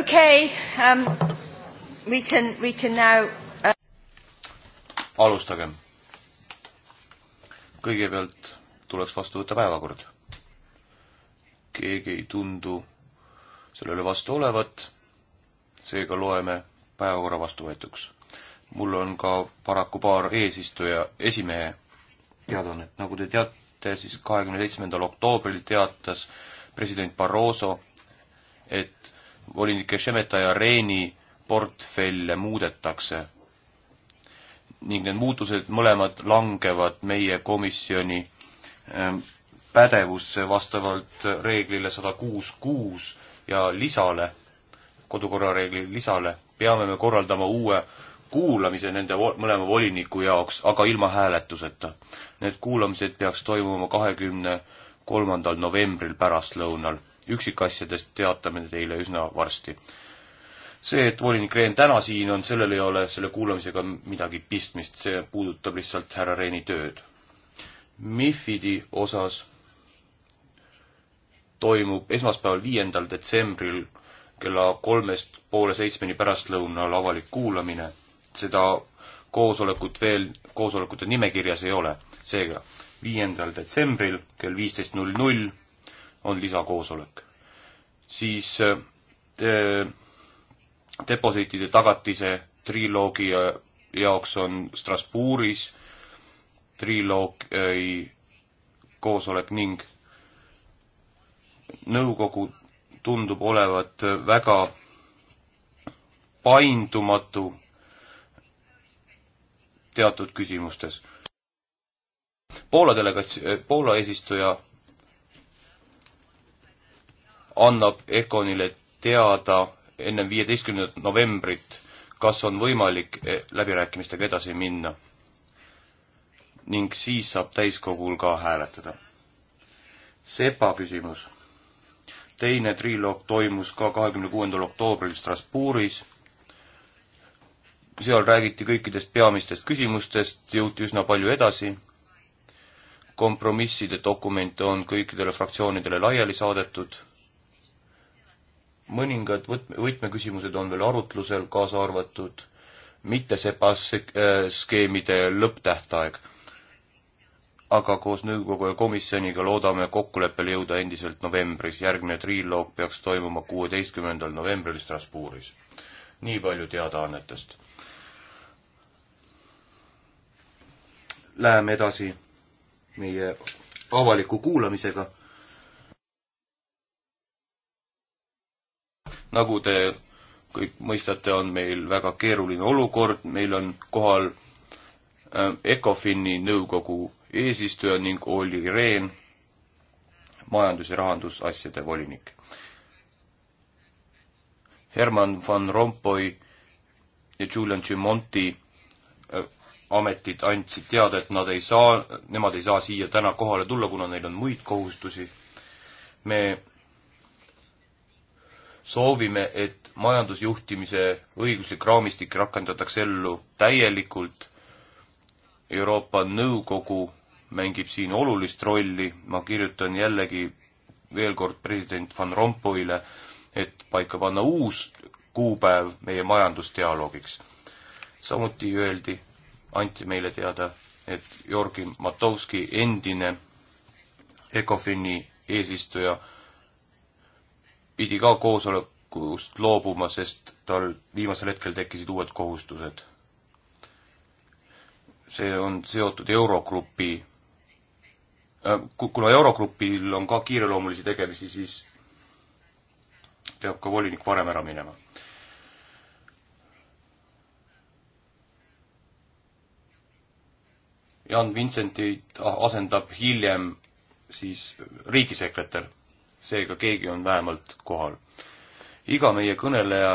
okay, um, we can, we can now uh... alustagem. kõigepealt tuleks vastu võtta päevakord. keegi ei tundu sellele vastu olevat, seega loeme päevakorra vastuvõetuks. mul on ka paraku paar eesistuja, esimehe teadaannet, nagu te teate, siis kahekümne seitsmendal oktoobril teatas president Barroso, et volinike Šemeta ja Reeni portfelle muudetakse ning need muutused mõlemad langevad meie komisjoni ähm, pädevusse vastavalt reeglile sada kuus kuus ja lisale, kodukorrareegli lisale, peame me korraldama uue kuulamise nende mõlema voliniku jaoks, aga ilma hääletuseta. Need kuulamised peaks toimuma kahekümne kolmandal novembril pärastlõunal üksikasjadest teatame teile üsna varsti. see, et volinik Rehn täna siin on, sellel ei ole selle kuulamisega midagi pistmist, see puudutab lihtsalt härra Rehni tööd. MIFID-i osas toimub esmaspäeval, viiendal detsembril kella kolmest poole seitsmeni pärastlõunal avalik kuulamine. seda koosolekut veel koosolekute nimekirjas ei ole. seega viiendal detsembril kell viisteist null null on lisakoosolek. siis äh, te, deposiitide tagatise triloogi äh, jaoks on Strasbourgis triloogi äh, koosolek ning nõukogu tundub olevat väga paindumatu teatud küsimustes. Poola delegats-, Poola eesistuja annab Econile teada ennem viieteistkümnendat novembrit, kas on võimalik eh, läbirääkimistega edasi minna. ning siis saab täiskogul ka hääletada. sepa küsimus. teine triloog toimus ka kahekümne kuuendal oktoobril Strasbourgis. seal räägiti kõikidest peamistest küsimustest, jõuti üsna palju edasi. kompromisside dokumente on kõikidele fraktsioonidele laiali saadetud mõningad võtme, võtmeküsimused on veel arutlusel, kaasa arvatud mittesepas äh, skeemide lõpptähtaeg. aga koos nõukogu ja komisjoniga loodame kokkuleppele jõuda endiselt novembris, järgmine triloog peaks toimuma kuueteistkümnendal novembril Strasbourgis. nii palju teadaannetest. Läheme edasi meie avaliku kuulamisega nagu te kõik mõistate, on meil väga keeruline olukord, meil on kohal ähm, ECOFIN-i nõukogu eesistuja ning Olli Rehn, majandus- ja rahandusasjade volinik. Herman van Rompuy ja Julian Gimonti äh, ametid andsid teada, et nad ei saa, nemad ei saa siia täna kohale tulla, kuna neil on muid kohustusi. me soovime, et majandusjuhtimise õiguslik raamistik rakendatakse ellu täielikult. Euroopa Nõukogu mängib siin olulist rolli, ma kirjutan jällegi veel kord president Van Rompuyle, et paika panna uus kuupäev meie majandusdialoogiks. samuti öeldi, anti meile teada, et Georgi Matovski, endine ECOFIN-i eesistuja, pidi ka koosolekust loobuma, sest tal viimasel hetkel tekkisid uued kohustused. see on seotud Eurogrupi, äh, kuna Eurogrupil on ka kiireloomulisi tegemisi, siis peab ka volinik varem ära minema Jan Vincentit asendab hiljem siis riigisekretär seega keegi on vähemalt kohal. iga meie kõneleja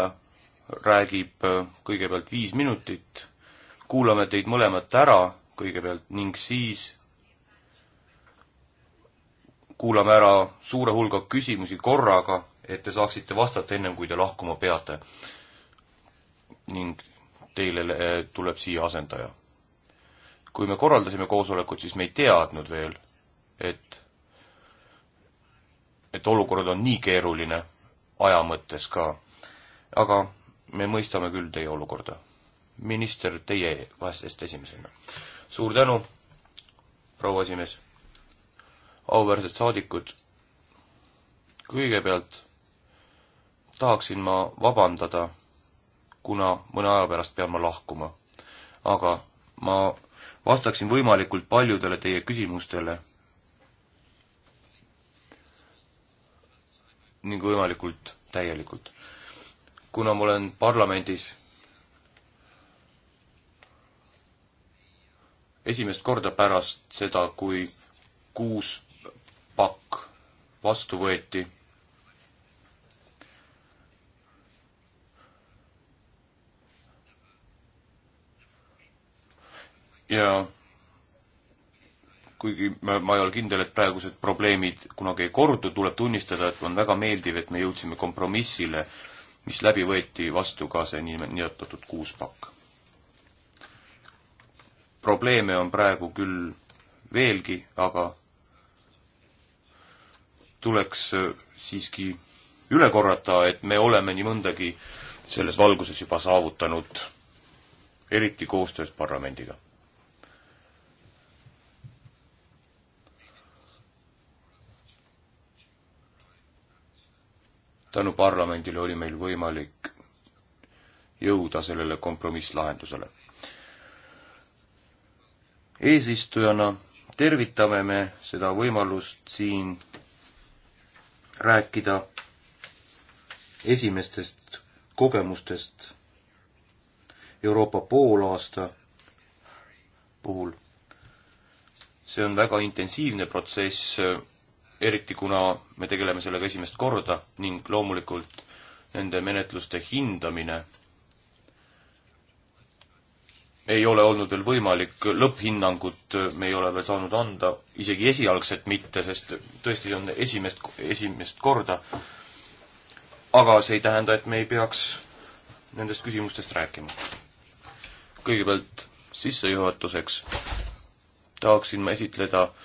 räägib äh, kõigepealt viis minutit, kuulame teid mõlemat ära kõigepealt ning siis kuulame ära suure hulga küsimusi korraga, et te saaksite vastata ennem, kui te lahkuma peate. ning teile äh, tuleb siia asendaja. kui me korraldasime koosolekut, siis me ei teadnud veel, et et olukord on nii keeruline aja mõttes ka. aga me mõistame küll teie olukorda. minister, teie vastest esimesena. suur tänu, proua esimees. auväärsed saadikud, kõigepealt tahaksin ma vabandada, kuna mõne aja pärast pean ma lahkuma. aga ma vastaksin võimalikult paljudele teie küsimustele ning võimalikult täielikult. kuna ma olen parlamendis esimest korda pärast seda, kui kuus pakk vastu võeti, ja kuigi ma, ma ei ole kindel, et praegused probleemid kunagi ei kordu, tuleb tunnistada, et on väga meeldiv, et me jõudsime kompromissile, mis läbi võeti vastu ka see niinimetatud kuus pakk. probleeme on praegu küll veelgi, aga tuleks äh, siiski üle korrata, et me oleme nii mõndagi selles valguses juba saavutanud, eriti koostöös parlamendiga tänu parlamendile oli meil võimalik jõuda sellele kompromisslahendusele. eesistujana tervitame me seda võimalust siin rääkida esimestest kogemustest Euroopa poolaasta puhul. see on väga intensiivne protsess, eriti kuna me tegeleme sellega esimest korda ning loomulikult nende menetluste hindamine ei ole olnud veel võimalik, lõpphinnangut me ei ole veel saanud anda, isegi esialgset mitte, sest tõesti on esimest, esimest korda. aga see ei tähenda, et me ei peaks nendest küsimustest rääkima. kõigepealt sissejuhatuseks tahaksin ma esitleda äh,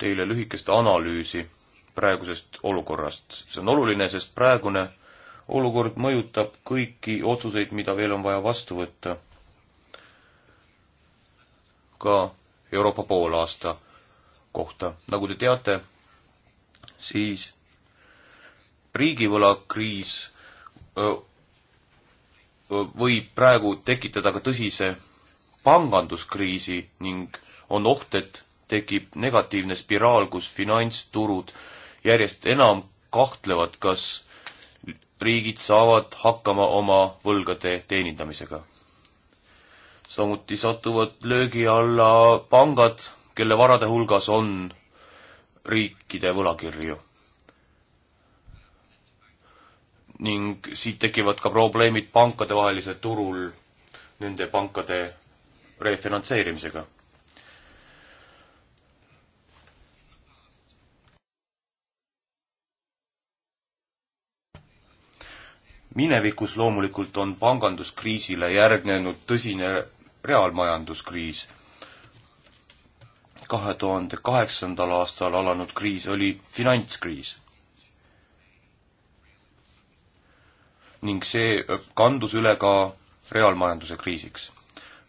teile lühikest analüüsi praegusest olukorrast. see on oluline, sest praegune olukord mõjutab kõiki otsuseid, mida veel on vaja vastu võtta. ka Euroopa poolaasta kohta. nagu te teate, siis riigivõlakriis võib praegu tekitada ka tõsise panganduskriisi ning on oht, et tekib negatiivne spiraal, kus finantsturud järjest enam kahtlevad, kas riigid saavad hakkama oma võlgade teenindamisega. samuti satuvad löögi alla pangad, kelle varade hulgas on riikide võlakirju. ning siit tekivad ka probleemid pankadevahelisel turul nende pankade refinantseerimisega minevikus loomulikult on panganduskriisile järgnenud tõsine reaalmajanduskriis. kahe tuhande kaheksandal aastal alanud kriis oli finantskriis. ning see äh, kandus üle ka reaalmajanduse kriisiks.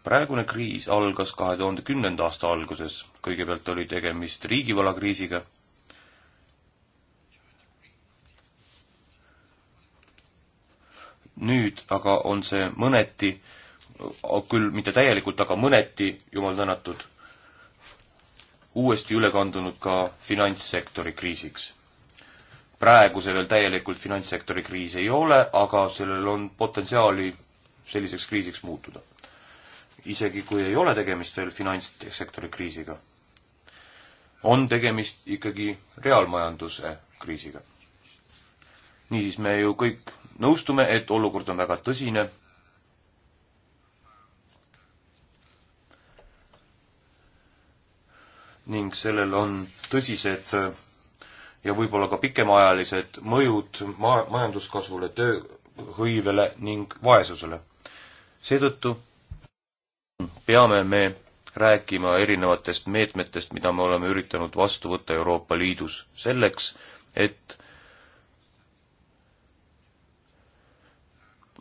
praegune kriis algas kahe tuhande kümnenda aasta alguses, kõigepealt oli tegemist riigivõlakriisiga nüüd aga on see mõneti, küll mitte täielikult, aga mõneti, jumal tänatud, uuesti üle kandunud ka finantssektori kriisiks. praegu sellel täielikult finantssektori kriis ei ole, aga sellel on potentsiaali selliseks kriisiks muutuda. isegi kui ei ole tegemist veel finantssektori kriisiga, on tegemist ikkagi reaalmajanduse kriisiga. niisiis, me ju kõik nõustume, et olukord on väga tõsine. ning sellel on tõsised ja võib-olla ka pikemaajalised mõjud ma-, majanduskasvule, tööhõivele ning vaesusele. seetõttu peame me rääkima erinevatest meetmetest, mida me oleme üritanud vastu võtta Euroopa Liidus, selleks et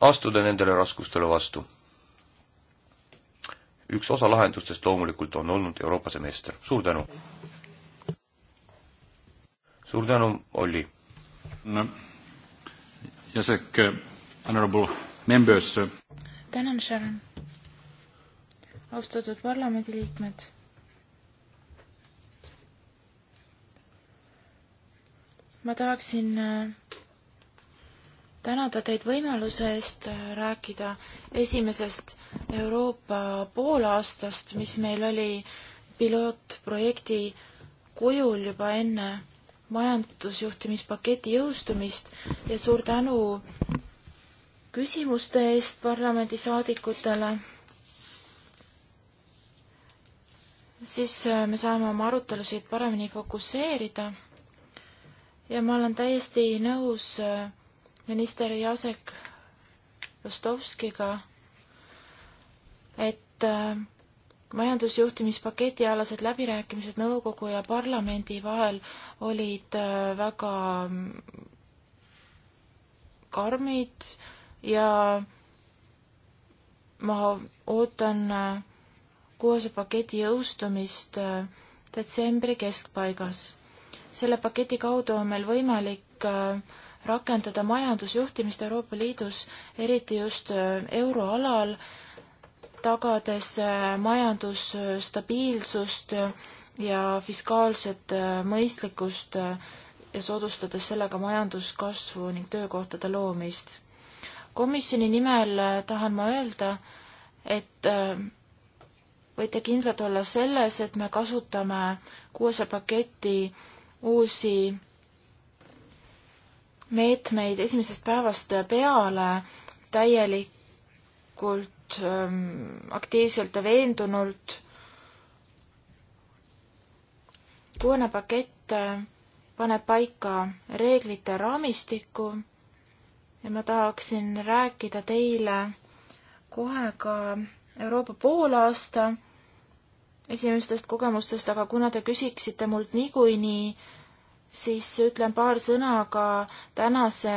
astuda nendele raskustele vastu. üks osa lahendustest loomulikult on olnud Euroopa semester. suur tänu! suur tänu, Olli! Jasek, eh, honorable members! Eh. tänan, Sharon! austatud parlamendiliikmed! ma tahaksin eh, tänada teid võimaluse eest äh, rääkida esimesest Euroopa poolaastast, mis meil oli pilootprojekti kujul juba enne majandusjuhtimispaketi jõustumist ja suur tänu küsimuste eest parlamendisaadikutele. siis äh, me saame oma arutelusid paremini fokusseerida ja ma olen täiesti nõus äh, minister Jasek Rostovskiga, et äh, majandusjuhtimispaketi alased läbirääkimised nõukogu ja parlamendi vahel olid äh, väga mm, karmid ja ma ootan äh, kuuese paketi jõustumist detsembri keskpaigas. selle paketi kaudu on meil võimalik äh, rakendada majandusjuhtimist Euroopa Liidus, eriti just äh, euroalal, tagades äh, majandusstabiilsust äh, ja fiskaalset mõistlikkust ja soodustades sellega majanduskasvu ning töökohtade loomist. komisjoni nimel tahan ma öelda, et võite kindlad olla selles, et me kasutame kuuse paketi uusi meetmeid esimesest päevast peale täielikult ähm, aktiivselt ja veendunult. kuuene pakett äh, paneb paika reeglite raamistiku ja ma tahaksin rääkida teile kohe ka Euroopa poolaasta esimestest kogemustest, aga kuna te küsiksite mult niikuinii nii siis ütlen paar sõna ka tänase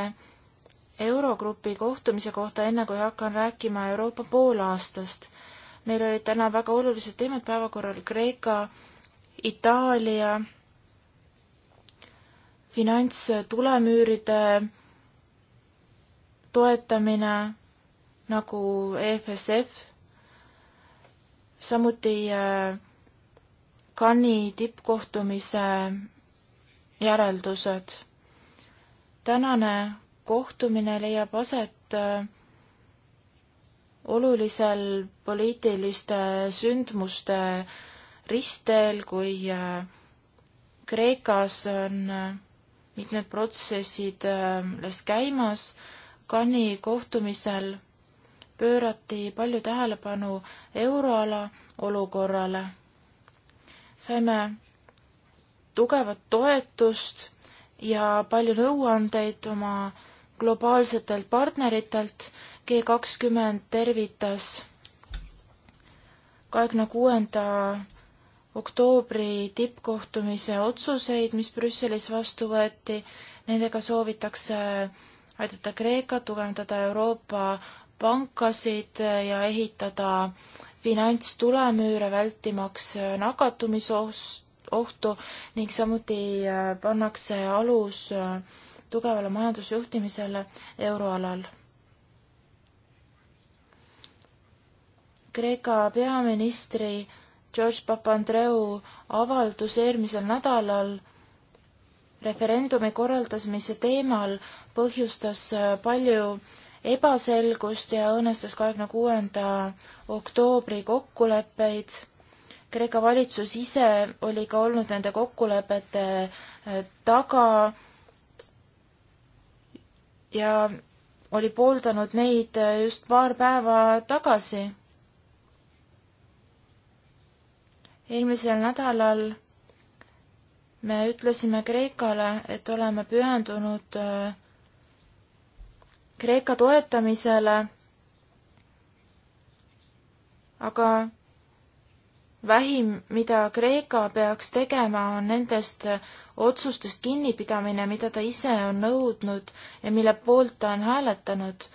Eurogrupi kohtumise kohta, enne kui hakkan rääkima Euroopa poolaastast. meil olid täna väga olulised teemad päevakorral Kreeka, Itaalia, finantstulemüüride toetamine nagu EFSF, samuti äh, Cannes'i tippkohtumise järeldused. tänane kohtumine leiab aset äh, olulisel poliitiliste sündmuste ristteel, kui äh, Kreekas on äh, mitmed protsessid alles käimas. Cannes'i kohtumisel pöörati palju tähelepanu euroala olukorrale. saime tugevat toetust ja palju nõuandeid oma globaalsetelt partneritelt. G kakskümmend tervitas kahekümne kuuenda oktoobri tippkohtumise otsuseid, mis Brüsselis vastu võeti. Nendega soovitakse aidata Kreekat, tugevdada Euroopa pankasid ja ehitada finantstulemüüre, vältimaks nakatumisohust ohtu ning samuti äh, pannakse alus äh, tugevale majandusjuhtimisele euroalal. Kreeka peaministri George Papandreou avaldus eelmisel nädalal referendumi korraldamise teemal põhjustas äh, palju ebaselgust ja õõnestas kahekümne kuuenda oktoobri kokkuleppeid Kreeka valitsus ise oli ka olnud nende kokkulepete eh, taga ja oli pooldanud neid eh, just paar päeva tagasi. eelmisel nädalal me ütlesime Kreekale, et oleme pühendunud eh, Kreeka toetamisele, aga vähim, mida Kreeka peaks tegema, on nendest otsustest kinnipidamine, mida ta ise on nõudnud ja mille poolt ta on hääletanud.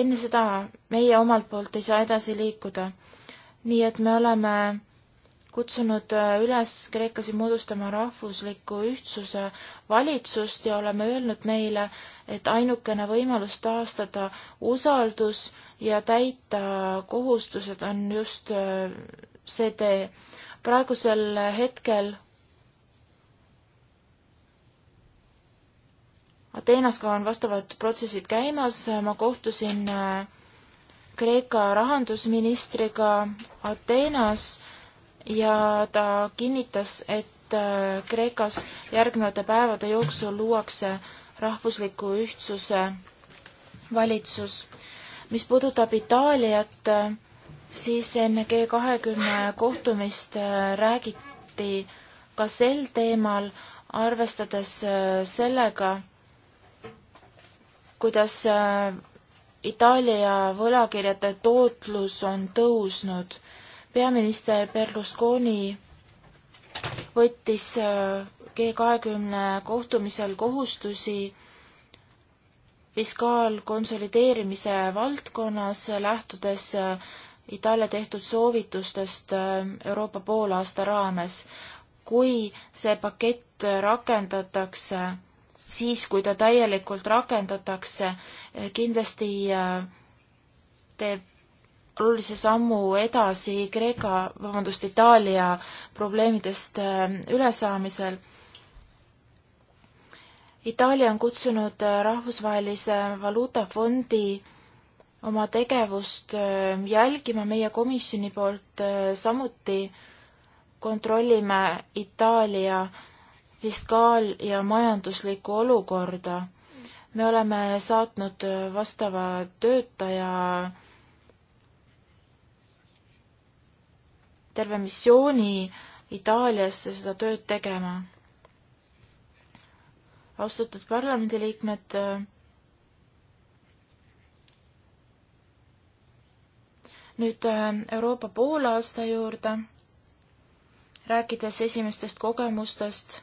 enne seda meie omalt poolt ei saa edasi liikuda. nii et me oleme kutsunud äh, üles kreeklasi moodustama rahvusliku ühtsuse valitsust ja oleme öelnud neile, et ainukene võimalus taastada usaldus ja täita kohustused on just äh, see tee. praegusel hetkel Ateenas ka on vastavad protsessid käimas, ma kohtusin äh, Kreeka rahandusministriga Ateenas ja ta kinnitas, et äh, Kreekas järgnevate päevade jooksul luuakse rahvusliku ühtsuse valitsus. mis puudutab Itaaliat, äh, siis enne G kahekümne kohtumist äh, räägiti ka sel teemal, arvestades äh, sellega, kuidas äh, Itaalia võlakirjade tootlus on tõusnud. peaminister Berlusconi võttis G kahekümne kohtumisel kohustusi fiskaalkonsolideerimise valdkonnas, lähtudes Itaalia tehtud soovitustest äh, Euroopa poolaasta raames. kui see pakett rakendatakse, siis kui ta täielikult rakendatakse, äh, kindlasti äh, teeb olulise sammu edasi Kreeka, vabandust, Itaalia probleemidest ülesaamisel. Itaalia on kutsunud Rahvusvahelise Valuutafondi oma tegevust äh, jälgima, meie komisjoni poolt äh, samuti kontrollime Itaalia fiskaal- ja majanduslikku olukorda. me oleme saatnud äh, vastava töötaja terve missiooni Itaaliasse seda tööd tegema. austatud parlamendiliikmed, nüüd äh, Euroopa poolaasta juurde, rääkides esimestest kogemustest,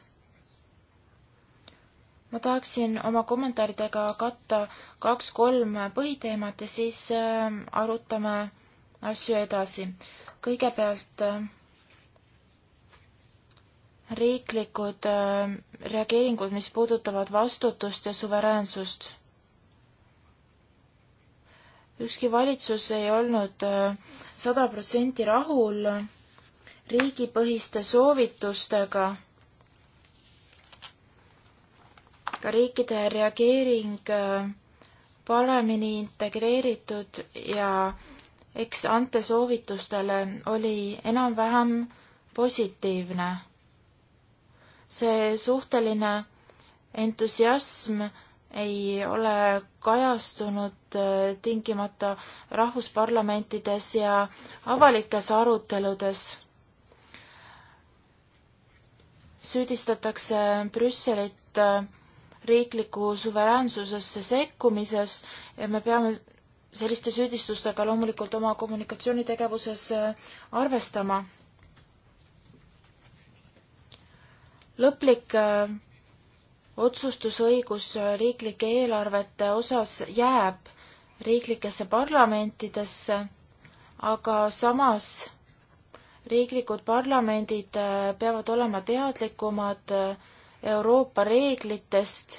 ma tahaksin oma kommentaaridega katta kaks-kolm põhiteemat ja siis äh, arutame asju edasi. kõigepealt äh, riiklikud reageeringud, mis puudutavad vastutust ja suveräänsust ükski valitsus ei olnud äh, sada protsenti rahul riigipõhiste soovitustega. ka riikide reageering äh, paremini integreeritud ja eks ante soovitustele oli enam-vähem positiivne. see suhteline entusiasm ei ole kajastunud äh, tingimata rahvusparlamentides ja avalikes aruteludes. süüdistatakse Brüsselit äh, riikliku suveräänsusesse sekkumises ja me peame selliste süüdistustega loomulikult oma kommunikatsioonitegevuses äh, arvestama. lõplik otsustusõigus riiklike eelarvete osas jääb riiklikesse parlamentidesse, aga samas riiklikud parlamendid äh, peavad olema teadlikumad äh, Euroopa reeglitest,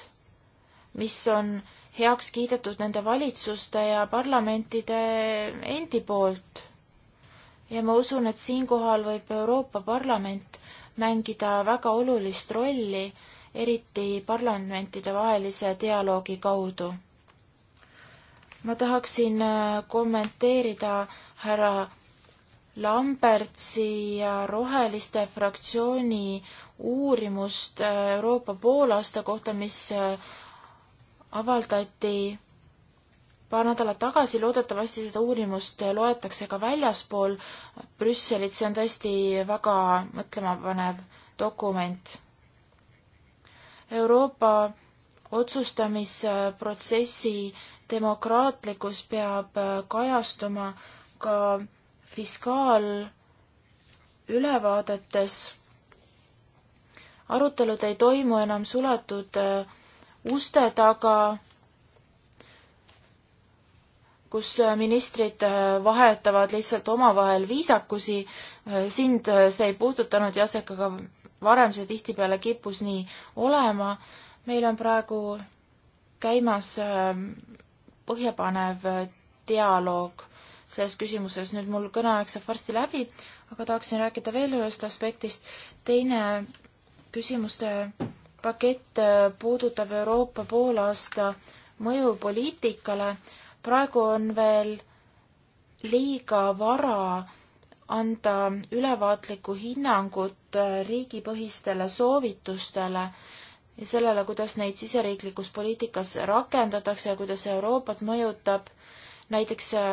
mis on heaks kiidetud nende valitsuste ja parlamentide endi poolt. ja ma usun, et siinkohal võib Euroopa Parlament mängida väga olulist rolli eriti parlamentidevahelise dialoogi kaudu. ma tahaksin äh, kommenteerida härra Lambertsi ja Roheliste fraktsiooni uurimust äh, Euroopa poolaasta kohta, mis äh, avaldati paar nädalat tagasi, loodetavasti seda uurimust loetakse ka väljaspool Brüsselit, see on tõesti väga mõtlemapanev dokument Euroopa otsustamisprotsessi demokraatlikkus peab äh, kajastuma ka fiskaalülevaadetes. arutelud ei toimu enam suletud äh, uste taga, kus äh, ministrid vahetavad lihtsalt omavahel viisakusi. sind see ei puudutanud, Jasek, aga varem see tihtipeale kippus nii olema. meil on praegu käimas ähm, põhjapanev äh, dialoog selles küsimuses, nüüd mul kõneaeg saab varsti läbi, aga tahaksin rääkida veel ühest aspektist. teine küsimuste pakett äh, puudutab Euroopa poolaasta mõju poliitikale. praegu on veel liiga vara anda ülevaatlikku hinnangut äh, riigipõhistele soovitustele ja sellele, kuidas neid siseriiklikus poliitikas rakendatakse ja kuidas Euroopat mõjutab näiteks äh,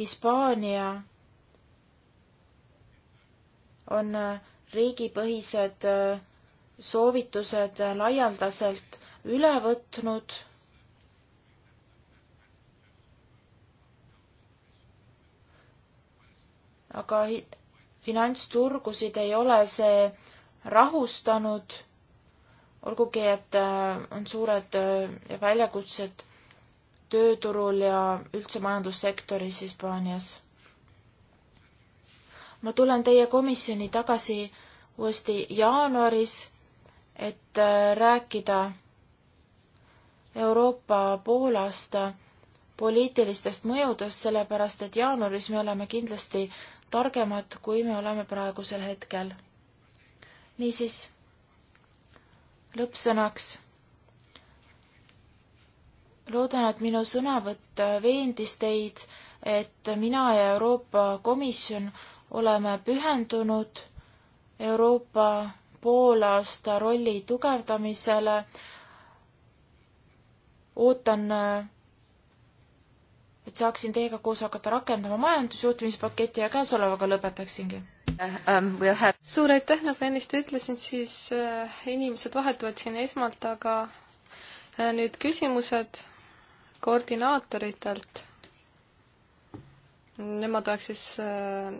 Hispaania on äh, riigipõhised soovitused laialdaselt üle võtnud aga finantsturgusid ei ole see rahustanud, olgugi et äh, on suured äh, väljakutsed tööturul ja üldse majandussektoris Hispaanias. ma tulen teie komisjoni tagasi uuesti jaanuaris, et äh, rääkida Euroopa poolaasta poliitilistest mõjudest, sellepärast et jaanuaris me oleme kindlasti targemad, kui me oleme praegusel hetkel. niisiis, lõppsõnaks. loodan, et minu sõnavõtt veendis teid, et mina ja Euroopa Komisjon oleme pühendunud Euroopa poolaasta rolli tugevdamisele ootan et saaksin teiega koos hakata rakendama majandusjuhtimispaketti ja käesolevaga lõpetaksingi. Uh, um, we'll have... suur aitäh, nagu ennist ütlesin, siis äh, inimesed vahetuvad siin esmalt, aga äh, nüüd küsimused koordinaatoritelt. Nemad oleks siis äh,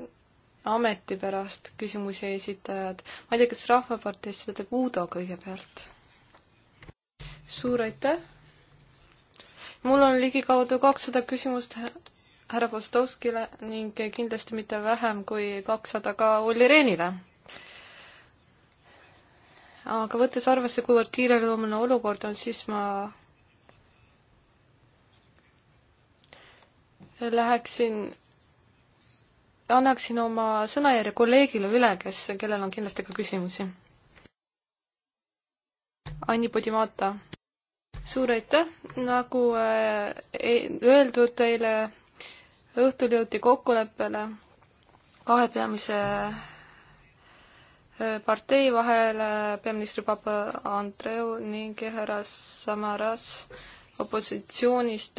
ameti pärast küsimusi esitajad. ma ei tea, kas Rahvaparteist seda teeb Uudo kõigepealt? suur aitäh mul on ligikaudu kakssada küsimust härra Vostovskile ning kindlasti mitte vähem kui kakssada ka Olli Rehnile. aga võttes arvesse, kuivõrd kiireloomuline olukord on, siis ma läheksin, annaksin oma sõnajärje kolleegile üle, kes, kellel on kindlasti ka küsimusi. Anni Podimata suur aitäh, nagu äh, öeldud teile, õhtul jõuti kokkuleppele kahe peamise äh, partei vahel äh, peaministri papa Andreu ning härra Samaras opositsioonist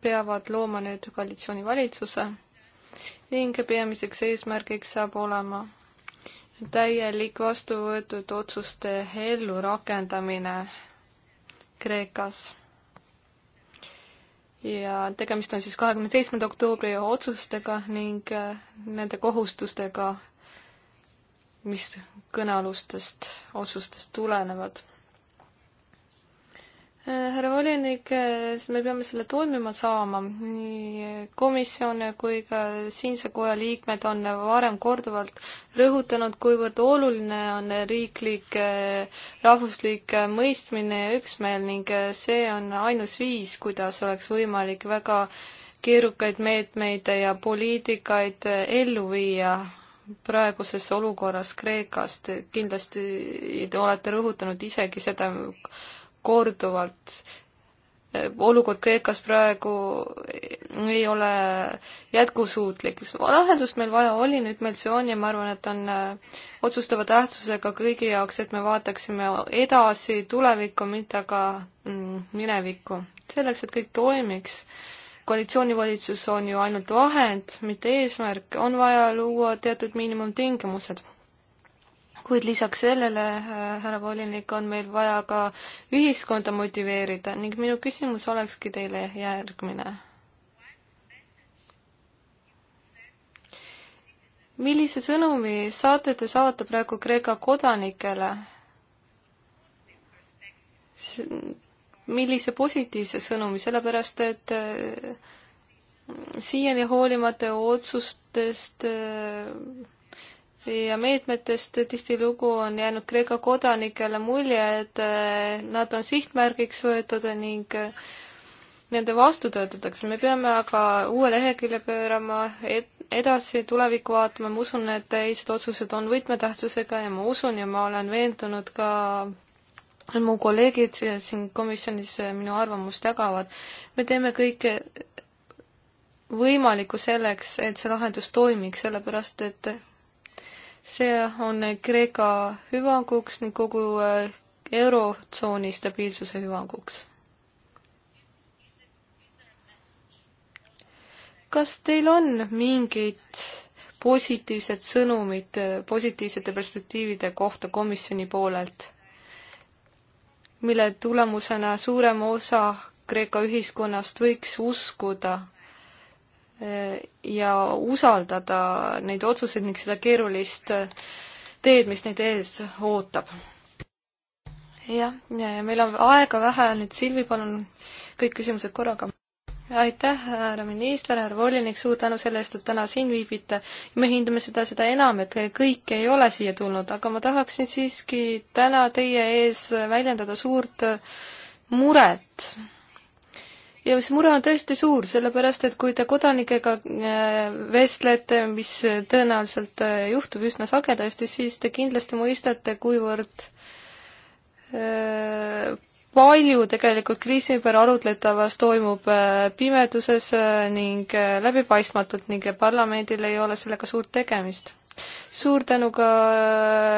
peavad looma nüüd koalitsioonivalitsuse ning peamiseks eesmärgiks saab olema täielik vastu võetud otsuste ellurakendamine Kreekas. ja tegemist on siis kahekümne seitsmenda oktoobri otsustega ning äh, nende kohustustega, mis kõnealustest otsustest tulenevad Äh, härra volinik, äh, me peame selle toimima saama, nii komisjon kui ka siinse koja liikmed on varem korduvalt rõhutanud, kuivõrd oluline on riiklik, äh, rahvuslik mõistmine ja üksmeel ning see on ainus viis, kuidas oleks võimalik väga keerukaid meetmeid ja poliitikaid ellu viia praeguses olukorras Kreekast, kindlasti te olete rõhutanud isegi seda, korduvalt. olukord Kreekas praegu ei ole jätkusuutlik. lahendust meil vaja oli, nüüd meil see on ja ma arvan, et on äh, otsustava tähtsusega kõigi jaoks, et me vaataksime edasi tulevikku, mitte aga mm, minevikku. selleks, et kõik toimiks koalitsioonivalitsus on ju ainult vahend, mitte eesmärk, on vaja luua teatud miinimumtingimused kuid lisaks sellele, äh, härra volinik, on meil vaja ka ühiskonda motiveerida ning minu küsimus olekski teile järgmine. millise sõnumi saate te saata praegu Kreeka kodanikele? millise positiivse sõnumi, sellepärast et äh, siiani hoolimata otsustest äh, ja meetmetest tihtilugu on jäänud Kreeka kodanikele mulje, et eh, nad on sihtmärgiks võetud ning eh, nende vastu töötatakse. me peame aga uue lehekülje pöörama, et edasi tulevikku vaatama, ma usun, et teised otsused on võtmetähtsusega ja ma usun ja ma olen veendunud ka mu kolleegid siin komisjonis minu arvamust jagavad. me teeme kõike võimalikku selleks, et see lahendus toimiks, sellepärast et see on Kreeka hüvanguks ning kogu äh, eurotsooni stabiilsuse hüvanguks. kas teil on mingid positiivsed sõnumid äh, positiivsete perspektiivide kohta komisjoni poolelt, mille tulemusena suurem osa Kreeka ühiskonnast võiks uskuda ja usaldada neid otsuseid ning seda keerulist teed, mis neid ees ootab. jah, meil on aega vähe, nüüd Silvi, palun kõik küsimused korraga. aitäh, härra minister, härra volinik, suur tänu selle eest, et täna siin viibite. me hindame seda, seda enam, et kõik ei ole siia tulnud, aga ma tahaksin siiski täna teie ees väljendada suurt muret ja see mure on tõesti suur, sellepärast et kui te kodanikega äh, vestlete, mis tõenäoliselt äh, juhtub üsna sagedasti, siis te kindlasti mõistate, kuivõrd äh, palju tegelikult kriisi ümber arutletavas toimub pimeduses ning läbipaistmatult ning parlamendil ei ole sellega suurt tegemist suur tänu ka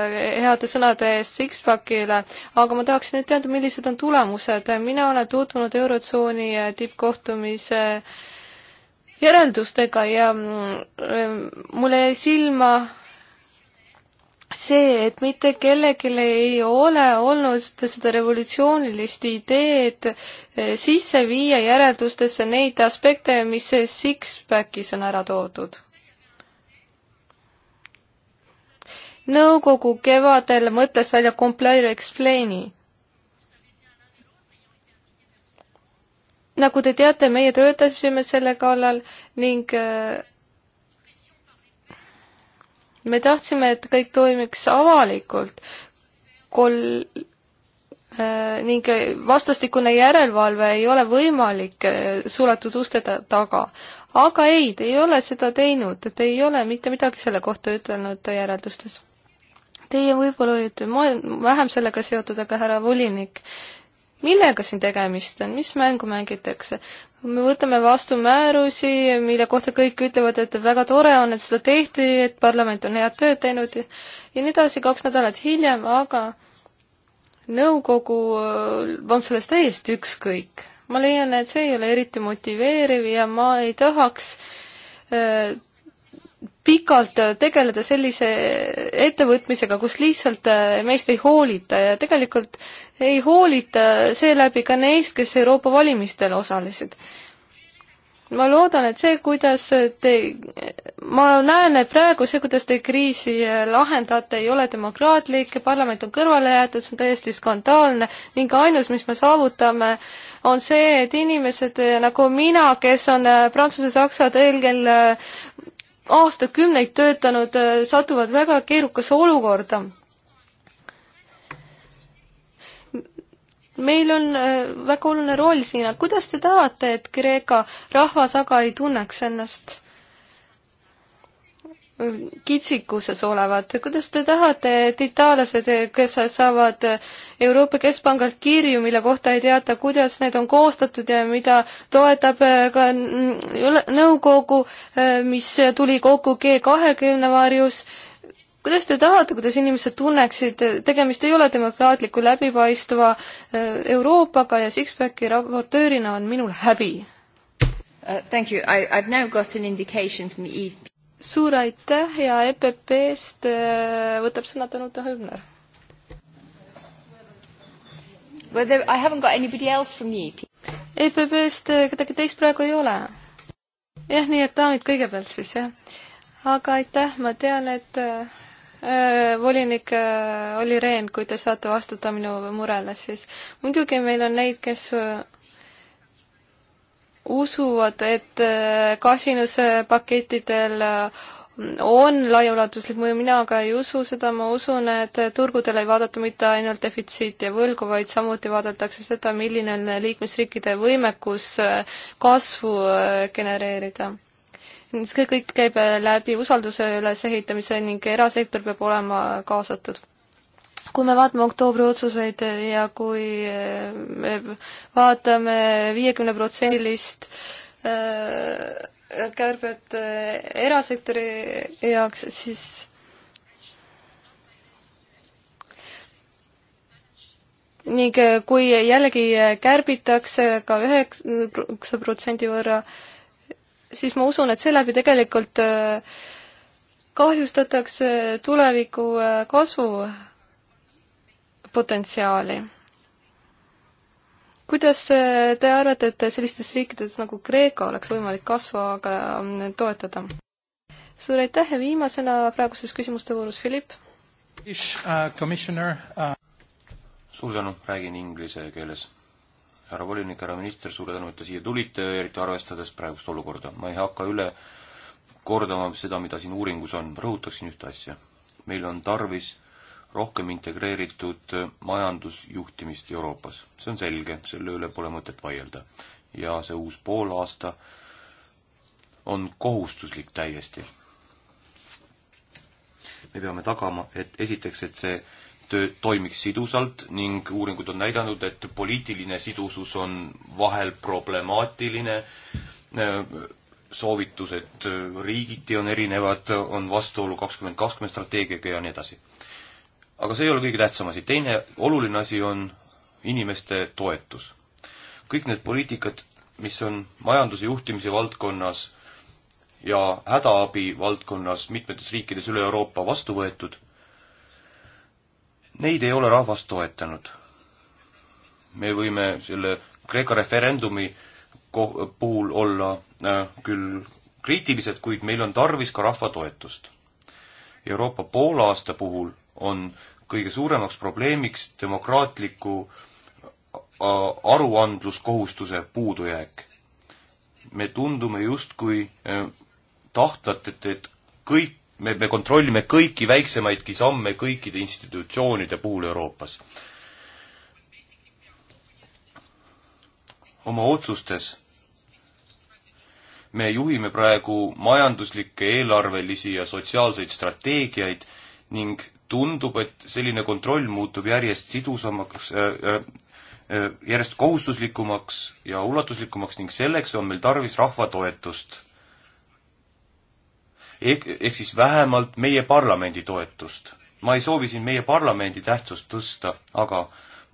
äh, heade sõnade eest Sixpackile, aga ma tahaksin nüüd teada, millised on tulemused. mina olen tutvunud Eurotsooni äh, tippkohtumise äh, järeldustega ja mm, mulle jäi silma see, et mitte kellelgi ei ole olnud seda revolutsioonilist ideed sisse viia järeldustesse neid aspekte, mis Sixpackis on ära toodud nõukogu kevadel mõtles välja Comply or Explain'i. nagu te teate, meie töötasime selle kallal ning äh, me tahtsime, et kõik toimiks avalikult kol- äh, ning vastastikune järelevalve ei ole võimalik äh, suletud uste taga. aga ei, te ei ole seda teinud, te ei ole mitte midagi selle kohta ütelnud järeldustes Teie võib-olla olite vähem sellega seotud, aga härra volinik, millega siin tegemist on, mis mängu mängitakse? me võtame vastu määrusi, mille kohta kõik ütlevad, et väga tore on, et seda tehti, et parlament on head tööd teinud ja, ja nii edasi, kaks nädalat hiljem, aga nõukogu äh, on sellest täiesti ükskõik. ma leian, et see ei ole eriti motiveeriv ja ma ei tahaks äh, pikalt tegeleda sellise ettevõtmisega, kus lihtsalt äh, meist ei hoolita ja tegelikult ei hoolita seeläbi ka neist, kes Euroopa valimistel osalesid. ma loodan, et see, kuidas te, ma näen, et praegu see, kuidas te kriisi äh, lahendate, ei ole demokraatlik ja parlament on kõrvale jäetud, see on täiesti skandaalne ning ainus, mis me saavutame, on see, et inimesed äh, nagu mina, kes on Prantsuse-Saksa telgel aastakümneid töötanud, äh, satuvad väga keerukasse olukorda. meil on äh, väga oluline roll siin, aga kuidas te tahate, et Kreeka rahvas aga ei tunneks ennast kitsikuses olevat, kuidas te tahate, et itaallased, kes saavad Euroopa Keskpangalt kirju, mille kohta ei teata, kuidas need on koostatud ja mida toetab äh, ka mm, nõukogu, äh, mis tuli kokku G kahekümne varjus, kuidas te tahate, kuidas inimesed tunneksid, tegemist ei ole demokraatliku läbipaistva äh, Euroopaga ja Sixpacki raportöörina on minul häbi uh,. Thank you, I have now got an indication from the EP suur aitäh ja EPP-st äh, võtab sõna Tõnuta Hõlmler. I haven't got anybody else from the EP. EPP-st äh, kedagi teist praegu ei ole. jah, nii et daamid kõigepealt siis, jah. aga aitäh, ma tean, et äh, volinik Olli Rehn, kui te saate vastata minu murele, siis muidugi meil on neid, kes usuvad, et äh, kasinuspakettidel äh, on laiaulatuslik mõju, mina aga ei usu seda, ma usun, et turgudel ei vaadata mitte ainult defitsiiti ja võlgu, vaid samuti vaadatakse seda, milline on liikmesriikide võimekus äh, kasvu genereerida. see kõik käib läbi usalduse ülesehitamise ning erasektor peab olema kaasatud kui me vaatame oktoobri otsuseid eh, ja kui eh, me vaatame viiekümneprotsendilist eh, kärbet erasektori jaoks, siis ning kui jällegi kärbitakse ka üheksa protsendi võrra, siis ma usun, et seeläbi tegelikult kahjustatakse tuleviku kasvu potentsiaali. kuidas eh, te arvate, et sellistes riikides nagu Kreeka oleks võimalik kasvuga mm, toetada? suur aitäh ja viimasena praeguses küsimuste voorus Philipp. Äh, äh, suur tänu, räägin inglise keeles härra volinik, härra minister, suur tänu, et te siia tulite, eriti arvestades praegust olukorda. ma ei hakka üle kordama seda, mida siin uuringus on, rõhutaksin ühte asja. meil on tarvis rohkem integreeritud majandusjuhtimist Euroopas. see on selge, selle üle pole mõtet vaielda. ja see uus poolaasta on kohustuslik täiesti. me peame tagama, et esiteks, et see töö toimiks sidusalt ning uuringud on näidanud, et poliitiline sidusus on vahel problemaatiline, soovitused riigiti on erinevad, on vastuolu kakskümmend kakskümmend strateegiaga ja nii edasi aga see ei ole kõige tähtsam asi, teine oluline asi on inimeste toetus. kõik need poliitikad, mis on majanduse juhtimise valdkonnas ja hädaabi valdkonnas mitmetes riikides üle Euroopa vastu võetud, neid ei ole rahvas toetanud. me võime selle Kreeka referendumi ko-, puhul olla äh, küll kriitilised, kuid meil on tarvis ka rahva toetust. Euroopa poolaasta puhul on kõige suuremaks probleemiks demokraatliku aruandluskohustuse puudujääk. me tundume justkui e, tahtvat, et, et kõik, me, me kontrollime kõiki väiksemaidki samme kõikide institutsioonide puhul Euroopas. oma otsustes me juhime praegu majanduslikke, eelarvelisi ja sotsiaalseid strateegiaid ning tundub, et selline kontroll muutub järjest sidusamaks äh, äh,, äh, järjest kohustuslikumaks ja ulatuslikumaks ning selleks on meil tarvis rahva toetust. ehk, ehk siis vähemalt meie parlamendi toetust. ma ei soovi siin meie parlamendi tähtsust tõsta, aga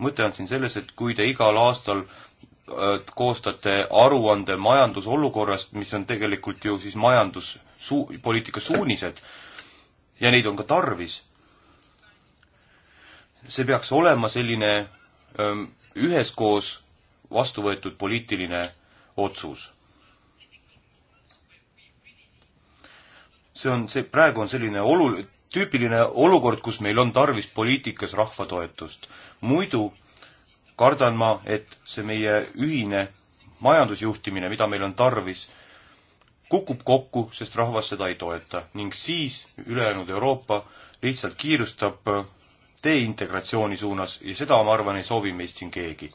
mõte on siin selles, et kui te igal aastal äh, koostate aruande majandusolukorrast, mis on tegelikult ju siis majandus su-, poliitika suunised, ja neid on ka tarvis, see peaks olema selline öö, ähm, üheskoos vastu võetud poliitiline otsus. see on see, praegu on selline olu-, tüüpiline olukord, kus meil on tarvis poliitikas rahva toetust. muidu kardan ma, et see meie ühine majandusjuhtimine, mida meil on tarvis, kukub kokku, sest rahvas seda ei toeta ning siis ülejäänud Euroopa lihtsalt kiirustab äh, tee integratsiooni suunas ja seda, ma arvan, ei soovi meist siin keegi.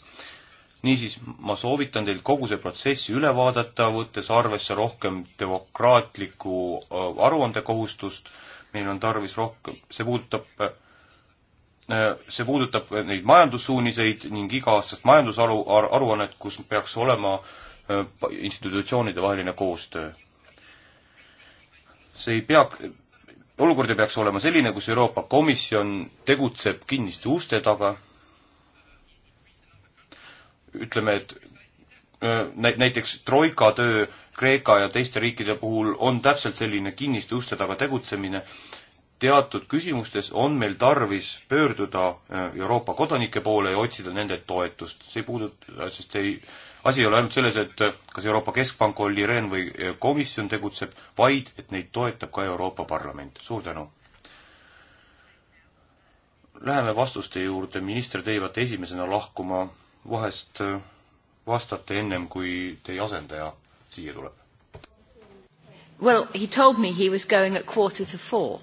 niisiis, ma soovitan teil kogu see protsess üle vaadata, võttes arvesse rohkem demokraatlikku äh, aruandekohustust, meil on tarvis rohkem, see puudutab äh, see puudutab neid majandussuuniseid ning iga-aastast majandusaru, aruannet, kus peaks olema äh, institutsioonide vaheline koostöö see ei pea, olukord ei peaks olema selline, kus Euroopa Komisjon tegutseb kinniste uste taga, ütleme, et näiteks Troika töö Kreeka ja teiste riikide puhul on täpselt selline kinniste uste taga tegutsemine, teatud küsimustes on meil tarvis pöörduda Euroopa kodanike poole ja otsida nende toetust. see ei puuduta, sest see ei asi ei ole ainult selles, et äh, kas Euroopa Keskpank, Olli Rehn või äh, komisjon tegutseb, vaid et neid toetab ka Euroopa Parlament. suur tänu! Läheme vastuste juurde, minister, teie peate esimesena lahkuma, vahest äh, vastate ennem, kui teie asendaja siia tuleb. Well, he told me he was going at quarter to four.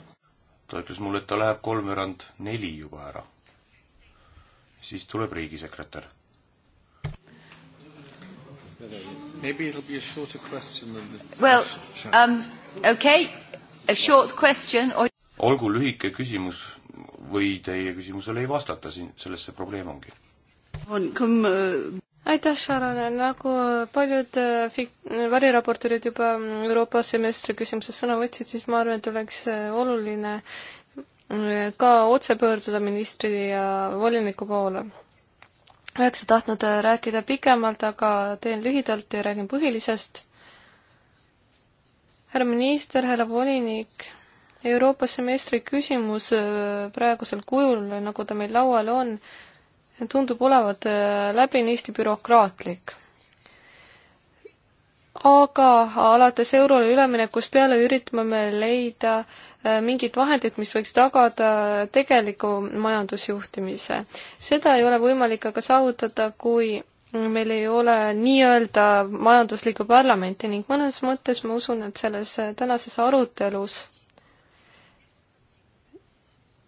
ta ütles mulle, et ta läheb kolmveerand neli juba ära. siis tuleb riigisekretär Maybe it'll be a shorter question than this. Well, um, okay, a short question or... olgu lühike küsimus või teie küsimusele ei vastata, siin selles see probleem ongi. on, kui uh, ma aitäh, Sharon, nagu paljud äh, fik-, variraportorid juba mm, Euroopa semestri küsimuses sõna võtsid, siis ma arvan, et oleks äh, oluline äh, ka otse pöörduda ministri ja voliniku poole oleks tahtnud äh, rääkida pikemalt, aga teen lühidalt ja räägin põhilisest. härra minister, härra volinik, Euroopa semestri küsimus äh, praegusel kujul, nagu ta meil laual on, tundub olevat äh, läbinisti bürokraatlik. aga alates eurole üleminekust peale üritame me leida äh, Äh, mingit vahendit, mis võiks tagada tegeliku majandusjuhtimise. seda ei ole võimalik aga saavutada, kui meil ei ole nii-öelda majanduslikku parlamenti ning mõnes mõttes ma usun, et selles äh, tänases arutelus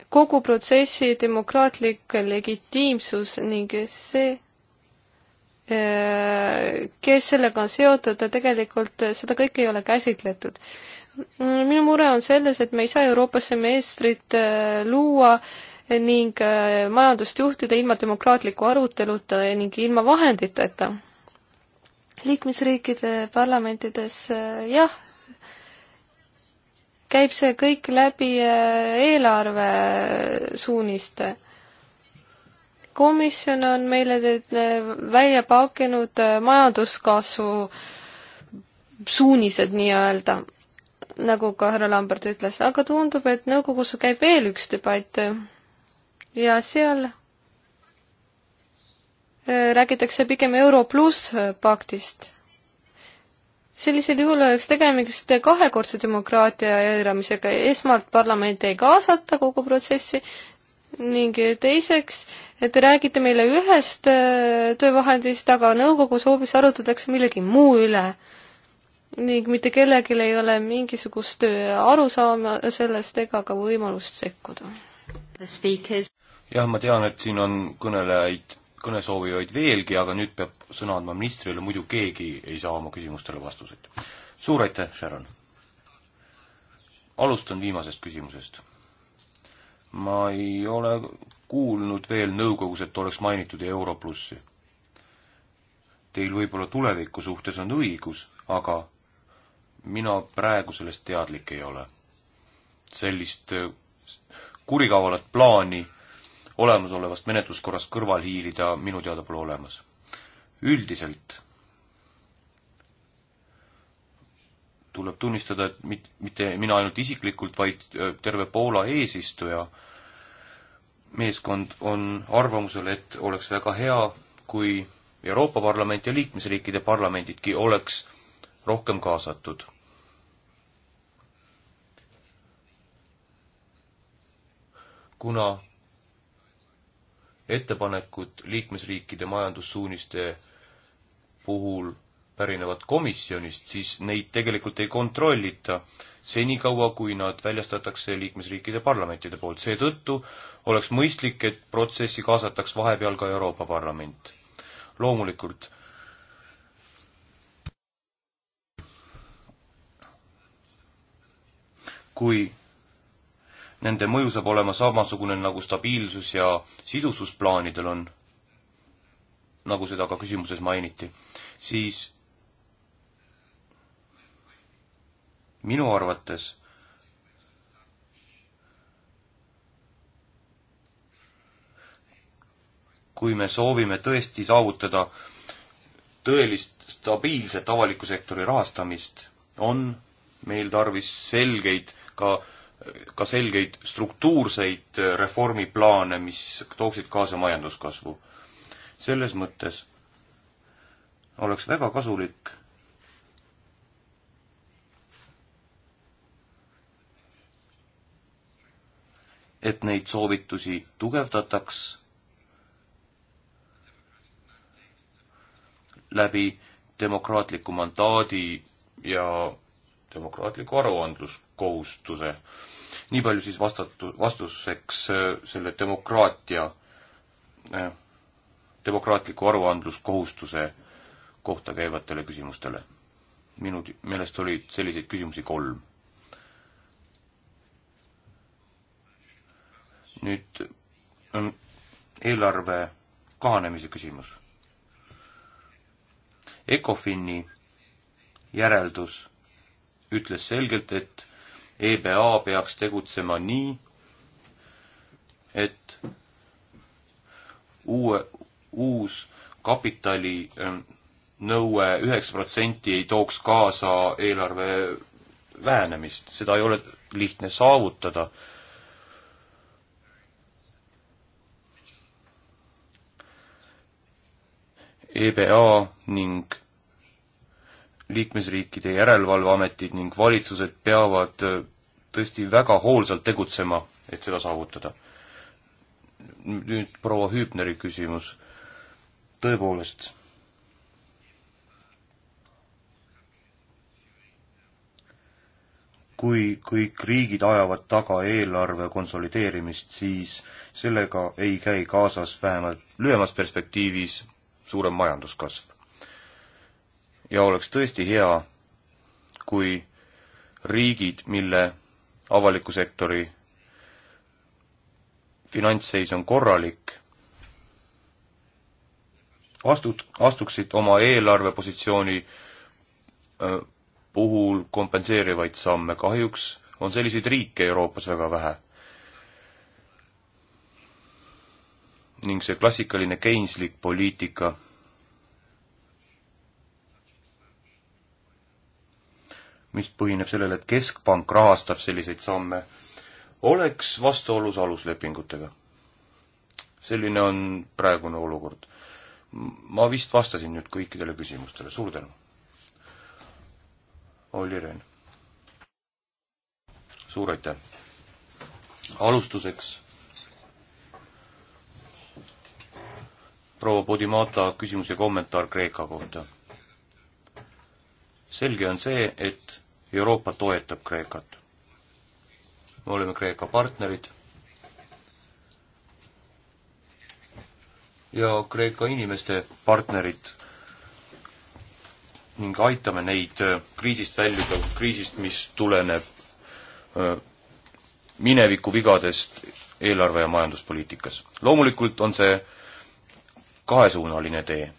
kogu protsessi demokraatlik legitiimsus ning see, äh, kes sellega on seotud, tegelikult seda kõike ei ole käsitletud minu mure on selles, et me ei saa Euroopa semestrit äh, luua ning äh, majandust juhtida ilma demokraatliku aruteluta ning ilma vahenditeta. liikmesriikide parlamentides äh, jah, käib see kõik läbi eelarvesuuniste. komisjon on meile välja pakkinud majanduskasvu suunised nii-öelda nagu ka härra Lambert ütles, aga tundub, et nõukogus käib veel üks debatt ja seal äh, räägitakse pigem Euro pluss äh, paktist. sellisel juhul oleks tegemist kahekordse demokraatia eiramisega, esmalt parlamenti ei kaasata kogu protsessi ning teiseks, et te räägite meile ühest äh, töövahendist, aga nõukogus hoopis arutatakse millegi muu üle ning mitte kellelgi ei ole mingisugust arusaama sellest ega ka võimalust sekkuda. jah, ma tean, et siin on kõnelejaid, kõnesoovijaid veelgi, aga nüüd peab sõna andma ministrile, muidu keegi ei saa oma küsimustele vastuseid. suur aitäh, Sharon! alustan viimasest küsimusest. ma ei ole kuulnud veel nõukogus, et oleks mainitud Euro plussi. Teil võib-olla tuleviku suhtes on õigus, aga mina praegu sellest teadlik ei ole. sellist äh, kurikavalat plaani olemasolevast menetluskorrast kõrval hiilida minu teada pole olemas. üldiselt tuleb tunnistada, et mit-, mitte mina ainult isiklikult, vaid äh, terve Poola eesistuja meeskond on arvamusel, et oleks väga hea, kui Euroopa Parlament ja liikmesriikide parlamendidki oleks rohkem kaasatud. kuna ettepanekud liikmesriikide majandussuuniste puhul pärinevad komisjonist, siis neid tegelikult ei kontrollita senikaua, kui nad väljastatakse liikmesriikide parlamentide poolt. seetõttu oleks mõistlik, et protsessi kaasataks vahepeal ka Euroopa Parlament. loomulikult kui nende mõju saab olema samasugune nagu stabiilsus ja sidususplaanidel on, nagu seda ka küsimuses mainiti, siis minu arvates kui me soovime tõesti saavutada tõelist stabiilset avaliku sektori rahastamist, on meil tarvis selgeid ka, ka selgeid struktuurseid äh, reformiplaane, mis tooksid kaasa majanduskasvu. selles mõttes oleks väga kasulik et neid soovitusi tugevdataks läbi demokraatliku mandaadi ja demokraatliku aruandlus kohustuse. nii palju siis vastatu, vastuseks äh, selle demokraatia, äh, demokraatliku aruandluskohustuse kohta käivatele küsimustele. minu meelest oli selliseid küsimusi kolm. nüüd eelarve kahanemise küsimus. Ecofini järeldus ütles selgelt, et EBA peaks tegutsema nii, et uue, uus kapitali ähm, nõue üheksa protsenti ei tooks kaasa eelarve vähenemist, seda ei ole lihtne saavutada. EBA ning liikmesriikide järelevalveametid ning valitsused peavad äh, tõesti väga hoolsalt tegutsema, et seda saavutada. nüüd proua Hüübneri küsimus. tõepoolest. kui kõik riigid ajavad taga eelarve konsolideerimist, siis sellega ei käi kaasas vähemalt lühemas perspektiivis suurem majanduskasv ja oleks tõesti hea, kui riigid, mille avaliku sektori finantsseis on korralik, astud, astuksid oma eelarvepositsiooni puhul kompenseerivaid samme, kahjuks on selliseid riike Euroopas väga vähe. ning see klassikaline Keyneslik poliitika mis põhineb sellele, et keskpank rahastab selliseid samme, oleks vastuolus aluslepingutega. selline on praegune olukord. ma vist vastasin nüüd kõikidele küsimustele, suur tänu. Olli Rehn. suur aitäh. alustuseks proua Podimata küsimus ja kommentaar Kreeka kohta selge on see, et Euroopa toetab Kreekat. me oleme Kreeka partnerid ja Kreeka inimeste partnerid ning aitame neid äh, kriisist väljuda, kriisist, mis tuleneb äh, mineviku vigadest eelarve- ja majanduspoliitikas. loomulikult on see kahesuunaline tee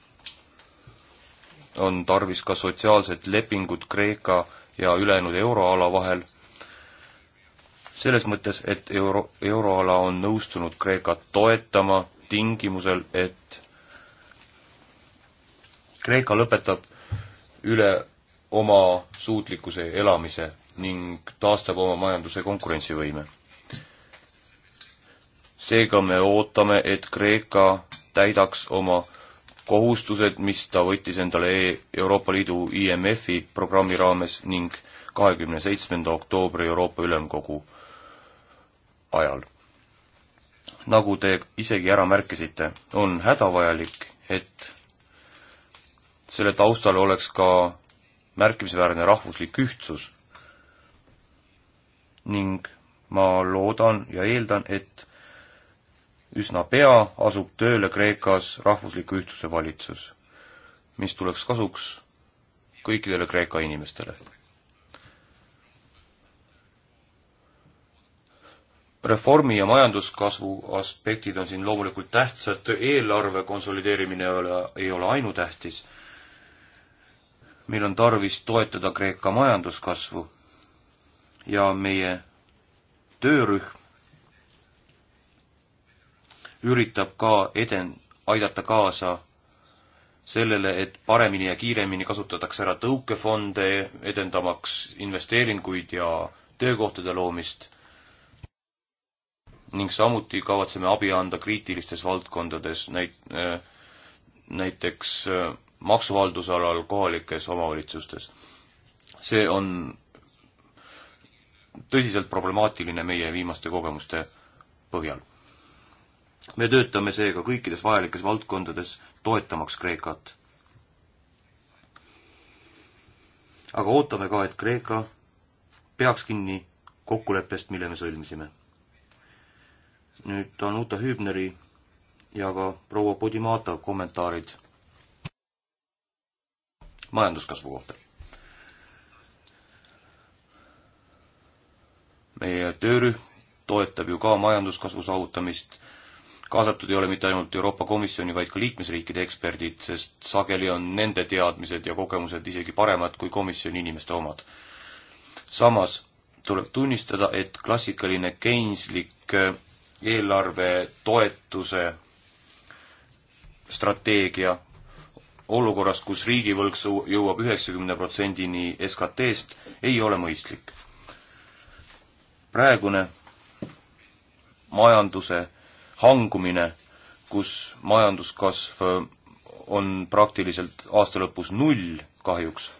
on tarvis ka sotsiaalset lepingut Kreeka ja ülejäänud euroala vahel, selles mõttes, et euro, euroala on nõustunud Kreekat toetama tingimusel, et Kreeka lõpetab üle oma suutlikkuse elamise ning taastab oma majanduse konkurentsivõime. seega me ootame, et Kreeka täidaks oma kohustused, mis ta võttis endale e Euroopa Liidu IMF-i programmi raames ning kahekümne seitsmenda oktoobri Euroopa Ülemkogu ajal. nagu te isegi ära märkisite, on hädavajalik, et selle taustal oleks ka märkimisväärne rahvuslik ühtsus ning ma loodan ja eeldan, et üsna pea asub tööle Kreekas rahvusliku ühtsuse valitsus, mis tuleks kasuks kõikidele Kreeka inimestele. reformi ja majanduskasvu aspektid on siin loomulikult tähtsad, eelarve konsolideerimine ei ole, ei ole ainutähtis. meil on tarvis toetada Kreeka majanduskasvu ja meie töörühm üritab ka eden-, aidata kaasa sellele, et paremini ja kiiremini kasutatakse ära tõukefonde, edendamaks investeeringuid ja töökohtade loomist ning samuti kavatseme abi anda kriitilistes valdkondades, näit-, äh, näiteks äh, maksuhaldusalal kohalikes omavalitsustes. see on tõsiselt problemaatiline meie viimaste kogemuste põhjal me töötame seega kõikides vajalikes valdkondades, toetamaks Kreekat. aga ootame ka, et Kreeka peaks kinni kokkuleppest, mille me sõlmisime. nüüd Anuta Hübneri ja ka proua Podimata kommentaarid majanduskasvu kohta. meie töörühm toetab ju ka majanduskasvu saavutamist kaasatud ei ole mitte ainult Euroopa Komisjoni, vaid ka liikmesriikide eksperdid, sest sageli on nende teadmised ja kogemused isegi paremad kui komisjoni inimeste omad. samas tuleb tunnistada, et klassikaline Keyneslik eh, eelarve toetuse strateegia olukorras kus, kus riigivõlg jõuab üheksakümne protsendini SKT-st, ei ole mõistlik. praegune majanduse hangumine, kus majanduskasv on praktiliselt aasta lõpus null kahjuks,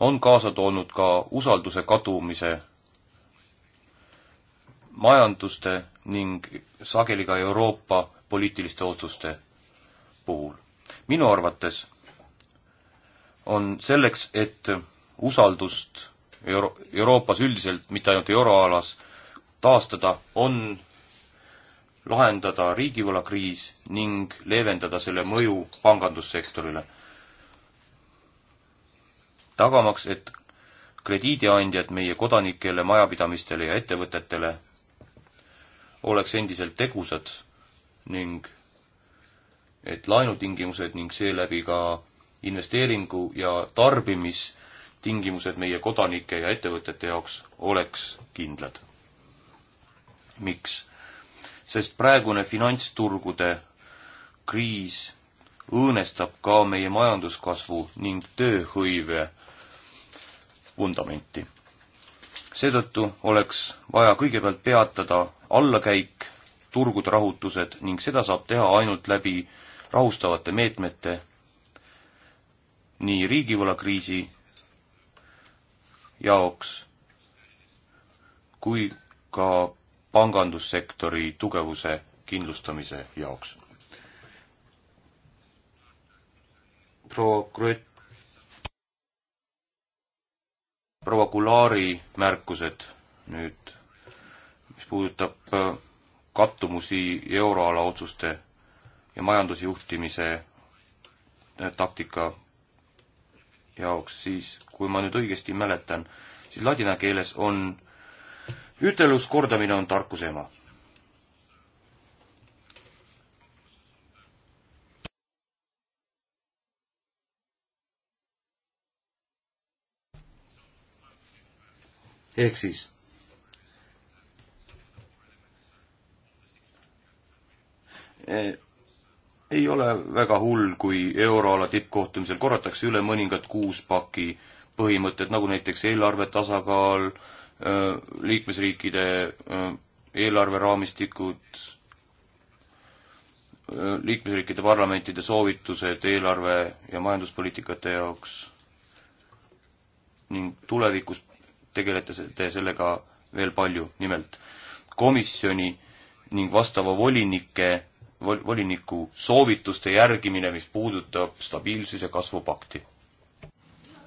on kaasa toonud ka usalduse kadumise majanduste ning sageli ka Euroopa poliitiliste otsuste puhul. minu arvates on selleks, et usaldust Euro-, Euroopas üldiselt, mitte ainult euroalas, taastada, on lahendada riigivõlakriis ning leevendada selle mõju pangandussektorile. tagamaks, et krediidiandjad meie kodanikele, majapidamistele ja ettevõtetele oleks endiselt tegusad ning et laenutingimused ning seeläbi ka investeeringu ja tarbimistingimused meie kodanike ja ettevõtete jaoks oleks kindlad. miks? sest praegune finantsturgude kriis õõnestab ka meie majanduskasvu ning tööhõive vundamenti. seetõttu oleks vaja kõigepealt peatada allakäik, turgude rahutused ning seda saab teha ainult läbi rahustavate meetmete nii riigivõlakriisi jaoks kui ka pangandussektori tugevuse kindlustamise jaoks. proua Kruet-, proua Kulaari märkused nüüd, mis puudutab äh, kattumusi euroala otsuste ja majandusjuhtimise äh, taktika jaoks, siis kui ma nüüd õigesti mäletan, siis ladina keeles on ütelus kordamine on tarkuse ema. ehk siis e, ei ole väga hull, kui euroala tippkohtumisel korratakse üle mõningad kuus paki põhimõtted, nagu näiteks eelarve tasakaal äh,, Äh, liikmesriikide äh, eelarveraamistikud, äh, liikmesriikide parlamentide soovitused eelarve- ja majanduspoliitikate jaoks ning tulevikus tegelete te sellega veel palju, nimelt komisjoni ning vastava volinike, voliniku soovituste järgimine, mis puudutab stabiilsuse kasvupakti.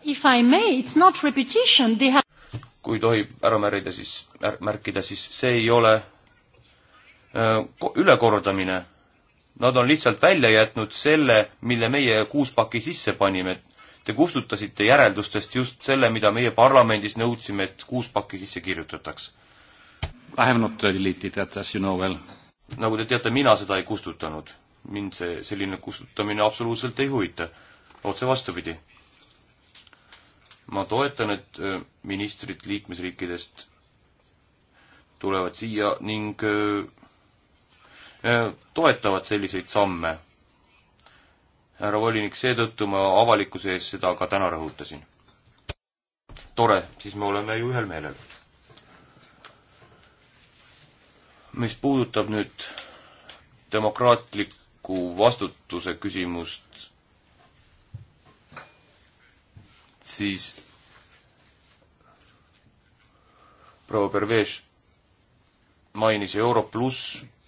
If I may, it's not repetition, they have kui tohib ära märida, siis, märkida, siis see ei ole äh, ülekordamine. Nad on lihtsalt välja jätnud selle, mille meie kuuspaki sisse panime. Te kustutasite järeldustest just selle, mida meie parlamendis nõudsime, et kuuspaki sisse kirjutataks. I have not deleted that as you know well. nagu te teate, mina seda ei kustutanud. mind see selline kustutamine absoluutselt ei huvita. otse vastupidi ma toetan, et äh, ministrid liikmesriikidest tulevad siia ning äh, äh, toetavad selliseid samme. härra volinik, seetõttu ma avalikkuse ees seda ka täna rõhutasin. tore, siis me oleme ju ühel meelel. mis puudutab nüüd demokraatliku vastutuse küsimust siis proua Pervež mainis Euro pluss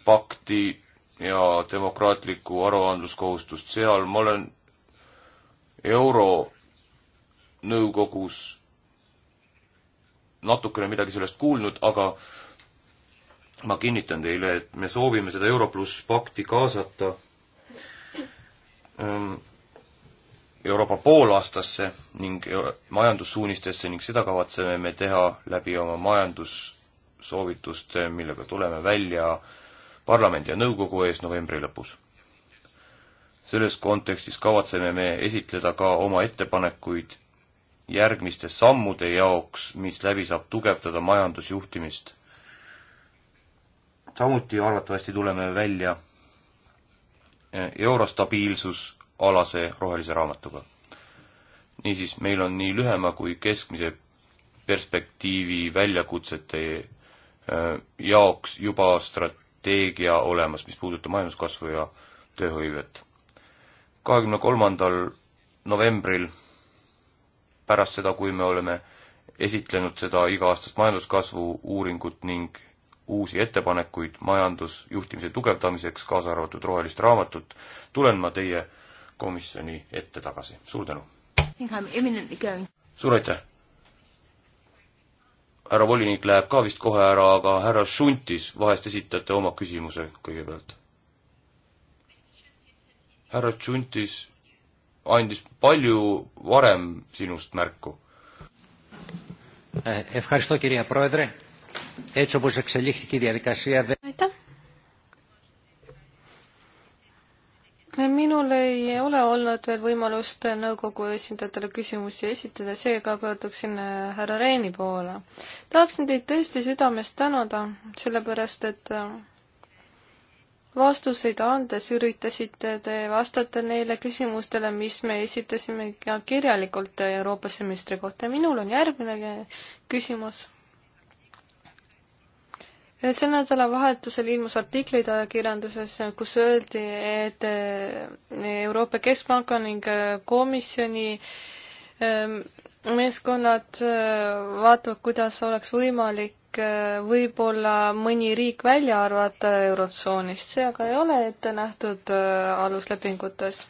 pakti ja demokraatlikku aruandluskohustust, seal ma olen Euronõukogus natukene midagi sellest kuulnud, aga ma kinnitan teile, et me soovime seda Euro pluss pakti kaasata ähm, Euroopa poolaastasse ning majandussuunistesse ning seda kavatseme me teha läbi oma majandussoovituste, millega tuleme välja parlamendi ja nõukogu ees novembri lõpus. selles kontekstis kavatseme me esitleda ka oma ettepanekuid järgmiste sammude jaoks, mis läbi saab tugevdada majandusjuhtimist. samuti arvatavasti tuleme välja eh, eurostabiilsus alase rohelise raamatuga. niisiis, meil on nii lühema kui keskmise perspektiivi väljakutsete äh, jaoks juba strateegia olemas, mis puudutab majanduskasvu ja tööhõivet. kahekümne kolmandal novembril pärast seda, kui me oleme esitlenud seda iga-aastast majanduskasvu uuringut ning uusi ettepanekuid majandusjuhtimise tugevdamiseks, kaasa arvatud rohelist raamatut, tulen ma teie komisjoni ette tagasi. suur tänu! suur aitäh! härra volinik läheb ka vist kohe ära, aga härra Šuntis, vahest esitate oma küsimuse kõigepealt? härra Šuntis andis palju varem sinust märku. Eh, ευχαριστώ κυρία Πρόεδρε. Έτσι όπως εξελίχθηκε η διαδικασία... minul ei ole olnud veel võimalust nõukogu esindajatele küsimusi esitada, seega pöörduksin äh, härra Reini poole. tahaksin teid tõesti südamest tänada, sellepärast et äh, vastuseid andes üritasite te vastata neile küsimustele, mis me esitasime ka kirjalikult Euroopa semestri kohta. minul on järgmine äh, küsimus sel nädalavahetusel ilmus artikleid ajakirjanduses, kus öeldi, et eh, Euroopa Keskpanga ning eh, komisjoni ehm, meeskonnad eh, vaatavad, kuidas oleks võimalik võib-olla mõni riik välja arvata Eurotsoonist, see aga ei ole ette nähtud aluslepingutes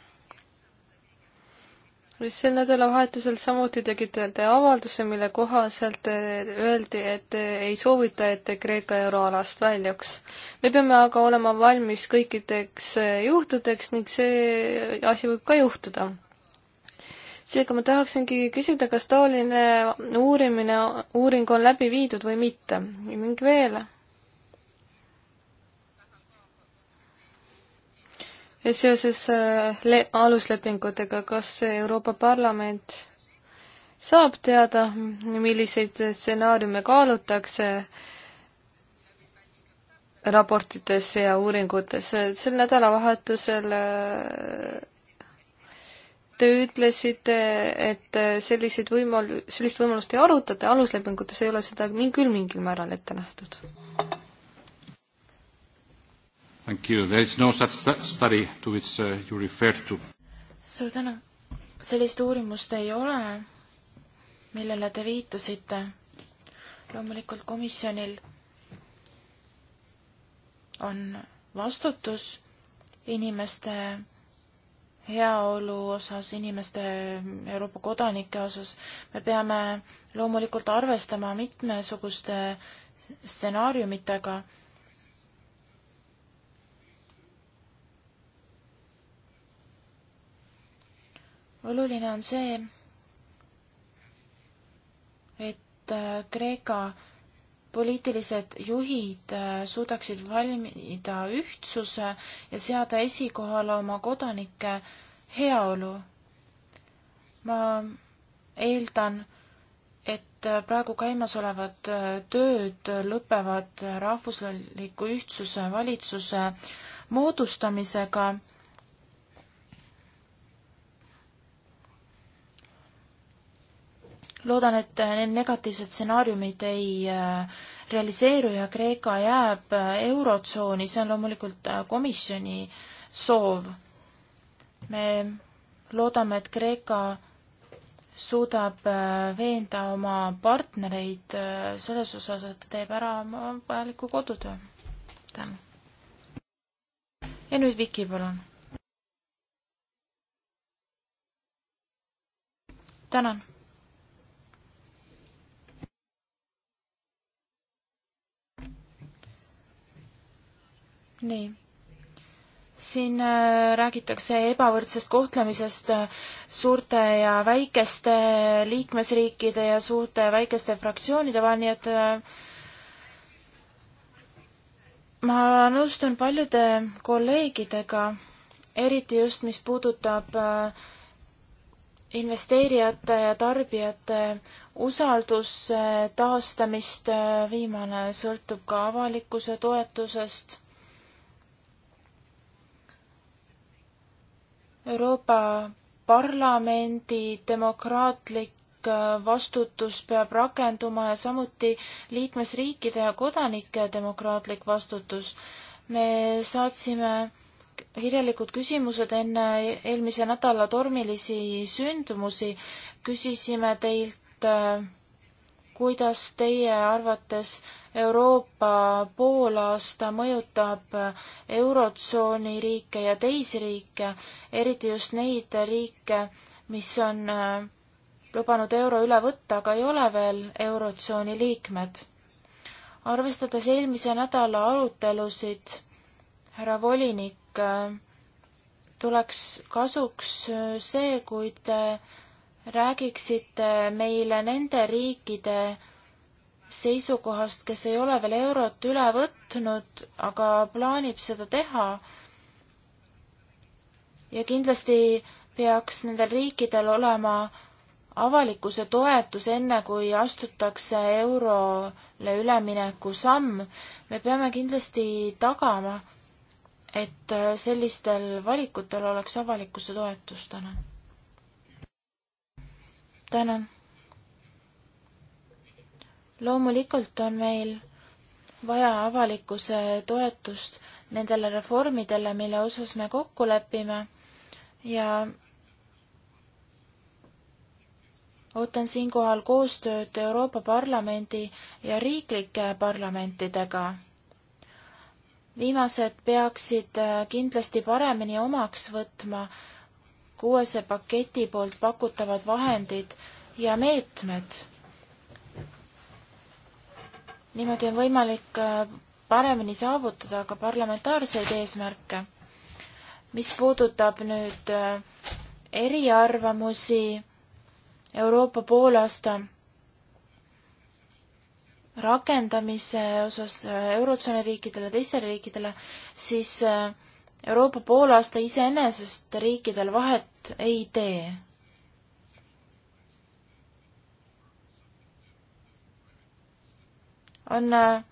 sel nädalavahetusel samuti tegite te avalduse, mille kohaselt eh, öeldi, et eh, ei soovita, et Kreeka euroalast väljuks. me peame aga olema valmis kõikideks eh, juhtudeks ning see asi võib ka juhtuda. seega ma tahaksingi küsida, kas taoline uurimine, uuring on läbi viidud või mitte ning veel seoses äh, le-, aluslepingutega, kas Euroopa Parlament saab teada, milliseid stsenaariume kaalutakse raportites ja uuringutes. sel nädalavahetusel äh, te ütlesite, et selliseid võimal-, sellist võimalust ei arutata, aluslepingutes ei ole seda küll mingil määral ette nähtud. Thank you. There is no such study to which uh, you referred to. suur tänu. sellist uurimust ei ole, millele te viitasite. loomulikult komisjonil on vastutus inimeste heaolu osas, inimeste, Euroopa kodanike osas, me peame loomulikult arvestama mitmesuguste stsenaariumitega oluline on see, et äh, Kreeka poliitilised juhid äh, suudaksid valmida ühtsuse ja seada esikohale oma kodanike heaolu. ma eeldan, et äh, praegu käimasolevad tööd lõpevad rahvusliku ühtsuse valitsuse moodustamisega loodan, et need negatiivsed stsenaariumid ei äh, realiseeru ja Kreeka jääb äh, Eurotsooni, see on loomulikult äh, komisjoni soov. me loodame, et Kreeka suudab veenda oma partnereid selles osas, et ta teeb ära oma vajaliku kodutöö. tänan. ja nüüd Viki, palun. tänan nii. siin äh, räägitakse ebavõrdsest kohtlemisest äh, suurte ja väikeste liikmesriikide ja suurte ja väikeste fraktsioonide vahel, nii et äh, ma nõustun paljude kolleegidega, eriti just, mis puudutab investeerijate ja tarbijate usalduse taastamist, viimane sõltub ka avalikkuse toetusest Euroopa Parlamendi demokraatlik äh, vastutus peab rakenduma ja samuti liikmesriikide ja kodanike demokraatlik vastutus. me saatsime kirjalikud küsimused enne eelmise nädala tormilisi sündmusi, küsisime teilt äh, kuidas teie arvates Euroopa poolaasta mõjutab Eurotsooni riike ja teisi riike, eriti just neid riike, mis on äh, lubanud euro üle võtta, aga ei ole veel Eurotsooni liikmed. arvestades eelmise nädala arutelusid, härra volinik, äh, tuleks kasuks äh, see, kui te räägiksite meile nende riikide seisukohast, kes ei ole veel eurot üle võtnud, aga plaanib seda teha. ja kindlasti peaks nendel riikidel olema avalikkuse toetus, enne kui astutakse eurole ülemineku samm. me peame kindlasti tagama, et sellistel valikutel oleks avalikkuse toetus täna tänan. loomulikult on meil vaja avalikkuse toetust nendele reformidele, mille osas me kokku lepime ja ootan siinkohal koostööd Euroopa Parlamendi ja riiklike parlamentidega. viimased peaksid kindlasti paremini omaks võtma kuuese paketi poolt pakutavad vahendid ja meetmed. niimoodi on võimalik äh, paremini saavutada ka parlamentaarseid eesmärke. mis puudutab nüüd äh, eriarvamusi Euroopa poolaasta rakendamise osas äh, Eurotsooni riikidele, teistele riikidele, siis äh, Euroopa poolaasta iseenesest riikidel vahet ei tee. on äh,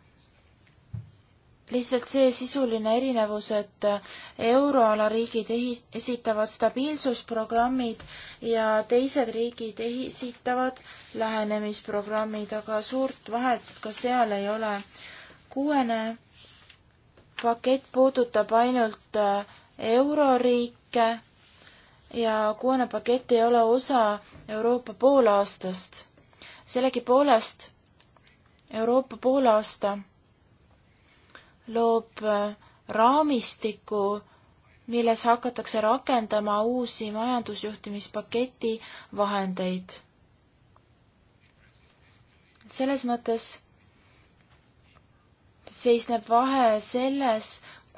lihtsalt see sisuline erinevus, et äh, euroala riigid esitavad stabiilsusprogrammid ja teised riigid esitavad lähenemisprogrammid, aga suurt vahet ka seal ei ole. kuuene pakett puudutab ainult äh, euroriike ja kuuene pakett ei ole osa Euroopa poolaastast. sellegipoolest Euroopa poolaasta loob äh, raamistiku, milles hakatakse rakendama uusi majandusjuhtimispaketi vahendeid. selles mõttes seisneb vahe selles,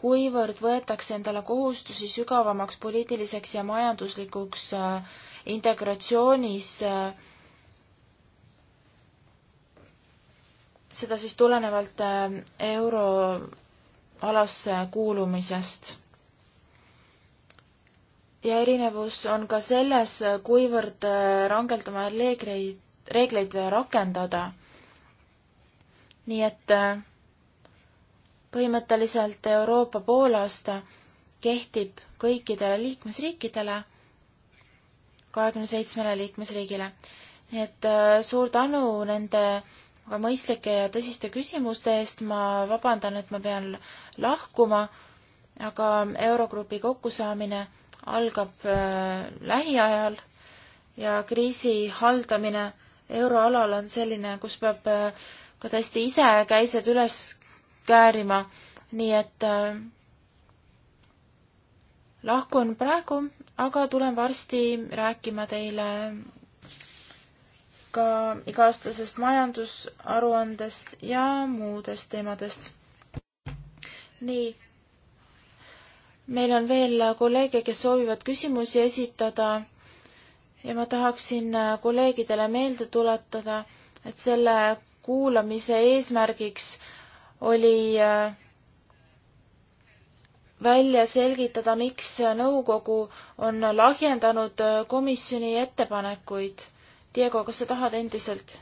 kuivõrd võetakse endale kohustusi sügavamaks poliitiliseks ja majanduslikuks äh, integratsioonis. Äh, seda siis tulenevalt äh, euroalasse kuulumisest. ja erinevus on ka selles, kuivõrd rangelt oma reegleid, reegleid rakendada. nii et äh, põhimõtteliselt Euroopa poolaasta kehtib kõikidele liikmesriikidele, kahekümne seitsmele liikmesriigile. nii et äh, suur tänu nende väga mõistlike ja tõsiste küsimuste eest, ma vabandan, et ma pean lahkuma, aga Eurogrupi kokkusaamine algab äh, lähiajal ja kriisi haldamine euroalal on selline, kus peab äh, ka tõesti ise käised üles käärima, nii et äh, lahkun praegu, aga tulen varsti rääkima teile ka iga-aastasest majandusaruandest ja muudest teemadest. nii. meil on veel kolleege, kes soovivad küsimusi esitada ja ma tahaksin äh, kolleegidele meelde tuletada, et selle kuulamise eesmärgiks oli äh, välja selgitada, miks nõukogu on lahjendanud äh, komisjoni ettepanekuid. Diego, kas sa tahad endiselt?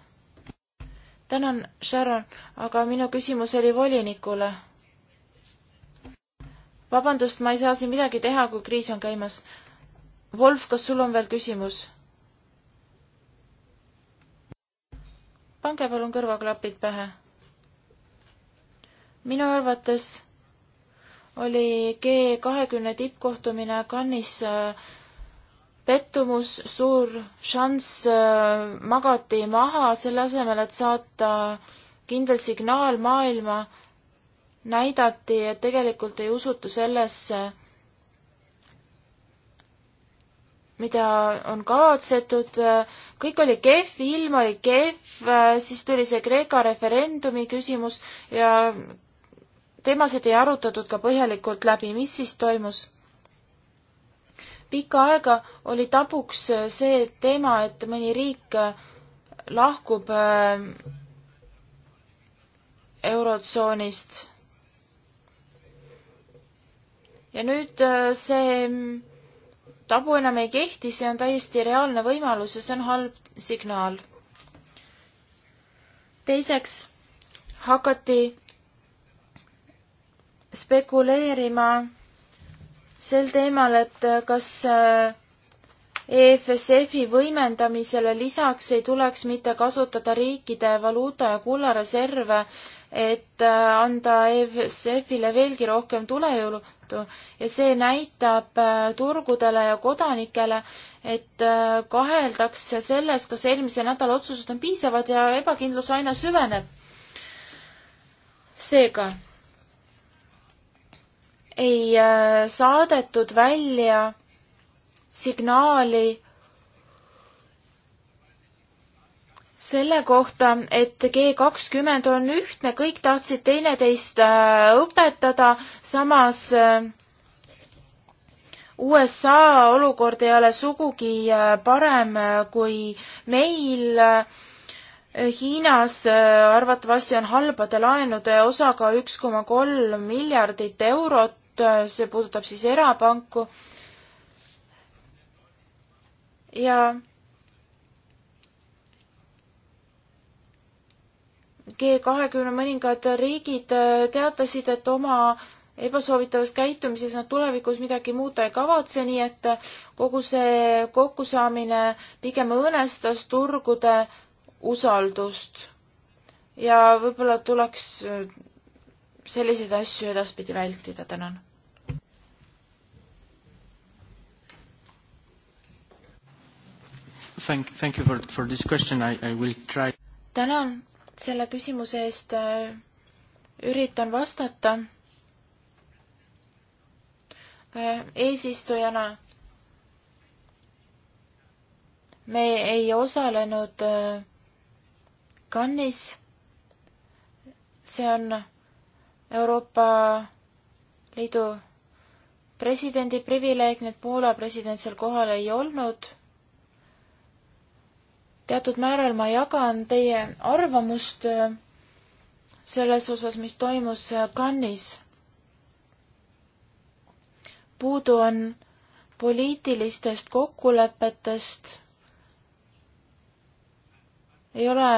tänan, Sharon, aga minu küsimus oli volinikule. vabandust, ma ei saa siin midagi teha, kui kriis on käimas. Wolf, kas sul on veel küsimus? pange palun kõrvaklapid pähe minu arvates oli G kahekümne tippkohtumine Cannes'is äh, pettumus, suur šanss äh, magati maha, selle asemel, et saata kindel signaal maailma, näidati, et tegelikult ei usuta sellesse, mida on kavatsetud, kõik oli kehv, ilm oli kehv, äh, siis tuli see Kreeka referendumi küsimus ja teemasid ei arutatud ka põhjalikult läbi, mis siis toimus? pikka aega oli tabuks äh, see teema, et mõni riik äh, lahkub äh, eurotsoonist. ja nüüd see mm, tabu enam ei kehti, see on täiesti reaalne võimalus ja see on halb signaal. teiseks hakati spekuleerima sel teemal, et kas äh, EFSF-i võimendamisele lisaks ei tuleks mitte kasutada riikide valuuta- ja kullareserve, et äh, anda EFSF-ile veelgi rohkem tulejõudu ja see näitab äh, turgudele ja kodanikele, et kaheldakse selles, kas eelmise nädala otsused on piisavad ja ebakindlus aina süveneb. seega ei äh, saadetud välja signaali selle kohta, et G kakskümmend on ühtne, kõik tahtsid teineteist äh, õpetada, samas äh, USA olukord ei ole sugugi parem kui meil. Hiinas arvatavasti on halbade laenude osakaal üks koma kolm miljardit eurot Äh, see puudutab siis erapanku. ja G kahekümne mõningad riigid äh, teatasid, et oma ebasoovitavas käitumises nad tulevikus midagi muuta ei kavatse, nii et äh, kogu see kokkusaamine pigem õõnestas turgude usaldust. ja võib-olla tuleks selliseid asju edaspidi vältida, tänan Thank, thank you for, for this question. I, I will try. Tänan selle küsimuse eest. Üritan vastata. Eesistujana me ei osalenud äh, Cannes'is. See on Euroopa Liidu presidendi privileeg, nii et Poola president seal kohal ei olnud teatud määral ma jagan teie arvamust äh, selles osas, mis toimus äh, Cannes'is. puudu on poliitilistest kokkulepetest, ei ole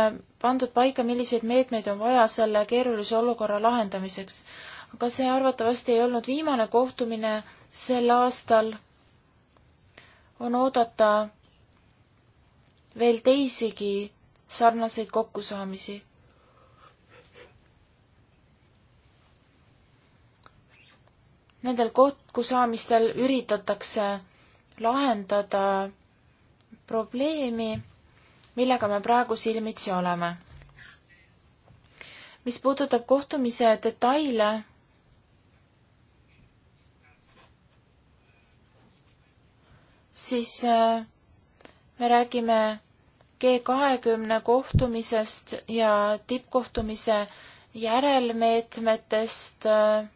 pandud paika, milliseid meetmeid on vaja selle keerulise olukorra lahendamiseks. aga see arvatavasti ei olnud viimane kohtumine sel aastal. on oodata veel teisigi sarnaseid kokkusaamisi. Nendel kokkusaamistel üritatakse lahendada probleemi, millega me praegu silmitsi oleme. mis puudutab kohtumise detaile, siis äh, me räägime G kahekümne kohtumisest ja tippkohtumise järelmeetmetest äh,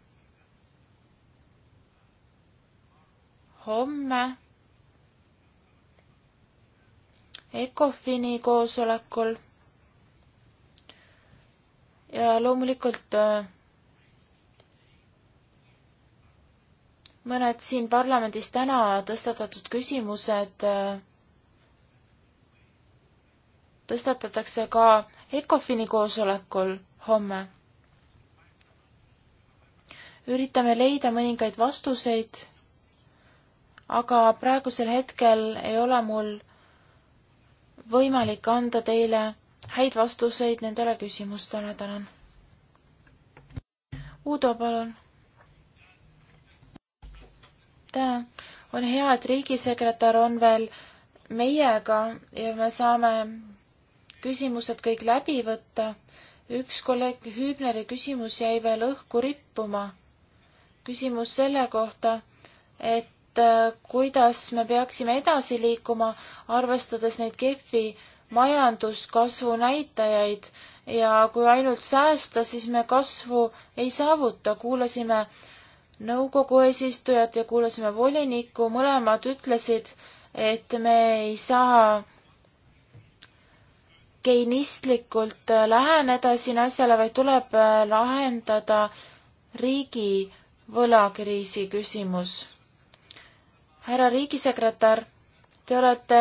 homme ECOFIN-i koosolekul. ja loomulikult äh, mõned siin parlamendis täna tõstatatud küsimused äh, tõstatatakse ka ECOFIN-i koosolekul homme. üritame leida mõningaid vastuseid, aga praegusel hetkel ei ole mul võimalik anda teile häid vastuseid nendele küsimustele, tänan. Uudo, palun. tänan. on hea, et riigisekretär on veel meiega ja me saame küsimused kõik läbi võtta. üks kolleeg Hübneri küsimus jäi veel õhku rippuma. küsimus selle kohta, et äh, kuidas me peaksime edasi liikuma, arvestades neid kehvi majanduskasvu näitajaid ja kui ainult säästa, siis me kasvu ei saavuta. kuulasime nõukogu eesistujat ja kuulasime volinikku, mõlemad ütlesid, et me ei saa geinistlikult äh, läheneda siin asjale, vaid tuleb äh, lahendada riigi võlakriisi küsimus. härra riigisekretär, te olete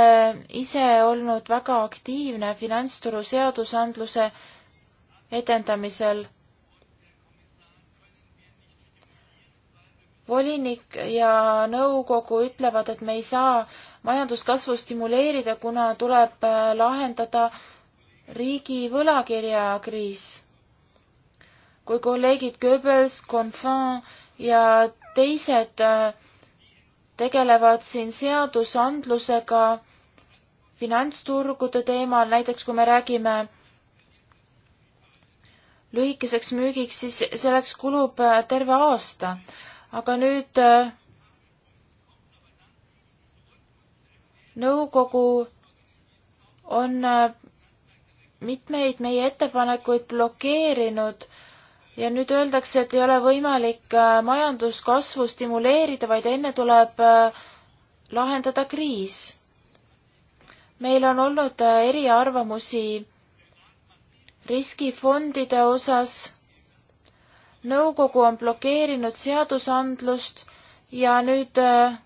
ise olnud väga aktiivne finantsturu seadusandluse edendamisel. volinik ja nõukogu ütlevad, et me ei saa majanduskasvu stimuleerida, kuna tuleb äh, lahendada riigi võlakirjakriis. kui kolleegid Goebbels, Confin ja teised äh, tegelevad siin seadusandlusega finantsturgude teemal, näiteks kui me räägime lühikeseks müügiks, siis selleks kulub äh, terve aasta. aga nüüd äh, nõukogu on mitmeid meie ettepanekuid blokeerinud ja nüüd öeldakse, et ei ole võimalik äh, majanduskasvu stimuleerida, vaid enne tuleb äh, lahendada kriis. meil on olnud äh, eriarvamusi riskifondide osas. nõukogu on blokeerinud seadusandlust ja nüüd äh,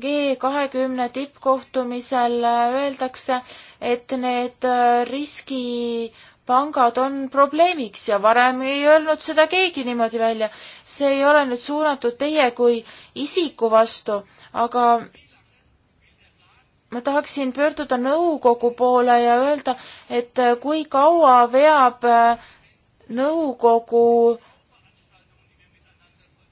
G kahekümne tippkohtumisel öeldakse, et need äh, riskipangad on probleemiks ja varem ei öelnud seda keegi niimoodi välja. see ei ole nüüd suunatud teie kui isiku vastu, aga ma tahaksin pöörduda nõukogu poole ja öelda, et äh, kui kaua veab äh, nõukogu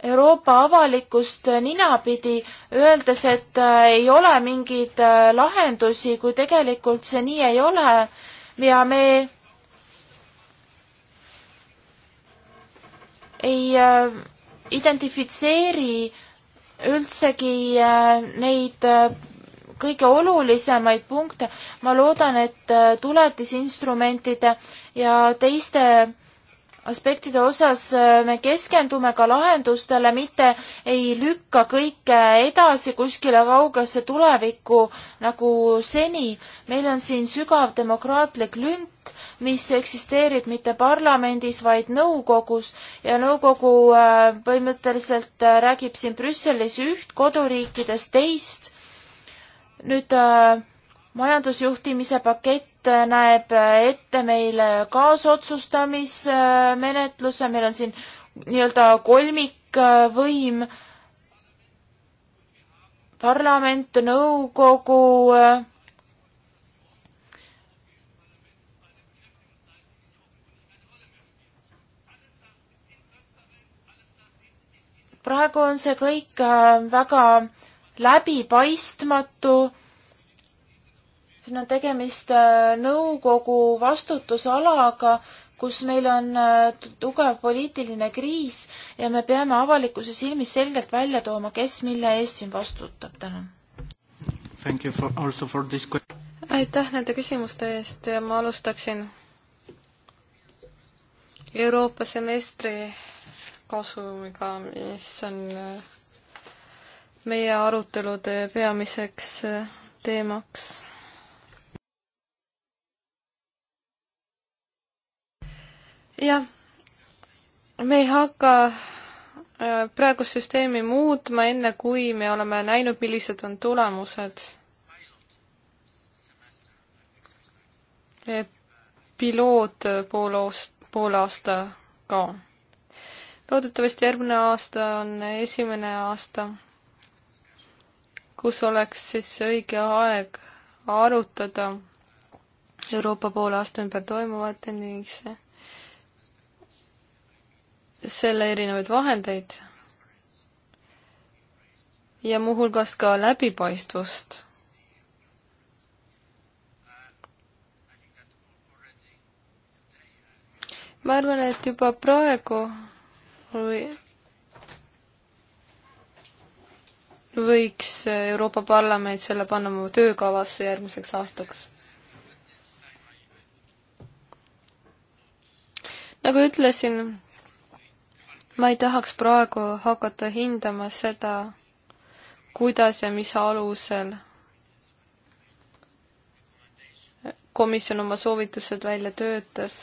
Euroopa avalikkust ninapidi, öeldes, et äh, ei ole mingeid äh, lahendusi, kui tegelikult see nii ei ole ja me ei äh, identifitseeri üldsegi neid kõige olulisemaid punkte. ma loodan, et tuletisinstrumentide ja teiste aspektide osas äh, me keskendume ka lahendustele, mitte ei lükka kõike edasi kuskile kaugesse tulevikku nagu seni. meil on siin sügav demokraatlik lünk, mis eksisteerib mitte parlamendis, vaid nõukogus ja nõukogu äh, põhimõtteliselt äh, räägib siin Brüsselis üht, koduriikides teist. nüüd äh, majandusjuhtimise pakett äh, näeb äh, ette meile kaasotsustamismenetluse, meil on siin nii-öelda kolmikvõim, äh, parlament, nõukogu, praegu on see kõik väga läbipaistmatu siin on tegemist äh, nõukogu vastutusalaga, kus meil on äh, tugev poliitiline kriis ja me peame avalikkuse silmis selgelt välja tooma, kes mille eest siin vastutab täna. aitäh nende küsimuste eest ja ma alustaksin Euroopa semestri kasumiga, mis on äh, meie arutelude peamiseks teemaks jah, me ei hakka äh, praegust süsteemi muutma, enne kui me oleme näinud, millised on tulemused. E, piloot poolaast-, poolaastaga. loodetavasti järgmine aasta on esimene aasta, kus oleks siis õige aeg arutada Euroopa poolaasta ümber toimuvat ning see selle erinevaid vahendeid ja muuhulgas ka läbipaistvust. ma arvan, et juba praegu või võiks Euroopa Parlament selle panna oma töökavasse järgmiseks aastaks. nagu ütlesin ma ei tahaks praegu hakata hindama seda, kuidas ja mis alusel komisjon oma soovitused välja töötas.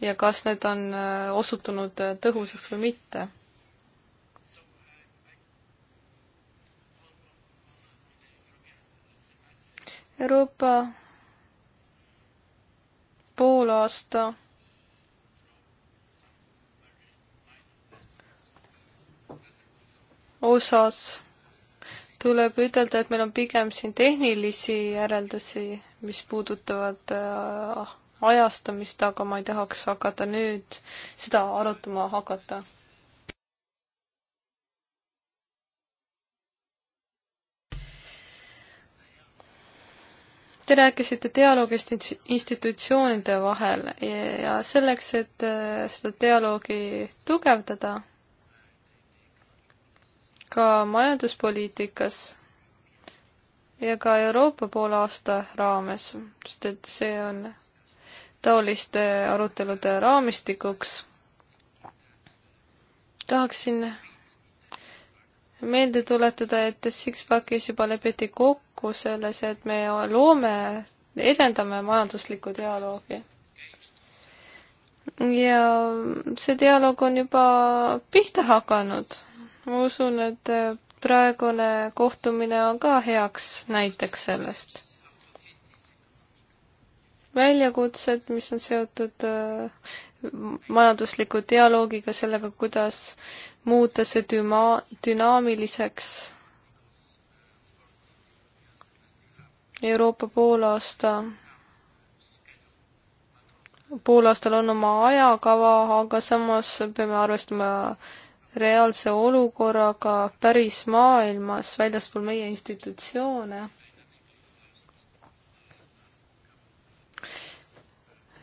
ja kas need on äh, osutunud äh, tõhusaks või mitte. Euroopa poolaasta osas tuleb ütelda, et meil on pigem siin tehnilisi järeldusi, mis puudutavad äh, ajastamist, aga ma ei tahaks hakata nüüd seda arutama hakata Te rääkisite dialoogist institutsioonide vahel ja selleks, et äh, seda dialoogi tugevdada ka majanduspoliitikas ja ka Euroopa poolaasta raames, sest et see on taoliste arutelude raamistikuks, tahaksin meelde tuletada, et Sixpackis juba lepiti kokku selles, et me loome, edendame majanduslikku dialoogi. ja see dialoog on juba pihta hakanud. ma usun, et praegune kohtumine on ka heaks näiteks sellest. väljakutsed, mis on seotud äh, majandusliku dialoogiga, sellega, kuidas muuta see düma-, dünaamiliseks Euroopa poolaasta, poolaastal on oma ajakava, aga samas peame arvestama reaalse olukorraga päris maailmas, väljaspool meie institutsioone.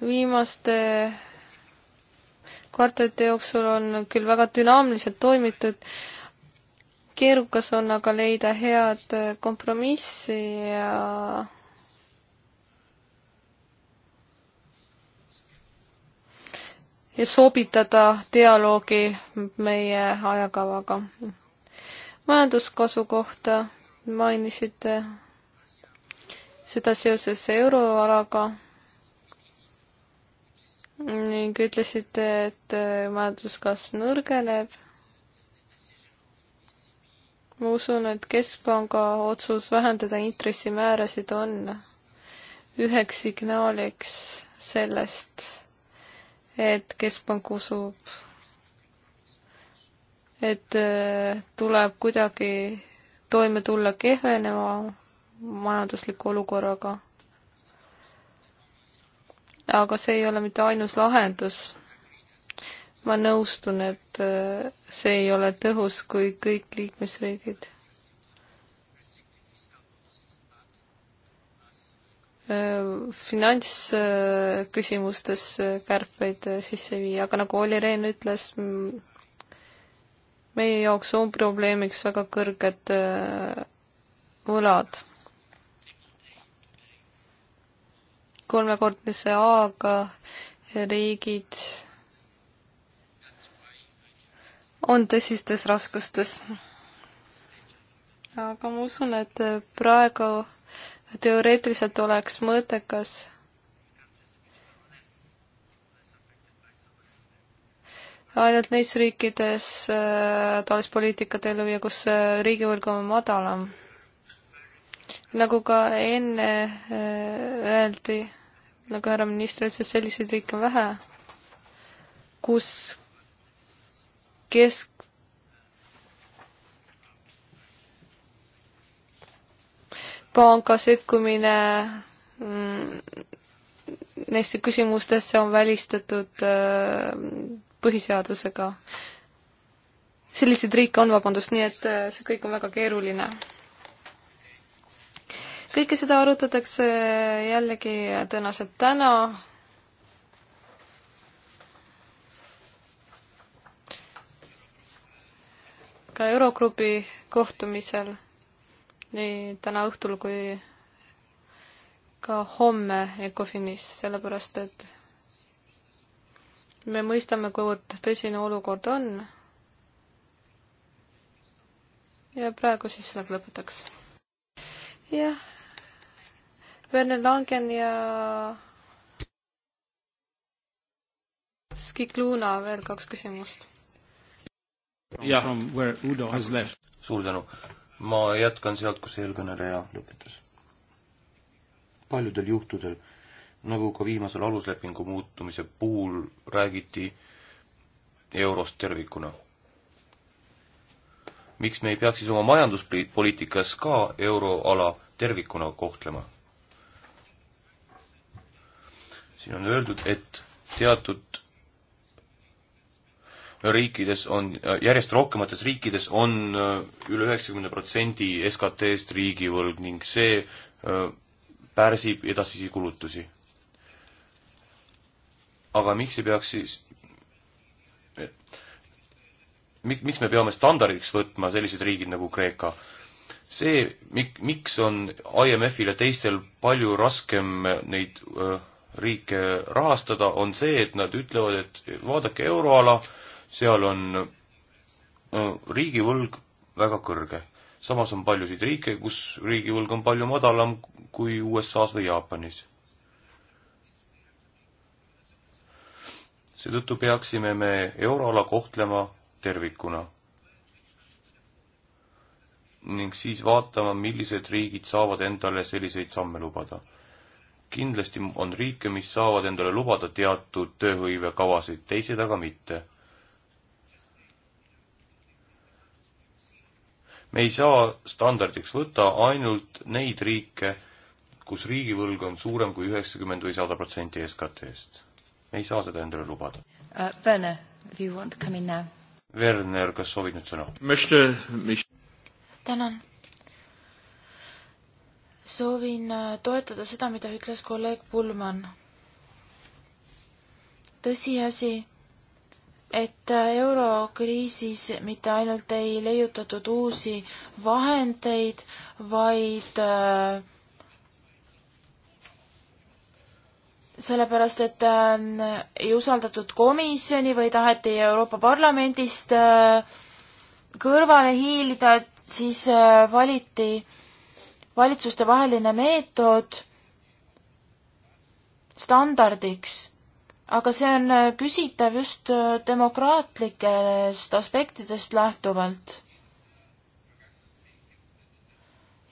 viimaste kvartalite jooksul on küll väga dünaamiliselt toimitud, keerukas on aga leida head kompromissi ja ja sobitada dialoogi meie ajakavaga. majanduskasvu kohta mainisite seda seoses euroalaga ning ütlesite, et äh, majanduskasv nõrgeneb. ma usun, et Keskpanga otsus vähendada intressimäärasid on üheks signaaliks sellest, et Keskpank usub, et äh, tuleb kuidagi toime tulla kehveneva majandusliku olukorraga aga see ei ole mitte ainus lahendus. ma nõustun, et äh, see ei ole tõhus, kui kõik liikmesriigid äh, finantsküsimustes äh, kärpeid sisse viia, aga nagu Olli Rehn ütles, meie jaoks on probleemiks väga kõrged võlad kolmekordse A-ga riigid on tõsistes raskustes. aga ma usun, et praegu teoreetiliselt oleks mõttekas ainult neis riikides äh, taolispoliitikat ellu viia, kus äh, riigivõlg on madalam nagu ka enne äh, öeldi, nagu härra minister ütles, et selliseid riike on vähe, kus kesk panga sekkumine mm, neisse küsimustesse on välistatud äh, põhiseadusega. selliseid riike on, vabandust, nii et äh, see kõik on väga keeruline kõike seda arutatakse jällegi tõenäoliselt täna. ka Eurogrupi kohtumisel nii täna õhtul kui ka homme Ecofinis, sellepärast et me mõistame, kuivõrd tõsine olukord on. ja praegu siis sellega lõpetaks. jah Werner Langen ja Skikluna veel kaks küsimust. jah, where Udo has left. suur tänu. ma jätkan sealt, kus eelkõneleja lõpetas. paljudel juhtudel, nagu ka viimasel aluslepingu muutumise puhul räägiti eurost tervikuna. miks me ei peaks siis oma majanduspoliitikas ka euroala tervikuna kohtlema? siin on öeldud, et teatud riikides on, järjest rohkemates riikides on äh, üle üheksakümne protsendi SKT-st riigivõlg ning see äh, pärsib edasisi kulutusi. aga miks ei peaks siis mik-, miks me peame standardiks võtma sellised riigid nagu Kreeka? see, mik-, miks on IMF-il ja teistel palju raskem neid öö, äh, riike rahastada, on see, et nad ütlevad, et vaadake euroala, seal on no, riigivõlg väga kõrge. samas on paljusid riike, kus riigivõlg on palju madalam kui USA-s või Jaapanis. seetõttu peaksime me euroala kohtlema tervikuna. ning siis vaatama, millised riigid saavad endale selliseid samme lubada kindlasti on riike, mis saavad endale lubada teatud tööhõivekavasid, teised aga mitte. me ei saa standardiks võtta ainult neid riike, kus riigivõlg on suurem kui üheksakümmend või sada protsenti SKT-st. me ei saa seda endale lubada uh,. Werner, if you want to come in now. Werner, kas soovid nüüd sõna? tänan soovin äh, toetada seda, mida ütles kolleeg Pullmann. tõsiasi, et äh, eurokriisis mitte ainult ei leiutatud uusi vahendeid, vaid äh, sellepärast, et ei usaldatud komisjoni või taheti Euroopa Parlamendist kõrvale hiilida, et siis valiti valitsustevaheline meetod standardiks, aga see on äh, küsitav just äh, demokraatlikest aspektidest lähtuvalt.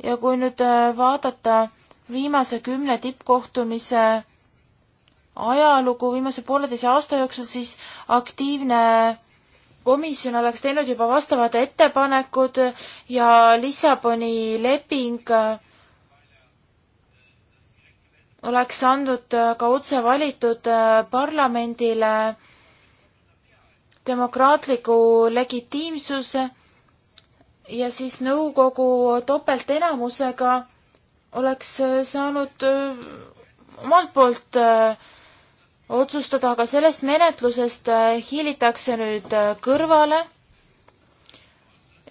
ja kui nüüd äh, vaadata viimase kümne tippkohtumise ajalugu viimase pooleteise aasta jooksul, siis aktiivne komisjon oleks teinud juba vastavad ettepanekud ja Lissaboni leping äh, oleks andnud äh, ka otse valitud äh, parlamendile demokraatliku legitiimsuse ja siis nõukogu topeltenamusega oleks saanud omalt poolt äh, otsustada, aga sellest menetlusest äh, hiilitakse nüüd äh, kõrvale.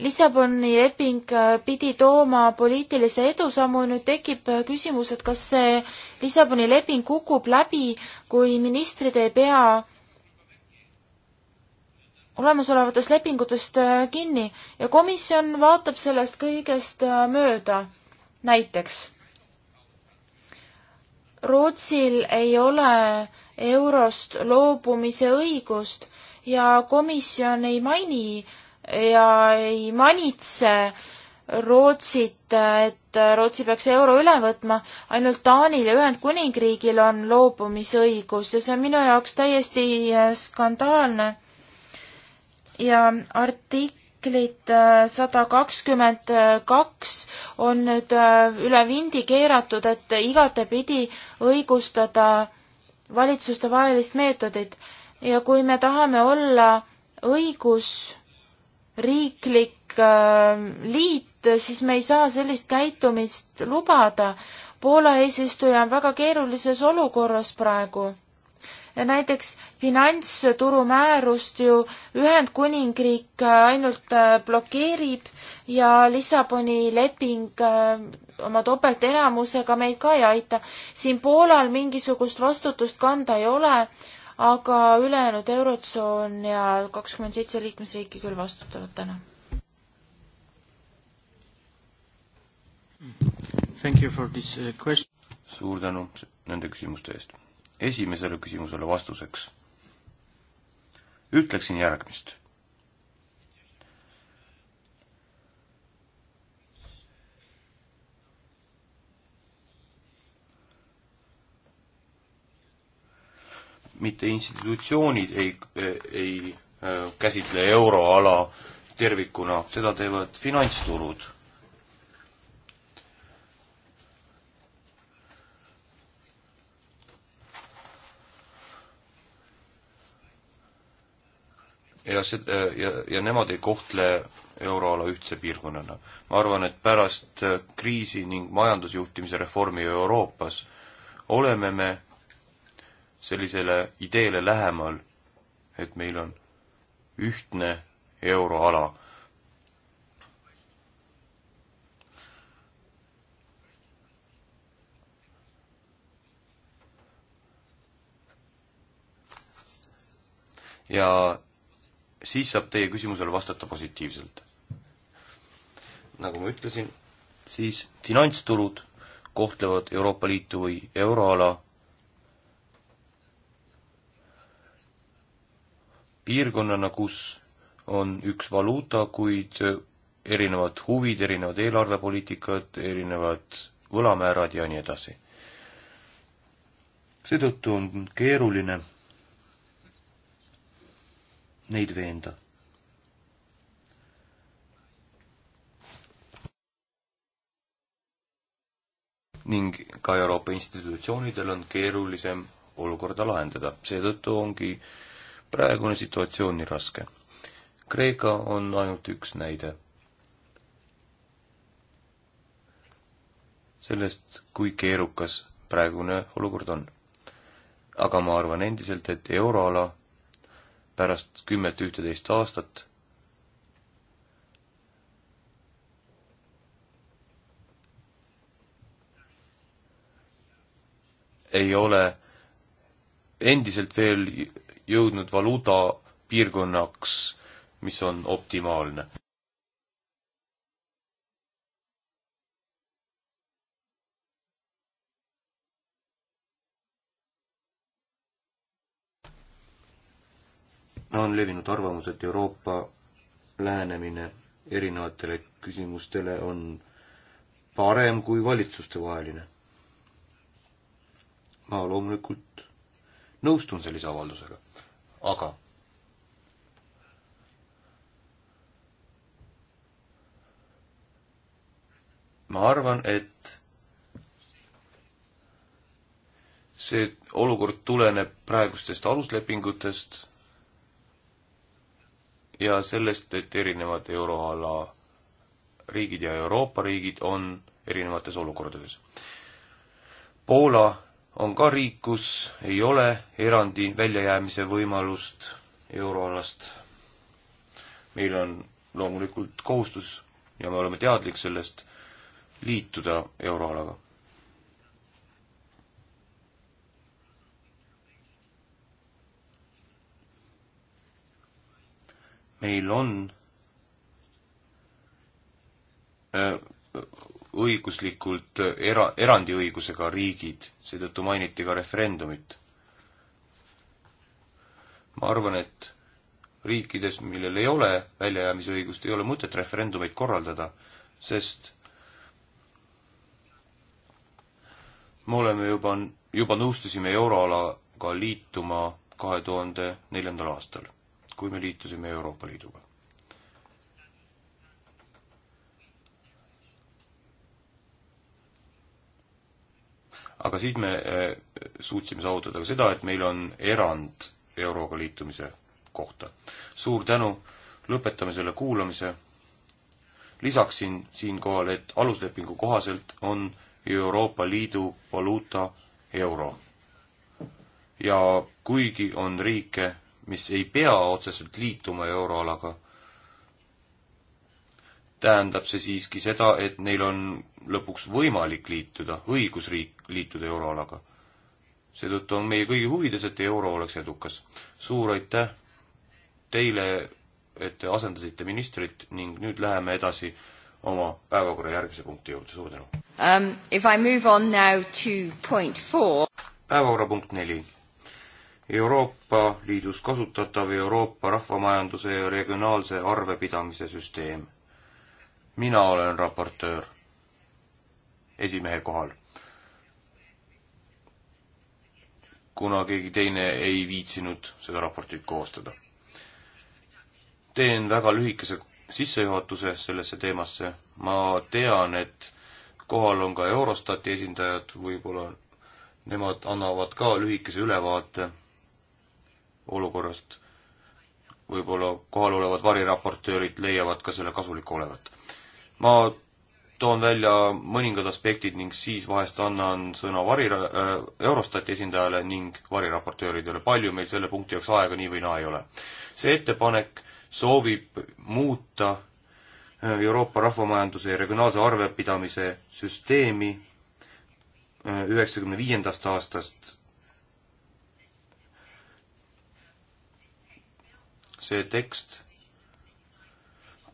Lissaboni leping äh, pidi tooma poliitilise edusammu, nüüd tekib küsimus, et kas see Lissaboni leping kukub läbi, kui ministrid ei pea olemasolevatest lepingutest kinni ja komisjon vaatab sellest kõigest mööda. näiteks Rootsil ei ole eurost loobumise õigust ja komisjon ei maini ja ei manitse Rootsit, et Rootsi peaks euro üle võtma, ainult Taanil ja Ühendkuningriigil on loobumisõigus ja see on minu jaoks täiesti äh, skandaalne. ja artiklid äh, sada kakskümmend kaks on nüüd äh, üle vindi keeratud, et igatepidi õigustada valitsustevahelist meetodit ja kui me tahame olla õigusriiklik äh, liit, siis me ei saa sellist käitumist lubada. Poola eesistuja on väga keerulises olukorras praegu. näiteks finantsturu määrust ju Ühendkuningriik ainult äh, blokeerib ja Lissaboni leping äh, oma topeltenamusega meid ka ei aita. siin Poolal mingisugust vastutust kanda ei ole, aga ülejäänud Eurotsoon ja kakskümmend seitse liikmesriiki küll vastutavad täna. Uh, suur tänu nende küsimuste eest. esimesele küsimusele vastuseks ütleksin järgmist mitte institutsioonid ei, ei äh, käsitle euroala tervikuna, seda teevad finantsturud. ja see, äh, ja, ja nemad ei kohtle euroala ühtse piirkonnana. ma arvan, et pärast äh, kriisi ning majandusjuhtimise reformi Euroopas oleme me sellisele ideele lähemal, et meil on ühtne euroala ja siis saab teie küsimusele vastata positiivselt. nagu ma ütlesin, siis finantsturud kohtlevad Euroopa Liitu või euroala piirkonnana, kus on üks valuuta, kuid erinevad huvid, erinevad eelarvepoliitikad, erinevad võlamäärad ja nii edasi. seetõttu on keeruline neid veenda. ning ka Euroopa institutsioonidel on keerulisem olukorda lahendada, seetõttu ongi äh, praegune situatsioon nii raske? Kreeka on ainult üks näide. sellest, kui keerukas praegune olukord on. aga ma arvan endiselt, et euroala pärast kümmet ühteteist aastat ei ole endiselt veel jõudnud valuuta piirkonnaks, mis on optimaalne. on levinud arvamus, et Euroopa lähenemine erinevatele küsimustele on parem kui valitsustevaheline. ma loomulikult nõustun sellise avaldusega, aga ma arvan, et see olukord tuleneb praegustest aluslepingutest ja sellest, et erinevad euroala riigid ja Euroopa riigid on erinevates olukordades. Poola on ka riik, kus ei ole erandi väljajäämise võimalust euroalast. meil on loomulikult kohustus ja me oleme teadlik sellest, liituda euroalaga. meil on öö, äh, õiguslikult era-, erandiõigusega riigid, seetõttu mainiti ka referendumit. ma arvan, et riikides, millel ei ole väljajäämisõigust, ei ole mõtet referendumeid korraldada, sest me oleme juba, juba nõustusime euroalaga liituma kahe tuhande neljandal aastal, kui me liitusime Euroopa Liiduga aga siis me eh, suutsime saavutada ka seda, et meil on erand euroga liitumise kohta. suur tänu, lõpetame selle kuulamise. lisaksin siinkohal, et aluslepingu kohaselt on Euroopa Liidu valuuta euro. ja kuigi on riike, mis ei pea otseselt liituma euroalaga, tähendab see siiski seda, et neil on lõpuks võimalik liituda, õigusriik liituda euroalaga. seetõttu on meie kõigi huvides, et euro oleks edukas. suur aitäh teile, et te asendasite ministrit ning nüüd läheme edasi oma päevakorra järgmise punkti juurde, suur tänu um,. If I move on now to point four. päevakorrapunkt neli. Euroopa Liidus kasutatav Euroopa rahvamajanduse ja regionaalse arvepidamise süsteem mina olen raportöör esimehe kohal. kuna keegi teine ei viitsinud seda raportit koostada. teen väga lühikese sissejuhatuse sellesse teemasse. ma tean, et kohal on ka Eurostati esindajad, võib-olla nemad annavad ka lühikese ülevaate olukorrast. võib-olla kohal olevad variraportöörid leiavad ka selle kasuliku olevat ma toon välja mõningad aspektid ning siis vahest annan sõna vari- äh,, Eurostati esindajale ning variraportööridele. palju meil selle punkti jaoks aega nii või naa ei ole. see ettepanek soovib muuta äh, Euroopa rahvamajanduse ja regionaalse arvepidamise süsteemi äh, üheksakümne viiendast aastast. see tekst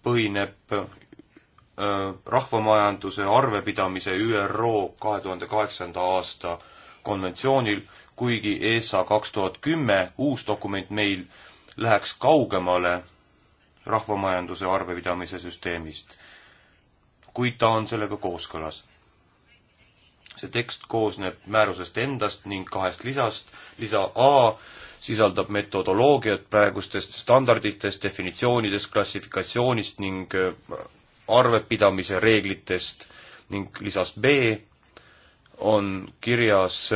põhineb Äh, rahvamajanduse arvepidamise ÜRO kahe tuhande kaheksanda aasta konventsioonil, kuigi ESA kaks tuhat kümme uus dokument meil läheks kaugemale rahvamajanduse arvepidamise süsteemist, kuid ta on sellega kooskõlas. see tekst koosneb määrusest endast ning kahest lisast, lisa A sisaldab metodoloogiat praegustest standarditest, definitsioonidest, klassifikatsioonist ning äh, arvepidamise reeglitest ning lisas B on kirjas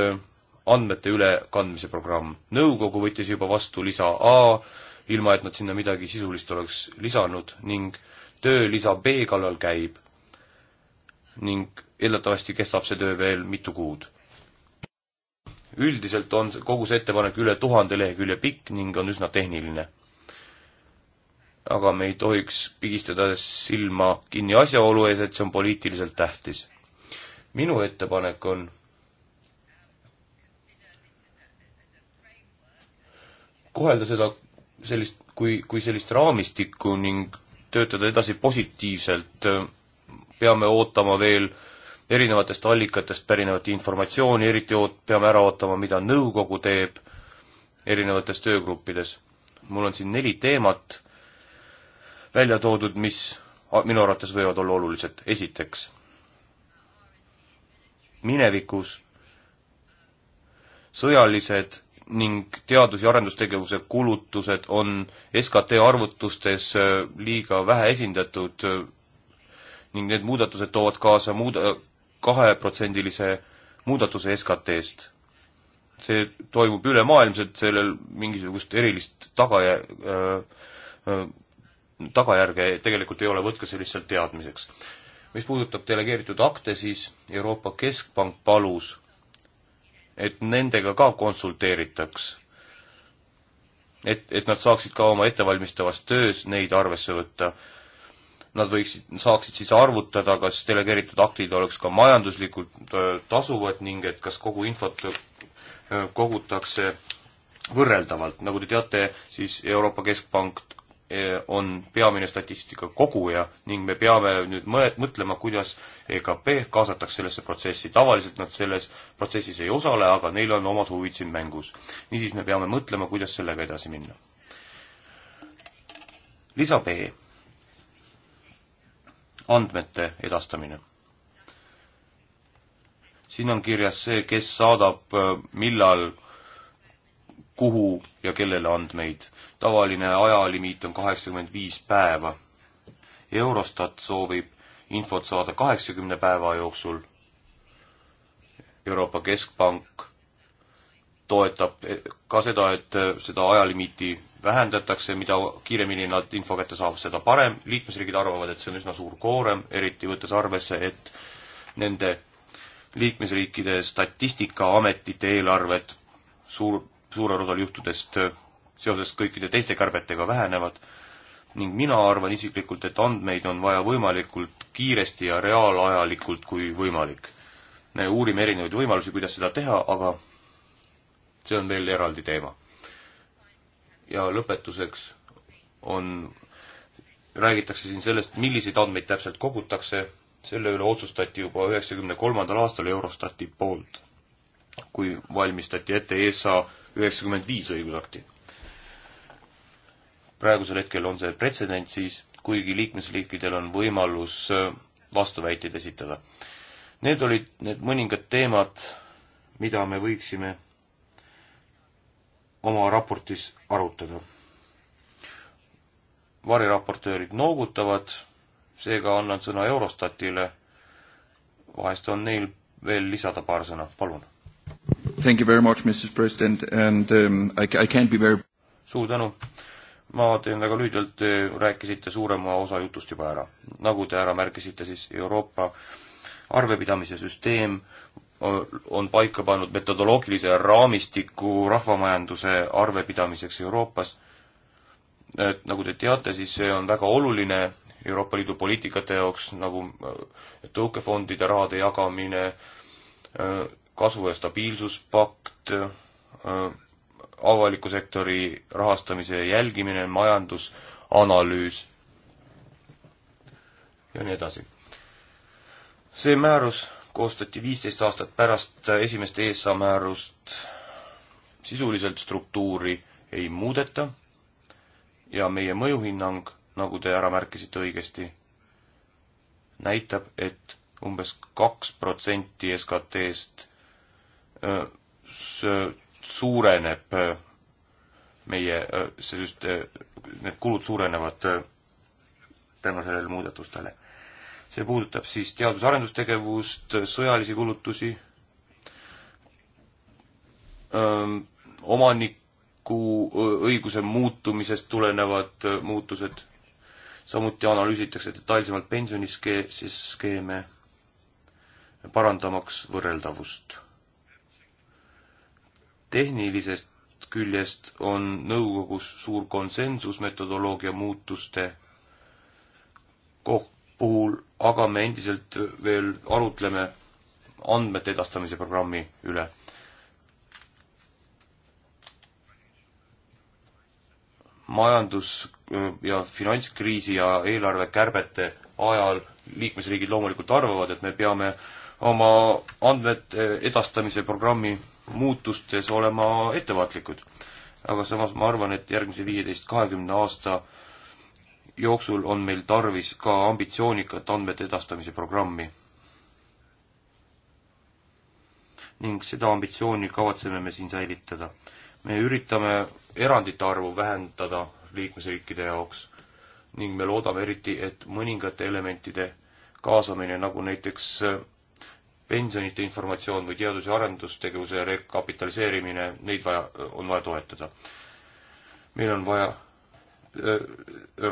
andmete ülekandmise programm. nõukogu võttis juba vastu lisa A, ilma et nad sinna midagi sisulist oleks lisanud ning töö lisa B kallal käib. ning eeldatavasti kestab see töö veel mitu kuud. üldiselt on kogu see ettepanek üle tuhande lehekülje pikk ning on üsna tehniline aga me ei tohiks pigistada silma kinni asjaolu ees, et see on poliitiliselt tähtis. minu ettepanek on kohelda seda sellist, kui, kui sellist raamistikku ning töötada edasi positiivselt, peame ootama veel erinevatest allikatest pärinevat informatsiooni, eriti oot-, peame ära ootama, mida nõukogu teeb erinevates töögruppides. mul on siin neli teemat välja toodud, mis minu arvates võivad olla olulised. esiteks, minevikus sõjalised ning teadus- ja arendustegevuse kulutused on SKT arvutustes äh, liiga vähe esindatud äh, ning need muudatused toovad kaasa muuda-, kaheprotsendilise muudatuse SKT-st. see toimub ülemaailmselt, sellel mingisugust erilist tagajä-, äh, tagajärge tegelikult ei ole, võtke see lihtsalt teadmiseks. mis puudutab delegeeritud akte, siis Euroopa Keskpank palus, et nendega ka konsulteeritaks. et, et nad saaksid ka oma ettevalmistavas töös neid arvesse võtta. Nad võiksid, saaksid siis arvutada, kas delegeeritud aktid oleks ka majanduslikult äh, tasuvad ning et kas kogu infot äh, kogutakse võrreldavalt, nagu te teate, siis Euroopa Keskpank Eh, on peamine statistika koguja ning me peame nüüd mõet-, mõtlema, kuidas EKP kaasatakse sellesse protsessi. tavaliselt nad selles protsessis ei osale, aga neil on omad huvid siin mängus. niisiis me peame mõtlema, kuidas sellega edasi minna. lisa B. andmete edastamine. siin on kirjas see, kes saadab eh, millal äh, kuhu ja kellele andmeid. tavaline ajalimiit on kaheksakümmend viis päeva. Eurostat soovib infot saada kaheksakümne päeva jooksul. Euroopa Keskpank toetab eh, ka seda, et eh, seda ajalimiiti vähendatakse, mida kiiremini nad info kätte saavad, seda parem. liikmesriigid arvavad, et see on üsna suur koorem, eriti võttes arvesse, et nende liikmesriikide statistikaametite eelarved suur, suurel osal juhtudest äh, seoses kõikide teiste kärbetega vähenevad ning mina arvan isiklikult, et andmeid on vaja võimalikult kiiresti ja reaalajalikult, kui võimalik. me uurime erinevaid võimalusi, kuidas seda teha, aga see on veel eraldi teema. ja lõpetuseks on, räägitakse siin sellest, milliseid andmeid täpselt kogutakse, selle üle otsustati juba üheksakümne kolmandal aastal Eurostati poolt, kui valmistati ette ESA üheksakümmend viis õigusakti. praegusel hetkel on see pretsedent siis, kuigi liikmesriikidel on võimalus äh, vastuväiteid esitada. Need olid need mõningad teemad, mida me võiksime oma raportis arutada. variraportöörid noogutavad, seega annan sõna Eurostatile, vahest on neil veel lisada paar sõna, palun. Thank you very much, Mrs President and um, I, I can't be very suur tänu. ma teen väga lühidalt, te rääkisite suurema osa jutust juba ära. nagu te ära märkisite, siis Euroopa arvepidamise süsteem on paika pannud metodoloogilise raamistiku rahvamajanduse arvepidamiseks Euroopas. et nagu te teate, siis see on väga oluline Euroopa Liidu poliitikate jaoks, nagu tõukefondide rahade jagamine, kasvu- ja stabiilsuspakt, avaliku sektori rahastamise jälgimine, majandusanalüüs ja nii edasi. see määrus koostati viisteist aastat pärast esimest ESA määrust, sisuliselt struktuuri ei muudeta ja meie mõjuhinnang, nagu te ära märkisite õigesti, näitab, et umbes kaks protsenti SKT-st Äh, suureneb äh, meie, äh, see süst-, need kulud suurenevad tänu sellele muudatustele. see puudutab siis teadus-arendustegevust, sõjalisi kulutusi, ähm, omaniku õiguse muutumisest tulenevad muutused, samuti analüüsitakse detailsemalt pensioniskeeme, parandamaks võrreldavust tehnilisest küljest on nõukogus suur konsensus metodoloogia muutuste koht-, puhul, aga me endiselt veel arutleme andmete edastamise programmi üle. majandus- ja finantskriisi ja eelarvekärbete ajal liikmesriigid loomulikult arvavad, et me peame oma andmete edastamise programmi muutustes olema ettevaatlikud. aga samas ma arvan, et järgmise viieteist, kahekümne aasta jooksul on meil tarvis ka ambitsioonikat andmete edastamise programmi. ning seda ambitsiooni kavatseme me siin säilitada. me üritame erandite arvu vähendada liikmesriikide jaoks ning me loodame eriti, et mõningate elementide kaasamine, nagu näiteks pensionite informatsioon või teadus- ja arendustegevuse rekapitaliseerimine, neid vaja, on vaja toetada. meil on vaja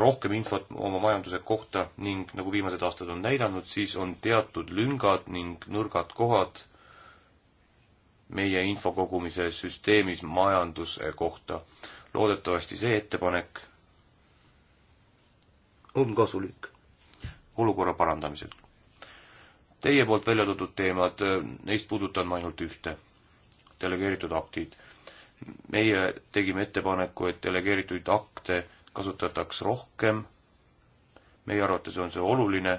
rohkem infot oma majanduse kohta ning nagu viimased aastad on näidanud, siis on teatud lüngad ning nõrgad kohad meie infokogumise süsteemis majanduse kohta. loodetavasti see ettepanek on kasulik olukorra parandamisel. Teie poolt välja toodud teemad, neist puudutan ma ainult ühte, delegeeritud aktid. meie tegime ettepaneku, et delegeerituid akte kasutataks rohkem, meie arvates on see oluline,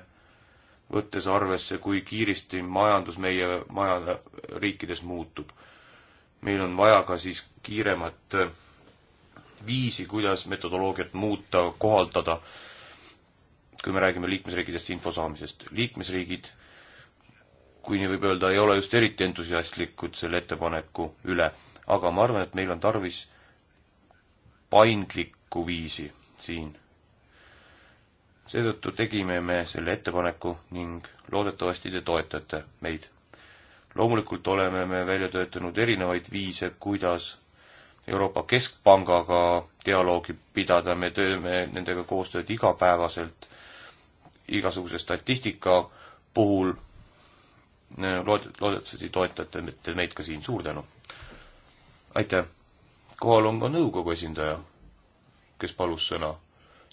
võttes arvesse, kui kiiresti majandus meie maja riikides muutub. meil on vaja ka siis kiiremat viisi, kuidas metodoloogiat muuta, kohaldada, kui me räägime liikmesriikidest info saamisest. liikmesriigid kui nii võib öelda, ei ole just eriti entusiastlikud selle ettepaneku üle, aga ma arvan, et meil on tarvis paindlikku viisi siin. seetõttu tegime me selle ettepaneku ning loodetavasti te toetate meid. loomulikult oleme me välja töötanud erinevaid viise, kuidas Euroopa Keskpangaga dialoogi pidada, me teeme nendega koostööd igapäevaselt, igasuguse statistika puhul lood-, loodetavasti toetate te meid ka siin, suur tänu! aitäh! kohal on ka nõukogu esindaja, kes palus sõna.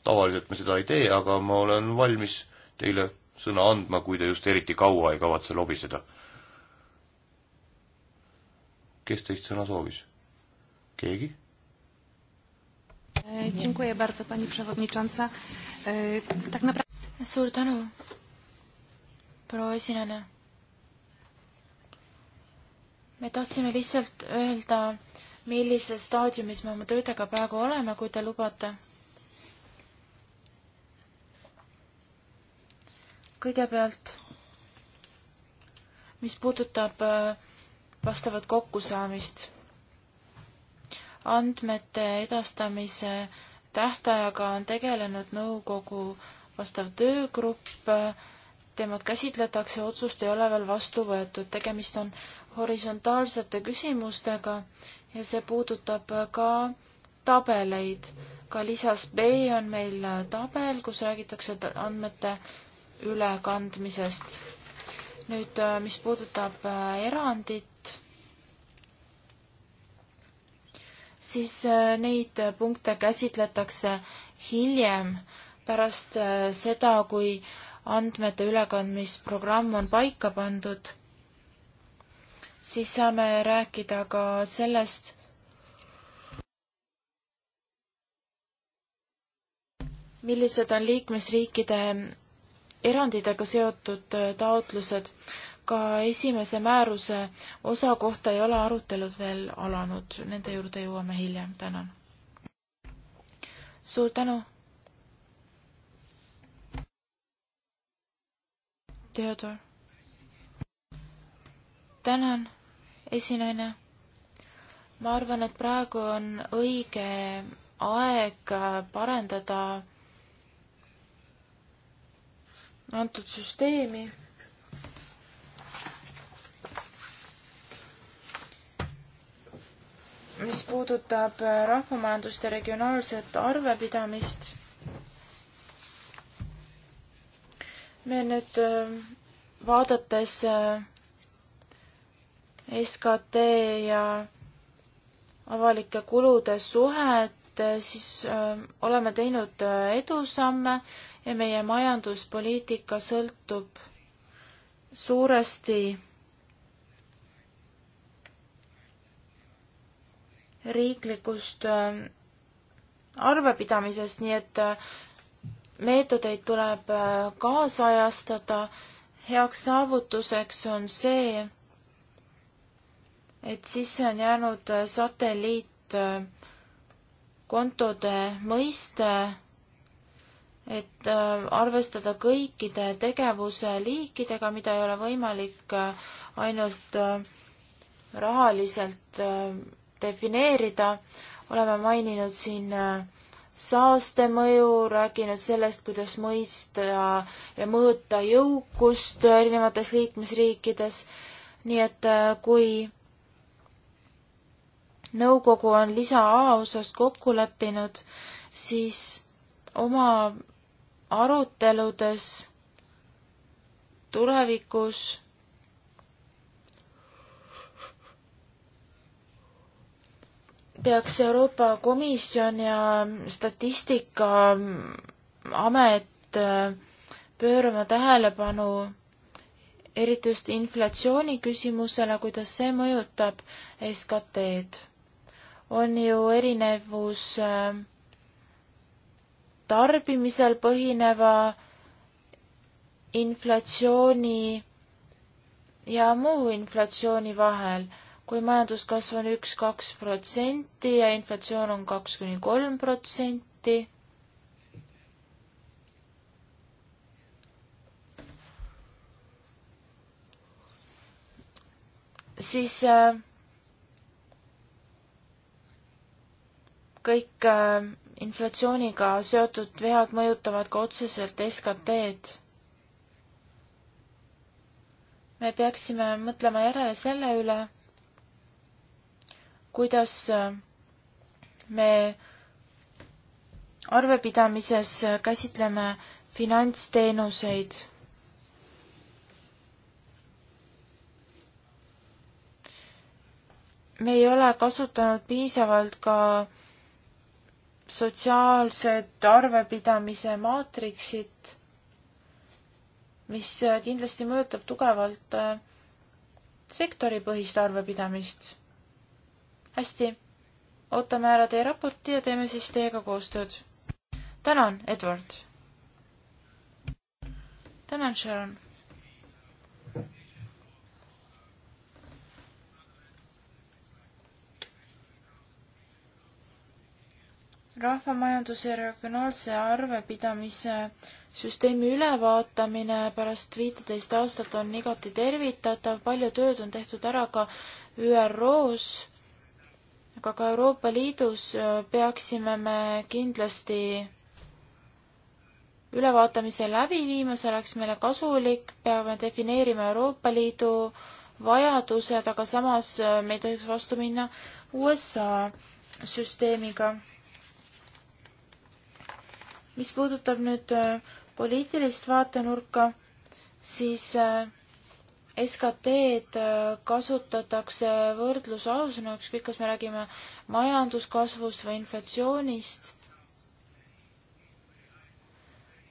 tavaliselt me seda ei tee, aga ma olen valmis teile sõna andma, kui te just eriti kaua ei kavatse lobiseda. kes teist sõna soovis? keegi? E, e, suur tänu, proua esinejana me tahtsime lihtsalt öelda, millises staadiumis me oma töödega praegu oleme, kui te lubate. kõigepealt, mis puudutab äh, vastavat kokkusaamist, andmete edastamise tähtajaga on tegelenud nõukogu vastav töögrupp, teemat käsitletakse, otsust ei ole veel vastu võetud, tegemist on horisontaalsete küsimustega ja see puudutab ka tabeleid. ka lisas B on meil tabel, kus räägitakse andmete ülekandmisest. nüüd, mis puudutab äh, erandit, siis äh, neid punkte käsitletakse hiljem, pärast äh, seda, kui andmete ülekandmisprogramm on paika pandud siis saame rääkida ka sellest, millised on liikmesriikide erandidega seotud äh, taotlused. ka esimese määruse osa kohta ei ole arutelud veel alanud, nende juurde jõuame hiljem, tänan. suur tänu. Theodor tänan esinaine. ma arvan, et praegu on õige aeg parendada antud süsteemi. mis puudutab rahvamajandust ja regionaalset arvepidamist. me nüüd äh, vaadates äh, SKT ja avalike kulude suhet, siis äh, oleme teinud äh, edusamme ja meie majanduspoliitika sõltub suuresti riiklikust äh, arvepidamisest, nii et meetodeid tuleb kaasajastada. heaks saavutuseks on see, et sisse on jäänud äh, satelliitkontode äh, mõiste, et äh, arvestada kõikide tegevuse liikidega, mida ei ole võimalik ainult rahaliselt defineerida. oleme maininud siin saaste mõju, rääkinud sellest, kuidas mõista ja mõõta jõukust erinevates liikmesriikides. nii et kui nõukogu on lisa A osas kokku leppinud, siis oma aruteludes tulevikus peaks Euroopa Komisjon ja Statistikaamet äh, pöörama tähelepanu eriti just inflatsiooni küsimusele, kuidas see mõjutab SKT-d on ju erinevus äh, tarbimisel põhineva inflatsiooni ja muu inflatsiooni vahel. kui majanduskasv on üks, kaks protsenti ja inflatsioon on kaks kuni kolm protsenti, siis äh, kõik äh, inflatsiooniga seotud vead mõjutavad ka otseselt SKT-d. me peaksime mõtlema järele selle üle, kuidas äh, me arvepidamises äh, käsitleme finantsteenuseid me ei ole kasutanud piisavalt ka sotsiaalset arvepidamise maatriksit, mis äh, kindlasti mõjutab tugevalt äh, sektoripõhist arvepidamist. hästi, ootame ära teie raporti ja teeme siis teiega koostööd. tänan, Edward! tänan, Sharon! rahvamajanduse regionaalse arvepidamise süsteemi ülevaatamine pärast viiteist aastat on igati tervitatav, palju tööd on tehtud ära ka ÜRO-s, aga ka Euroopa Liidus peaksime me kindlasti ülevaatamise läbi viima, see oleks meile kasulik, peame defineerima Euroopa Liidu vajadused, aga samas me ei tohiks vastu minna USA süsteemiga mis puudutab nüüd äh, poliitilist vaatenurka, siis äh, SKT-d äh, kasutatakse võrdlusalusena, ükskõik, kas me räägime majanduskasvust või inflatsioonist.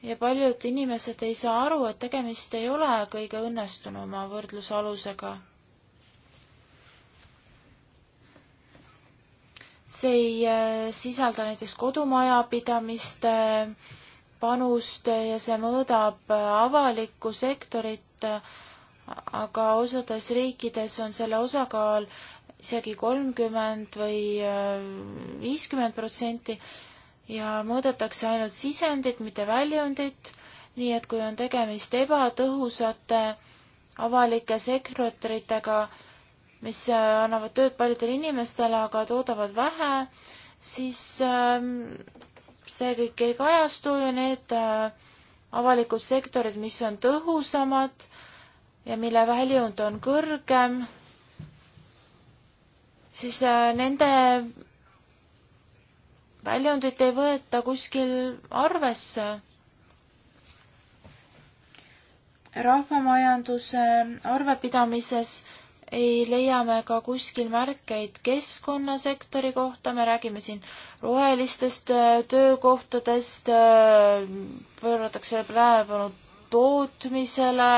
ja paljud inimesed ei saa aru, et tegemist ei ole kõige õnnestunuma võrdlusalusega see ei äh, sisalda näiteks kodumajapidamiste äh, panust äh, ja see mõõdab avalikku sektorit, aga osades riikides on selle osakaal isegi kolmkümmend või viiskümmend protsenti ja mõõdetakse ainult sisendit, mitte väljundit, nii et kui on tegemist ebatõhusate avalike sektoritega, mis äh, annavad tööd paljudele inimestele, aga toodavad vähe, siis ähm, see kõik ei kajastu ja need äh, avalikud sektorid, mis on tõhusamad ja mille väljund on kõrgem, siis äh, nende väljundit ei võeta kuskil arvesse rahvamajanduse arvepidamises ei leia me ka kuskil märkeid keskkonnasektori kohta, me räägime siin rohelistest äh, töökohtadest, äh, pööratakse tähelepanu tootmisele,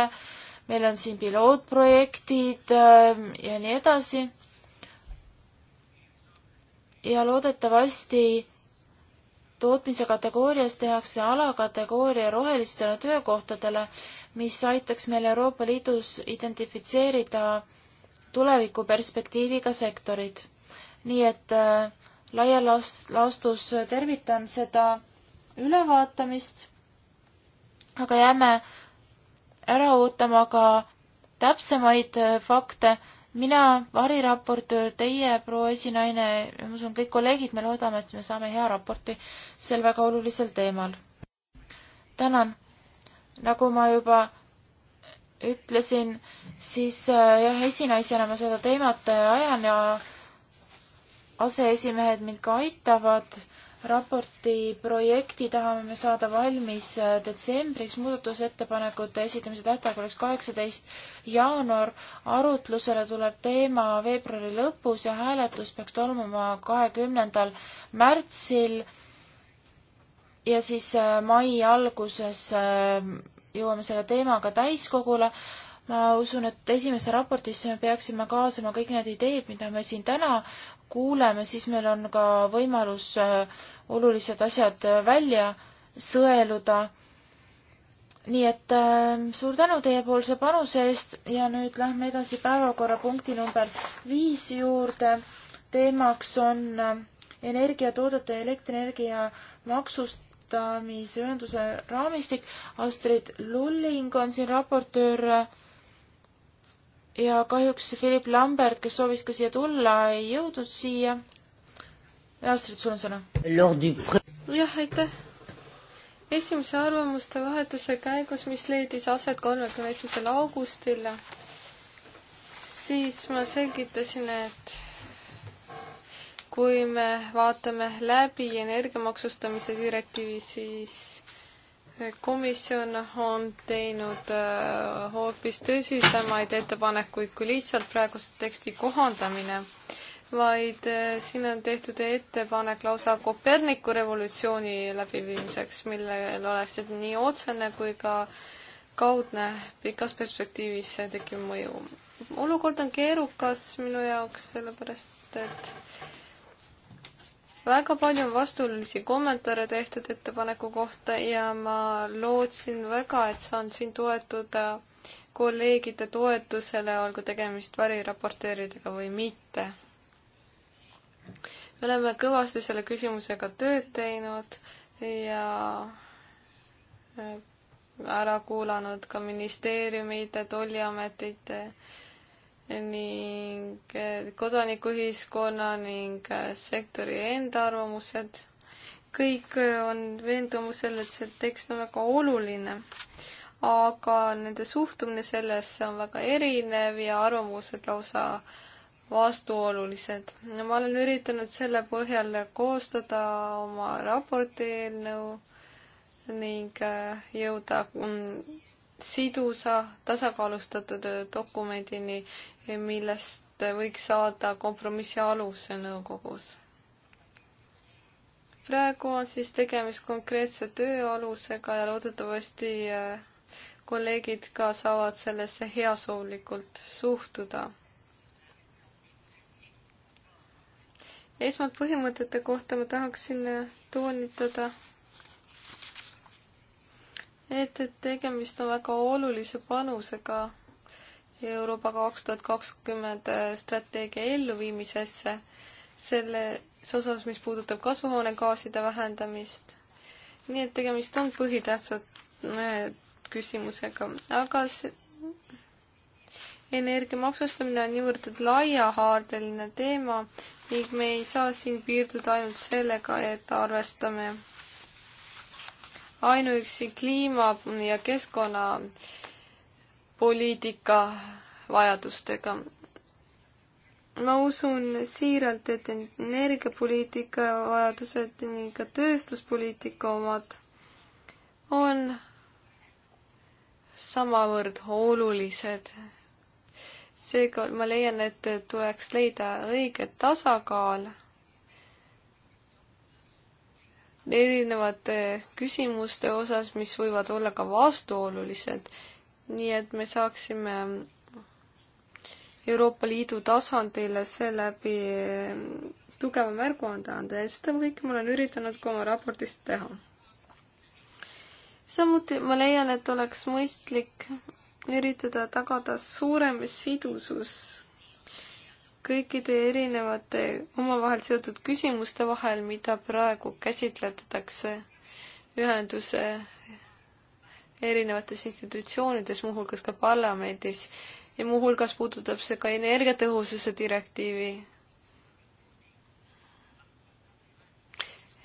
meil on siin pilootprojektid äh, ja nii edasi. ja loodetavasti tootmise kategoorias tehakse alakategooria rohelistele töökohtadele, mis aitaks meil Euroopa Liidus identifitseerida tulevikuperspektiiviga sektorid. nii et äh, laia las-, laastus tervitan seda ülevaatamist, aga jääme ära ootama ka täpsemaid äh, fakte. mina, variraportöör, teie, proua esinaine, ma usun, kõik kolleegid, me loodame, et me saame hea raporti sel väga olulisel teemal. tänan. nagu ma juba ütlesin, siis äh, jah, esinaisena ma seda teemat äh, ajan ja aseesimehed mind ka aitavad. raporti projekti tahame me saada valmis äh, detsembriks, muudatusettepanekute esitamise tähtaeg oleks kaheksateist jaanuar. arutlusele tuleb teema veebruari lõpus ja hääletus peaks toimuma kahekümnendal märtsil ja siis mai alguses jõuame selle teemaga täiskogule. ma usun, et esimesse raportisse me peaksime kaasama kõik need ideed, mida me siin täna kuuleme, siis meil on ka võimalus äh, olulised asjad äh, välja sõeluda. nii et äh, suur tänu teiepoolse panuse eest ja nüüd lähme edasi päevakorrapunkti number viis juurde. teemaks on energiatoodete ja elektrienergia maksust majapidamisühenduse raamistik. Astrid Lulling on siin raportöör ja kahjuks Philip Lambert, kes soovis ka siia tulla, ei jõudnud siia. Astrid, sul on sõna. jah, aitäh. esimese arvamuste vahetuse käigus, mis leidis aset kolmekümne esimesel augustil, siis ma selgitasin, et kui me vaatame läbi energiamaksustamise direktiivi, siis komisjon on teinud äh, hoopis tõsisemaid ettepanekuid kui lihtsalt praeguse teksti kohandamine, vaid äh, siin on tehtud ettepanek lausa Koperniku revolutsiooni läbiviimiseks, millel oleks nii otsene kui ka kaudne pikas perspektiivis tekkiv mõju. olukord on keerukas minu jaoks, sellepärast et väga palju on vastuolulisi kommentaare tehtud ettepaneku kohta ja ma lootsin väga, et saan siin toetuda kolleegide toetusele, olgu tegemist variraporteeridega või mitte. me oleme kõvasti selle küsimusega tööd teinud ja äh, ära kuulanud ka ministeeriumide, tolliametite äh, ning eh, kodanikuühiskonna ning eh, sektori enda arvamused. kõik eh, on veendumusel, et see tekst on väga oluline, aga nende suhtumine sellesse on väga erinev ja arvamused lausa vastuolulised. ma olen üritanud selle põhjal koostada oma raporti eelnõu ning jõuda mm, sidusa tasakaalustatud dokumendini, millest võiks saada kompromissi aluse nõukogus. praegu on siis tegemist konkreetse töö alusega ja loodetavasti äh, kolleegid ka saavad sellesse heasoovlikult suhtuda. esmalt põhimõtete kohta ma tahaksin toonitada et, et tegemist on väga olulise panusega Euroopa kaks tuhat kakskümmend äh, strateegia elluviimisesse, selles osas, mis puudutab kasvuhoonegaaside vähendamist. nii et tegemist on põhitähtsa äh, küsimusega, aga see energia maksustamine on niivõrd laiahaardeline teema ning me ei saa siin piirduda ainult sellega, et arvestame ainuüksi kliima ja keskkonnapoliitika vajadustega. ma usun siiralt, et energiapoliitika vajadused ning ka tööstuspoliitika omad on samavõrd olulised. seega ma leian, et tuleks leida õige tasakaal erinevate küsimuste osas, mis võivad olla ka vastuolulised, nii et me saaksime Euroopa Liidu tasandil seeläbi tugeva märguande anda ja seda kõike ma olen üritanud ka oma raportis teha. samuti ma leian, et oleks mõistlik üritada tagada suurem sidusus kõikide erinevate omavahel seotud küsimuste vahel, mida praegu käsitletakse ühenduse erinevates institutsioonides, muuhulgas ka parlamendis ja muuhulgas puudutab see ka energiatõhususe direktiivi,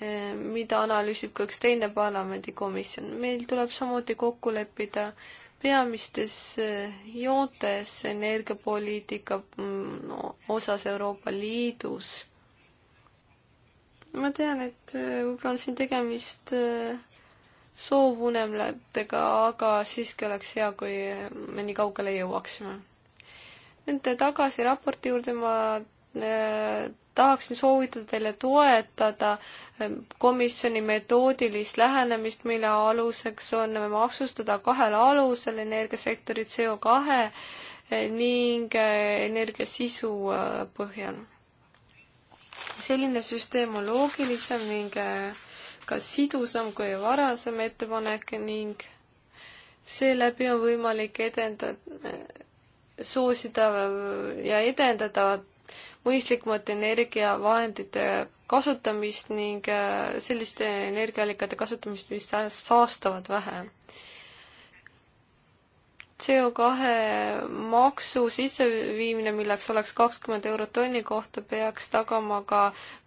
eh, mida analüüsib ka üks teine parlamendikomisjon. meil tuleb samuti kokku leppida äh, peamistes eh, joontes energiapoliitika mm, osas Euroopa Liidus. ma tean, et eh, võib-olla on siin tegemist eh, soovunelmatega, aga siiski oleks hea, kui me nii kaugele jõuaksime. nüüd tagasi raporti juurde ma tahaksin soovitada teile toetada ehm, komisjoni metoodilist lähenemist, mille aluseks on maksustada kahel alusel energiasektori CO2 eh, ning eh, energia sisu eh, põhjal. selline süsteem on loogilisem ning ka sidusam kui varasem ettepanek ning seeläbi on võimalik edendada, soosida ja edendada mõistlikumate energiavahendite kasutamist ning äh, selliste energiaallikate kasutamist, mis saastavad vähem. CO kahe maksu sisseviimine, milleks oleks kakskümmend eurot tonni kohta, peaks tagama ka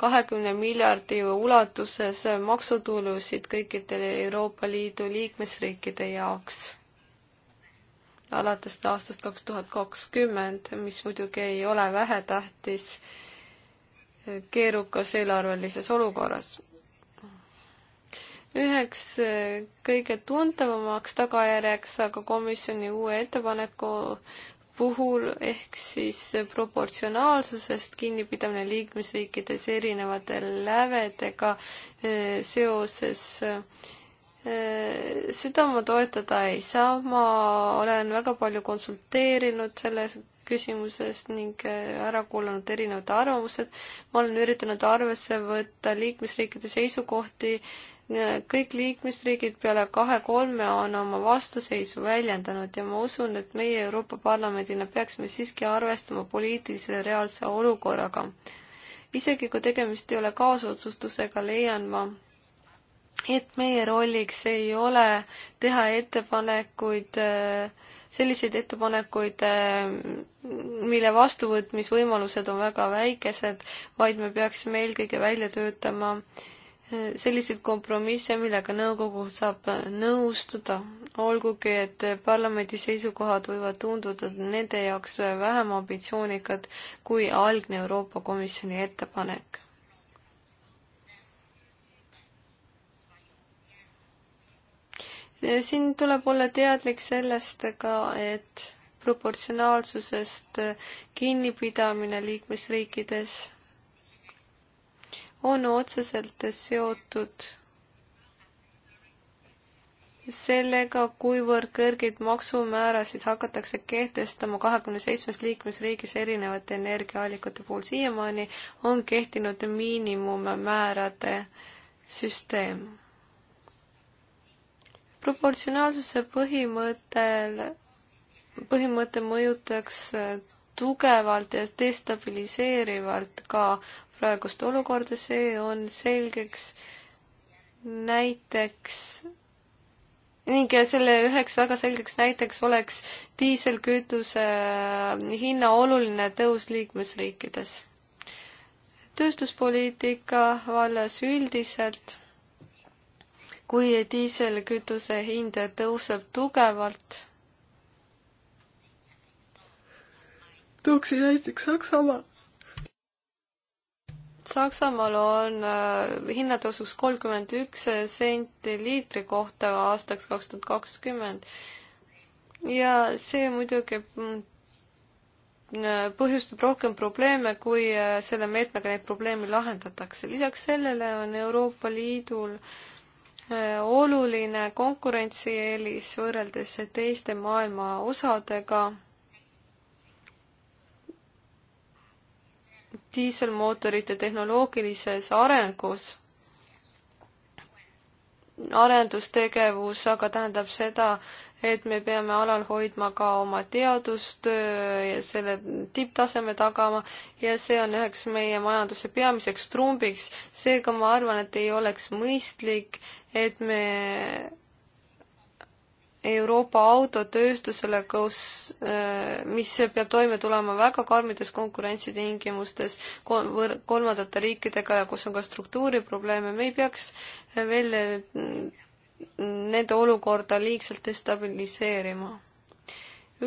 kahekümne miljardi ulatuses maksutulusid kõikidele Euroopa Liidu liikmesriikide jaoks alates aastast kaks tuhat kakskümmend, mis muidugi ei ole vähetähtis keerukas eelarvelises olukorras. üheks äh, kõige tuntavamaks tagajärjeks aga komisjoni uue ettepaneku puhul ehk siis proportsionaalsusest kinnipidamine liikmesriikides erinevate lävedega äh, seoses äh, Äh, seda ma toetada ei saa, ma olen väga palju konsulteerinud selles küsimuses ning äh, ära kuulanud erinevad arvamused. ma olen üritanud arvesse võtta liikmesriikide seisukohti. kõik liikmesriigid peale kahe-kolme on oma vastuseisu väljendanud ja ma usun, et meie Euroopa Parlamendina peaksime siiski arvestama poliitilise reaalse olukorraga. isegi kui tegemist ei ole kaasotsustusega, leian ma, et meie rolliks ei ole teha ettepanekuid, äh, selliseid ettepanekuid, äh, mille vastuvõtmisvõimalused on väga väikesed, vaid me peaksime eelkõige välja töötama äh, selliseid kompromisse, millega nõukogu saab nõustuda, olgugi et parlamendi seisukohad võivad tunduda nende jaoks vähem ambitsioonikad kui algne Euroopa Komisjoni ettepanek siin tuleb olla teadlik sellest ka, et proportsionaalsusest kinnipidamine liikmesriikides on otseselt seotud sellega, kuivõrd kõrgeid maksumäärasid hakatakse kehtestama kahekümne seitsmes liikmesriigis erinevate energiaallikate puhul. siiamaani on kehtinud miinimummäärade süsteem proportsionaalsuse põhimõttel, põhimõte mõjutaks tugevalt ja destabiliseerivalt ka praegust olukorda, see on selgeks näiteks ning selle üheks väga selgeks näiteks oleks diiselkütuse hinna oluline tõus liikmesriikides. tööstuspoliitika vallas üldiselt kui diiselkütuse hind tõuseb tugevalt, tooksin näiteks Saksamaa. Saksamaal on äh, hinnatõusuks kolmkümmend üks senti liitri kohta aastaks kaks tuhat kakskümmend. ja see muidugi mm, äh, põhjustab rohkem probleeme, kui äh, selle meetmega neid probleeme lahendatakse. lisaks sellele on Euroopa Liidul äh, oluline konkurentsieelis võrreldes teiste maailma osadega. diiselmootorite tehnoloogilises arengus arendustegevus aga tähendab seda, et me peame alal hoidma ka oma teadustöö ja selle tipptaseme tagama ja see on üheks meie majanduse peamiseks trumbiks. seega ma arvan, et ei oleks mõistlik, et me Euroopa autotööstusele, kus, äh, mis peab toime tulema väga karmides konkurentsitingimustes kolmandate riikidega ja kus on ka struktuuriprobleeme, me ei peaks veel äh, nende olukorda liigselt destabiliseerima.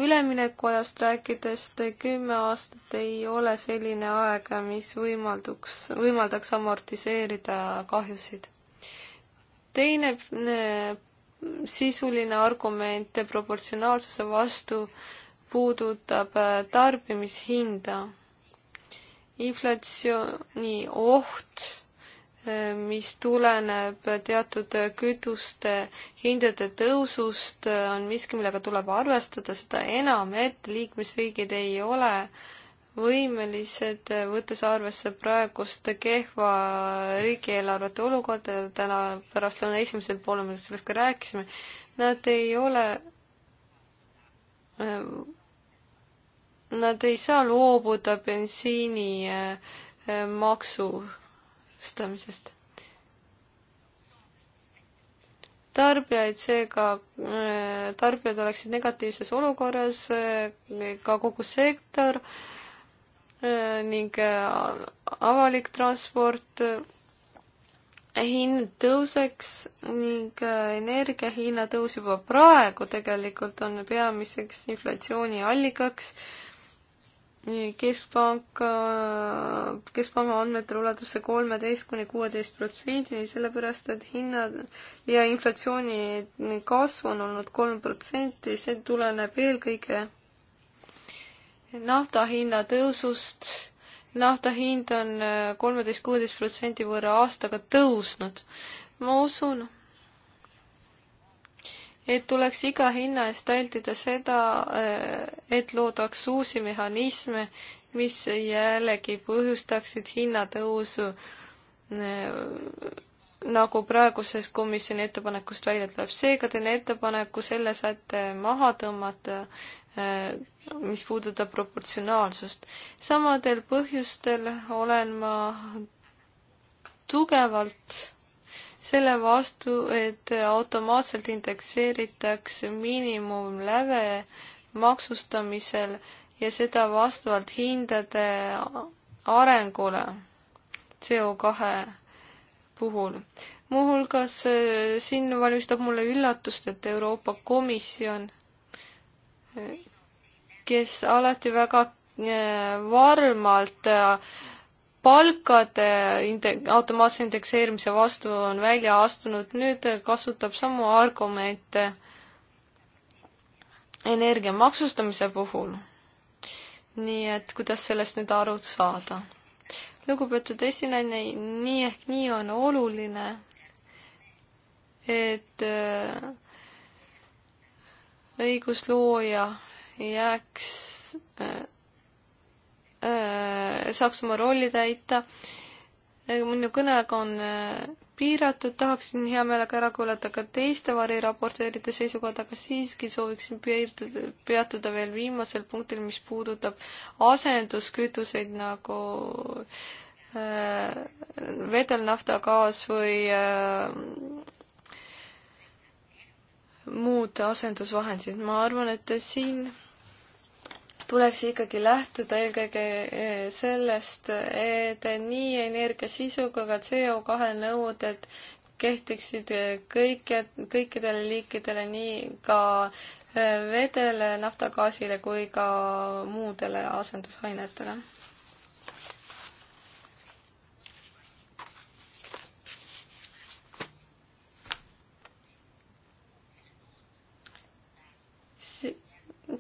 üleminekuajast rääkides, kümme aastat ei ole selline aeg, mis võimalduks, võimaldaks amortiseerida kahjusid teine äh, sisuline argument proportsionaalsuse vastu puudutab äh, tarbimishinda. inflatsiooni oht, äh, mis tuleneb teatud kütuste hindade tõusust, on miski, millega tuleb arvestada, seda enam, et liikmesriigid ei ole äh, võimelised, võttes arvesse praegust kehva riigieelarvete olukorda, täna pärastlõuna esimesel poolel me sellest ka rääkisime, nad ei ole, nad ei saa loobuda bensiini eh, maksustamisest. tarbijaid seega, eh, tarbijad oleksid negatiivses olukorras, eh, ka kogu sektor äh, Äh, ning äh, avalik transport äh, hind tõuseks ning energia hinna tõus juba praegu tegelikult on peamiseks inflatsiooniallikaks. keskpank, keskpanga andmetel ulatus see kolmeteist kuni kuueteist protsendini, sellepärast et hinnad ja inflatsiooni kasv on olnud kolm protsenti, see tuleneb eelkõige nafta hinna tõusust. nafta hind on äh, kolmeteist, kuueteist protsendi võrra aastaga tõusnud. ma usun, et tuleks iga hinna eest vältida seda, äh, et loodaks uusi mehhanisme, mis jällegi põhjustaksid hinnatõusu äh, nagu praeguses komisjoni ettepanekust välja tuleb. seega teen ettepaneku selle sätte maha tõmmata mis puudutab proportsionaalsust. samadel põhjustel olen ma tugevalt selle vastu, et automaatselt indekseeritakse miinimumläve maksustamisel ja seda vastavalt hindade arengule CO kahe puhul. muuhulgas äh, siin valmistab mulle üllatust, et Euroopa Komisjon äh, kes alati väga eh, varmalt eh, palkade inde-, automaatse indekseerimise vastu on välja astunud, nüüd kasutab samu argumente energia maksustamise puhul. nii et kuidas sellest nüüd aru saada? lugupeetud esinaine, nii ehk nii on oluline, et eh, õiguslooja jääks äh,, äh, saaks oma rolli täita. minu kõneaeg on äh, piiratud, tahaksin hea meelega ära kuulata ka teiste variraportööride seisukohad, aga siiski sooviksin piirduda, peatuda veel viimasel punktil, mis puudutab asenduskütuseid nagu äh, vedelnafta, gaas või äh, muud asendusvahendid, ma arvan, et siin tuleks ikkagi lähtuda eelkõige eh, sellest, et nii energia sisu kui ka CO2 nõuded kehtiksid eh, kõike, kõikidele liikidele, nii ka eh, vedele, naftagaasile kui ka muudele asendusainetele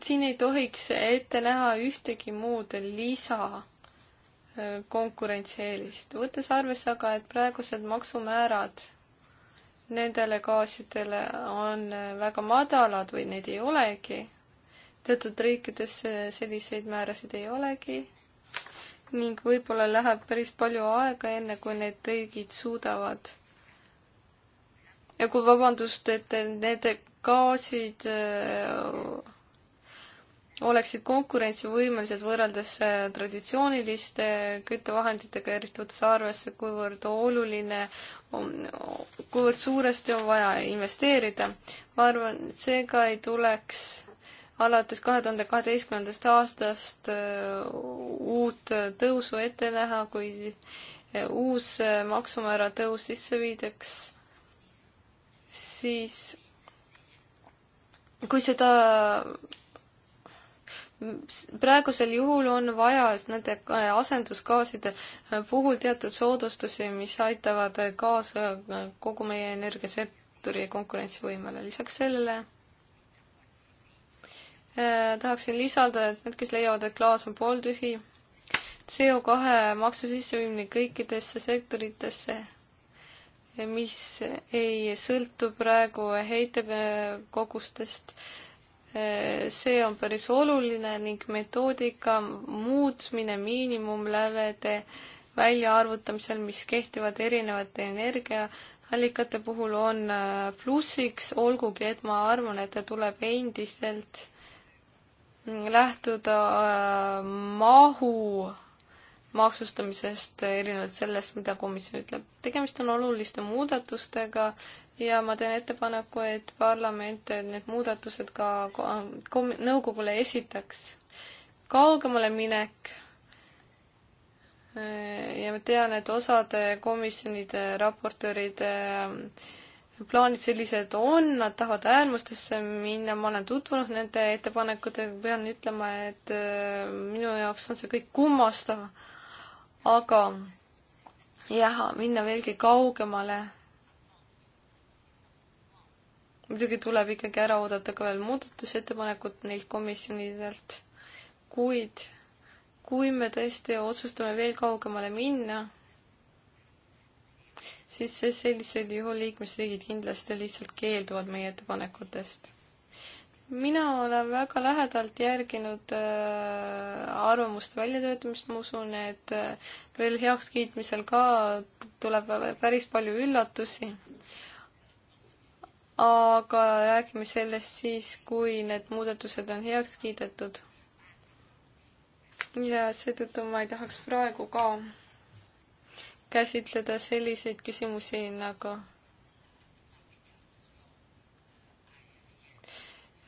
siin ei tohiks ette näha ühtegi muud lisa konkurentsieelist, võttes arvesse aga, et praegused maksumäärad nendele gaasidele on väga madalad või neid ei olegi. teatud riikides selliseid määrasid ei olegi ning võib-olla läheb päris palju aega, enne kui need riigid suudavad. ja kui vabandust, et need gaasid oleksid konkurentsivõimelised võrreldes äh, traditsiooniliste küttevahenditega, eriti võttes arvesse, kuivõrd oluline, kuivõrd suuresti on vaja investeerida. ma arvan, et seega ei tuleks alates kahe tuhande kaheteistkümnendast aastast äh, uut äh, tõusu ette näha, kui uus maksumäära tõus sisse viidaks, siis kui seda praegusel juhul on vaja nende äh, asendusgaaside äh, puhul teatud soodustusi, mis aitavad äh, kaasa kogu meie energiasektori konkurentsivõimele. lisaks sellele tahaksin lisada, et need, kes leiavad, et klaas on pooltühi, CO2 maksu sisseviimine kõikidesse sektoritesse, mis ei sõltu praegu heitekogustest, Äh, see on päris oluline ning metoodika muutmine miinimumlävede väljaarvutamisel, mis kehtivad erinevate energiaallikate puhul, on äh, plussiks, olgugi et ma arvan, et ta tuleb endiselt mm, lähtuda äh, mahu maksustamisest erinevalt sellest, mida komisjon ütleb. tegemist on oluliste muudatustega ja ma teen ettepaneku, et parlament need muudatused ka nõukogule esitaks. kaugemale minek ja ma tean, et osade komisjonide raportööride ähm, plaanid sellised on, nad tahavad äärmustesse minna, ma olen tutvunud nende ettepanekutega, pean ütlema, et äh, minu jaoks on see kõik kummastav. aga jah, minna veelgi kaugemale muidugi tuleb ikkagi ära oodata ka veel muudatusettepanekud neilt komisjonidelt, kuid kui me tõesti otsustame veel kaugemale minna, siis sellisel juhul liikmesriigid kindlasti lihtsalt keelduvad meie ettepanekutest. mina olen väga lähedalt järginud äh, arvamuste väljatöötamist, ma usun, et äh, veel heakskiitmisel ka tuleb päris palju üllatusi äh, aga räägime sellest siis, kui need muudatused on heaks kiidetud. ja seetõttu ma ei tahaks praegu ka käsitleda selliseid küsimusi nagu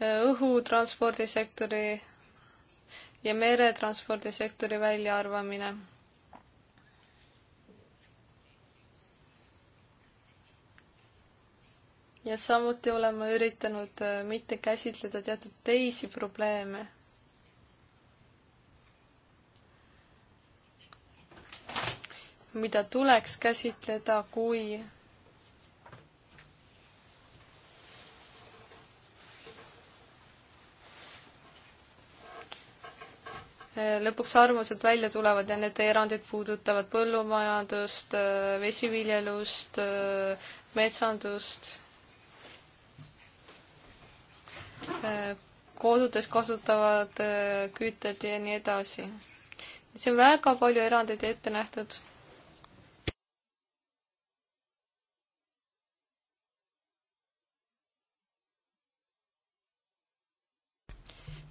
äh, õhutranspordisektori ja meretranspordisektori väljaarvamine ja samuti olen ma üritanud äh, mitte käsitleda teatud teisi probleeme. mida tuleks käsitleda, kui äh, lõpuks arvamused välja tulevad ja need erandid puudutavad põllumajandust, äh, vesiviljelust, metsandust kodudes kasutavad äh, kütet ja nii edasi. see on väga palju erandeid ette nähtud.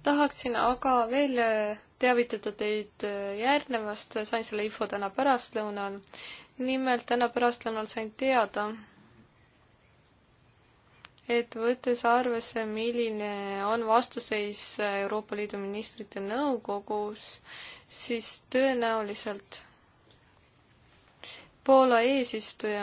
tahaksin aga veel teavitada teid äh, järgnevast, sain selle info täna pärastlõunal. nimelt täna pärastlõunal sain teada, et võttes arvesse, milline on vastuseis Euroopa Liidu ministrite nõukogus, siis tõenäoliselt Poola eesistuja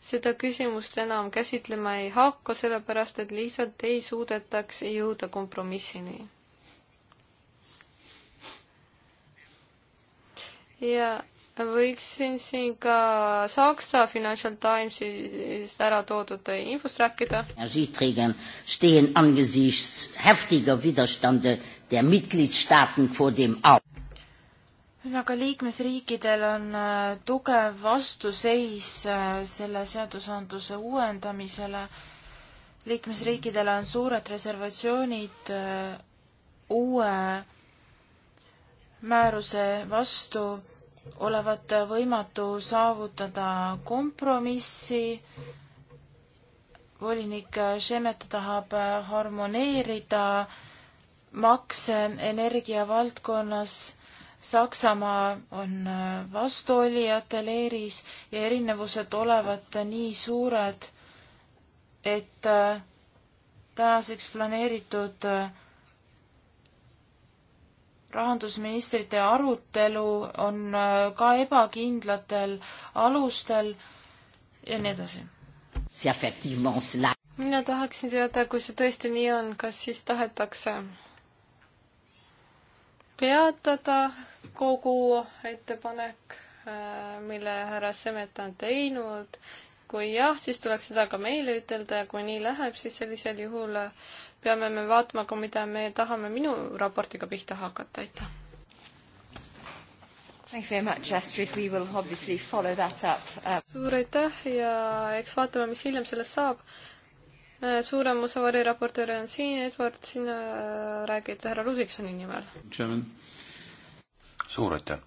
seda küsimust enam käsitlema ei hakka, sellepärast et lihtsalt ei suudetaks jõuda kompromissini. ja võiksin siin ka Saksa Financial Timesist ära toodud infost rääkida. stehen angesichts heftiger widerstande der Mitgliedstaaten vor dem Au. ühesõnaga, liikmesriikidel on äh, tugev vastuseis äh, selle seadusandluse uuendamisele. liikmesriikidel on suured reservatsioonid äh, uue määruse vastu olevat võimatu saavutada kompromissi. volinik Šemet tahab harmoneerida makse energia valdkonnas. Saksamaa on vastuolijate leeris ja erinevused olevat nii suured, et tänaseks planeeritud rahandusministrite arutelu on äh, ka ebakindlatel alustel ja nii edasi. mina tahaksin teada, kui see tõesti nii on, kas siis tahetakse peatada kogu ettepanek, äh, mille härra Semet on teinud. kui jah, siis tuleks seda ka meile ütelda ja kui nii läheb, siis sellisel juhul peame me vaatama ka, mida me tahame minu raportiga pihta hakata, aitäh. Thank you very much, Astrid, we will obviously follow that up uh.... suur aitäh ja eks vaatame, mis hiljem sellest saab. Äh, suurem osa variraportööre on siin, Edward, sina äh, räägid härra Ludvigsoni nimel. suur aitäh.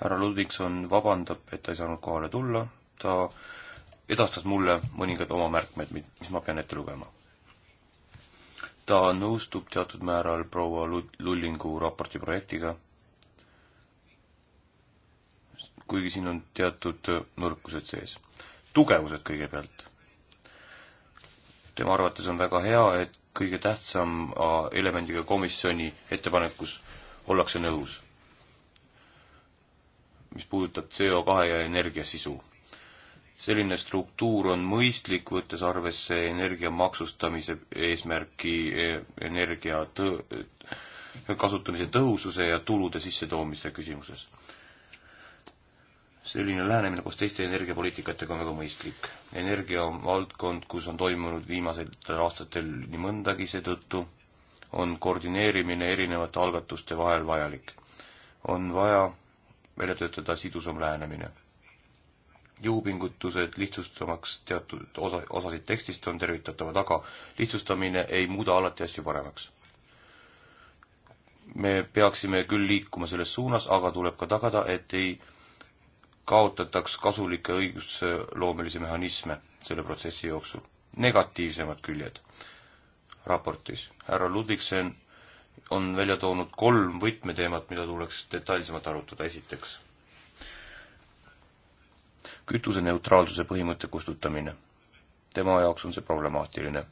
härra Ludvigson vabandab, et ta ei saanud kohale tulla, ta edastas mulle mõningad oma märkmed, mis ma pean ette lugema. ta nõustub teatud määral proua Lullingu raporti projektiga, kuigi siin on teatud nõrkused sees. tugevused kõigepealt. tema arvates on väga hea, et kõige tähtsam elemendiga komisjoni ettepanekus ollakse nõus, mis puudutab CO2 ja energia sisu selline struktuur on mõistlik, võttes arvesse energia maksustamise eesmärki, e, energia tõ-, e, kasutamise tõhususe ja tulude sissetoomise küsimuses. selline lähenemine koos teiste energiapoliitikatega on väga mõistlik. energia on valdkond, kus on toimunud viimastel aastatel nii mõndagi, seetõttu on koordineerimine erinevate algatuste vahel vajalik. on vaja välja töötada sidusam lähenemine jõupingutused lihtsustamaks teatud osa, osasid tekstist on tervitatavad, aga lihtsustamine ei muuda alati asju paremaks. me peaksime küll liikuma selles suunas, aga tuleb ka tagada, et ei kaotataks kasulikke õigusloomelisi mehhanisme selle protsessi jooksul. negatiivsemad küljed raportis. härra Ludvigsen on välja toonud kolm võtmeteemat, mida tuleks detailsemalt arutada, esiteks kütuseneutraalsuse põhimõtte kustutamine. tema jaoks on see problemaatiline.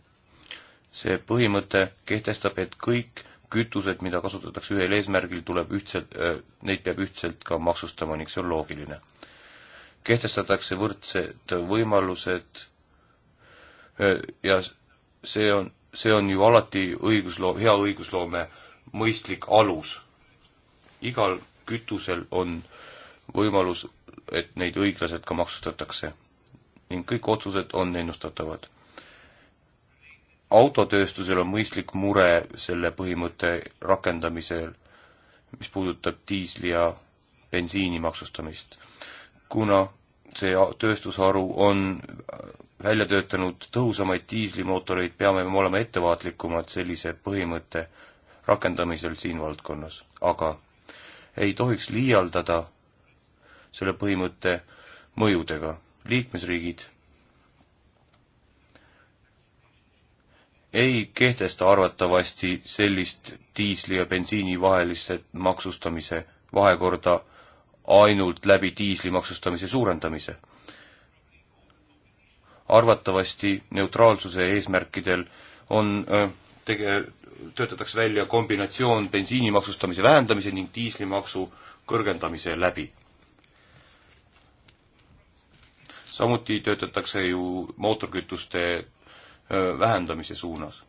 see põhimõte kehtestab, et kõik kütused, mida kasutatakse ühel eesmärgil, tuleb ühtselt, äh, neid peab ühtselt ka maksustama ning see on loogiline. kehtestatakse võrdsed võimalused äh, ja see on, see on ju alati õigusloo-, hea õigusloome mõistlik alus. igal kütusel on võimalus et neid õiglaselt ka maksustatakse ning kõik otsused on ennustatavad. autotööstusel on mõistlik mure selle põhimõtte rakendamisel, mis puudutab diisli ja bensiini maksustamist, kuna see tööstusharu on välja töötanud tõhusamaid diislimootoreid, peame me olema ettevaatlikumad sellise põhimõtte rakendamisel siin valdkonnas, aga ei tohiks liialdada selle põhimõtte mõjudega. liikmesriigid ei kehtesta arvatavasti sellist diisli ja bensiini vahelise maksustamise vahekorda ainult läbi diisli maksustamise suurendamise. arvatavasti neutraalsuse eesmärkidel on äh, tege-, töötatakse välja kombinatsioon bensiini maksustamise vähendamise ning diislimaksu kõrgendamise läbi. samuti töötatakse ju mootorkütuste vähendamise suunas.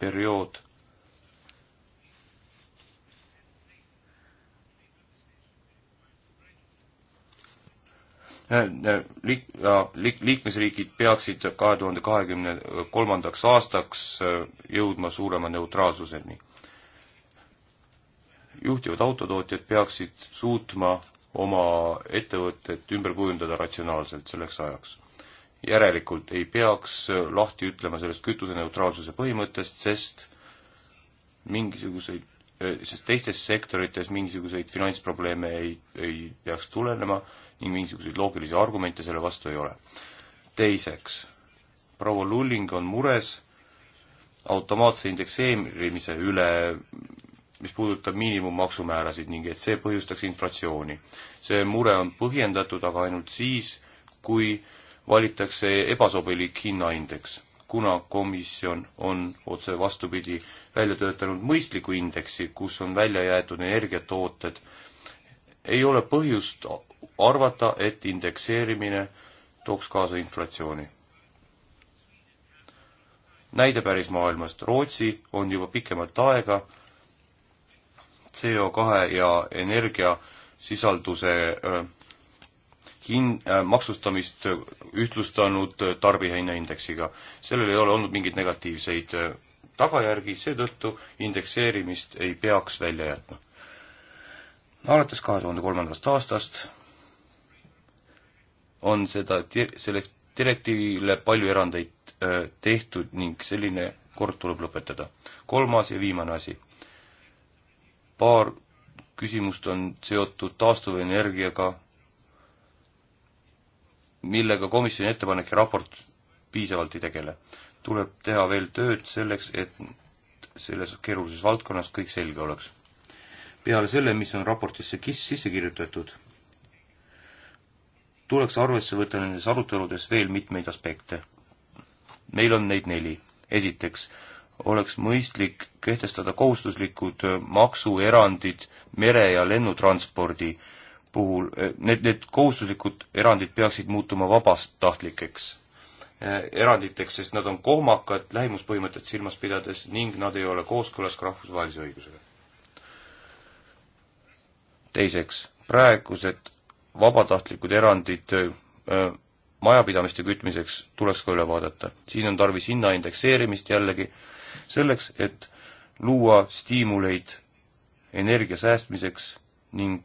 periood liik-, liik-, liikmesriigid peaksid kahe tuhande kahekümne kolmandaks aastaks jõudma suurema neutraalsuseni. juhtivad autotootjad peaksid suutma oma ettevõtet ümber kujundada ratsionaalselt selleks ajaks. järelikult ei peaks lahti ütlema sellest kütuseneutraalsuse põhimõttest, sest mingisuguseid, sest teistes sektorites mingisuguseid finantsprobleeme ei, ei peaks tulenema ning mingisuguseid loogilisi argumente selle vastu ei ole. teiseks, proua Lulling on mures automaatse indekseerimise üle mis puudutab miinimummaksumäärasid ning et see põhjustaks inflatsiooni. see mure on põhjendatud aga ainult siis, kui valitakse ebasobilik hinnaindeks, kuna komisjon on otse vastupidi välja töötanud mõistliku indeksi, kus on välja jäetud energiatooted, ei ole põhjust arvata, et indekseerimine tooks kaasa inflatsiooni. näide päris maailmast, Rootsi on juba pikemat aega CO2 ja energiasisalduse hin-, maksustamist ühtlustanud tarbijahinnaindeksiga. sellel ei ole olnud mingeid negatiivseid tagajärgi, seetõttu indekseerimist ei peaks välja jätma. alates kahe tuhande kolmandast aastast on seda di-, selleks direktiivile palju erandeid tehtud ning selline kord tuleb lõpetada. kolmas ja viimane asi paar küsimust on seotud taastuvenergiaga, millega komisjoni ettepanek ja raport piisavalt ei tegele. tuleb teha veel tööd selleks, et selles keerulises valdkonnas kõik selge oleks. peale selle, mis on raportisse KISS sisse kirjutatud, tuleks arvesse võtta nendes aruteludes veel mitmeid aspekte. meil on neid neli. esiteks, oleks mõistlik kehtestada kohustuslikud äh, maksuerandid mere- ja lennutranspordi puhul, äh, need, need kohustuslikud erandid peaksid muutuma vabatahtlikeks äh, eranditeks, sest nad on kohmakad lähimuspõhimõtet silmas pidades ning nad ei ole kooskõlas ka rahvusvahelise õigusega. teiseks, praegused vabatahtlikud erandid majapidamiste kütmiseks tuleks ka üle vaadata. siin on tarvis hinna indekseerimist jällegi, selleks, et luua stiimuleid energia säästmiseks ning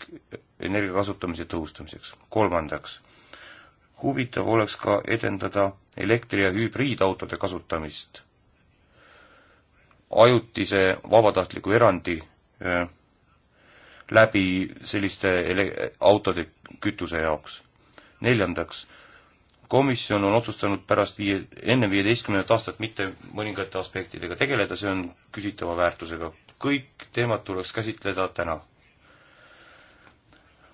energia kasutamise tõhustamiseks. kolmandaks, huvitav oleks ka edendada elektri- ja hübriidautode kasutamist ajutise vabatahtliku erandi öö, läbi selliste ele-, autode kütuse jaoks. neljandaks, komisjon on otsustanud pärast viie, enne viieteistkümnendat aastat mitte mõningate aspektidega tegeleda, see on küsitava väärtusega. kõik teemad tuleks käsitleda täna.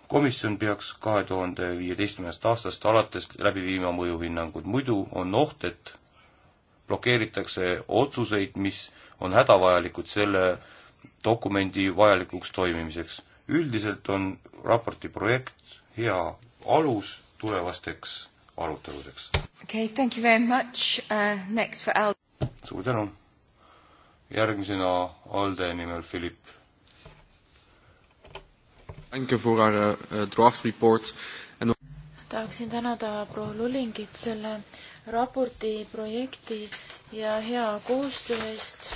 komisjon peaks kahe tuhande viieteistkümnendast aastast alates läbi viima mõjuhinnangud, muidu on oht, et blokeeritakse otsuseid, mis on hädavajalikud selle dokumendi vajalikuks toimimiseks. üldiselt on raporti projekt hea alus tulevasteks aruteludeks. okei okay,, thank you very much uh,, next for Al-. suur tänu. järgmisena ALDE nimel Philipp. Danke für eure uh, draft report and tahaksin tänada proua Lullingit selle raporti projekti ja hea koostöö eest.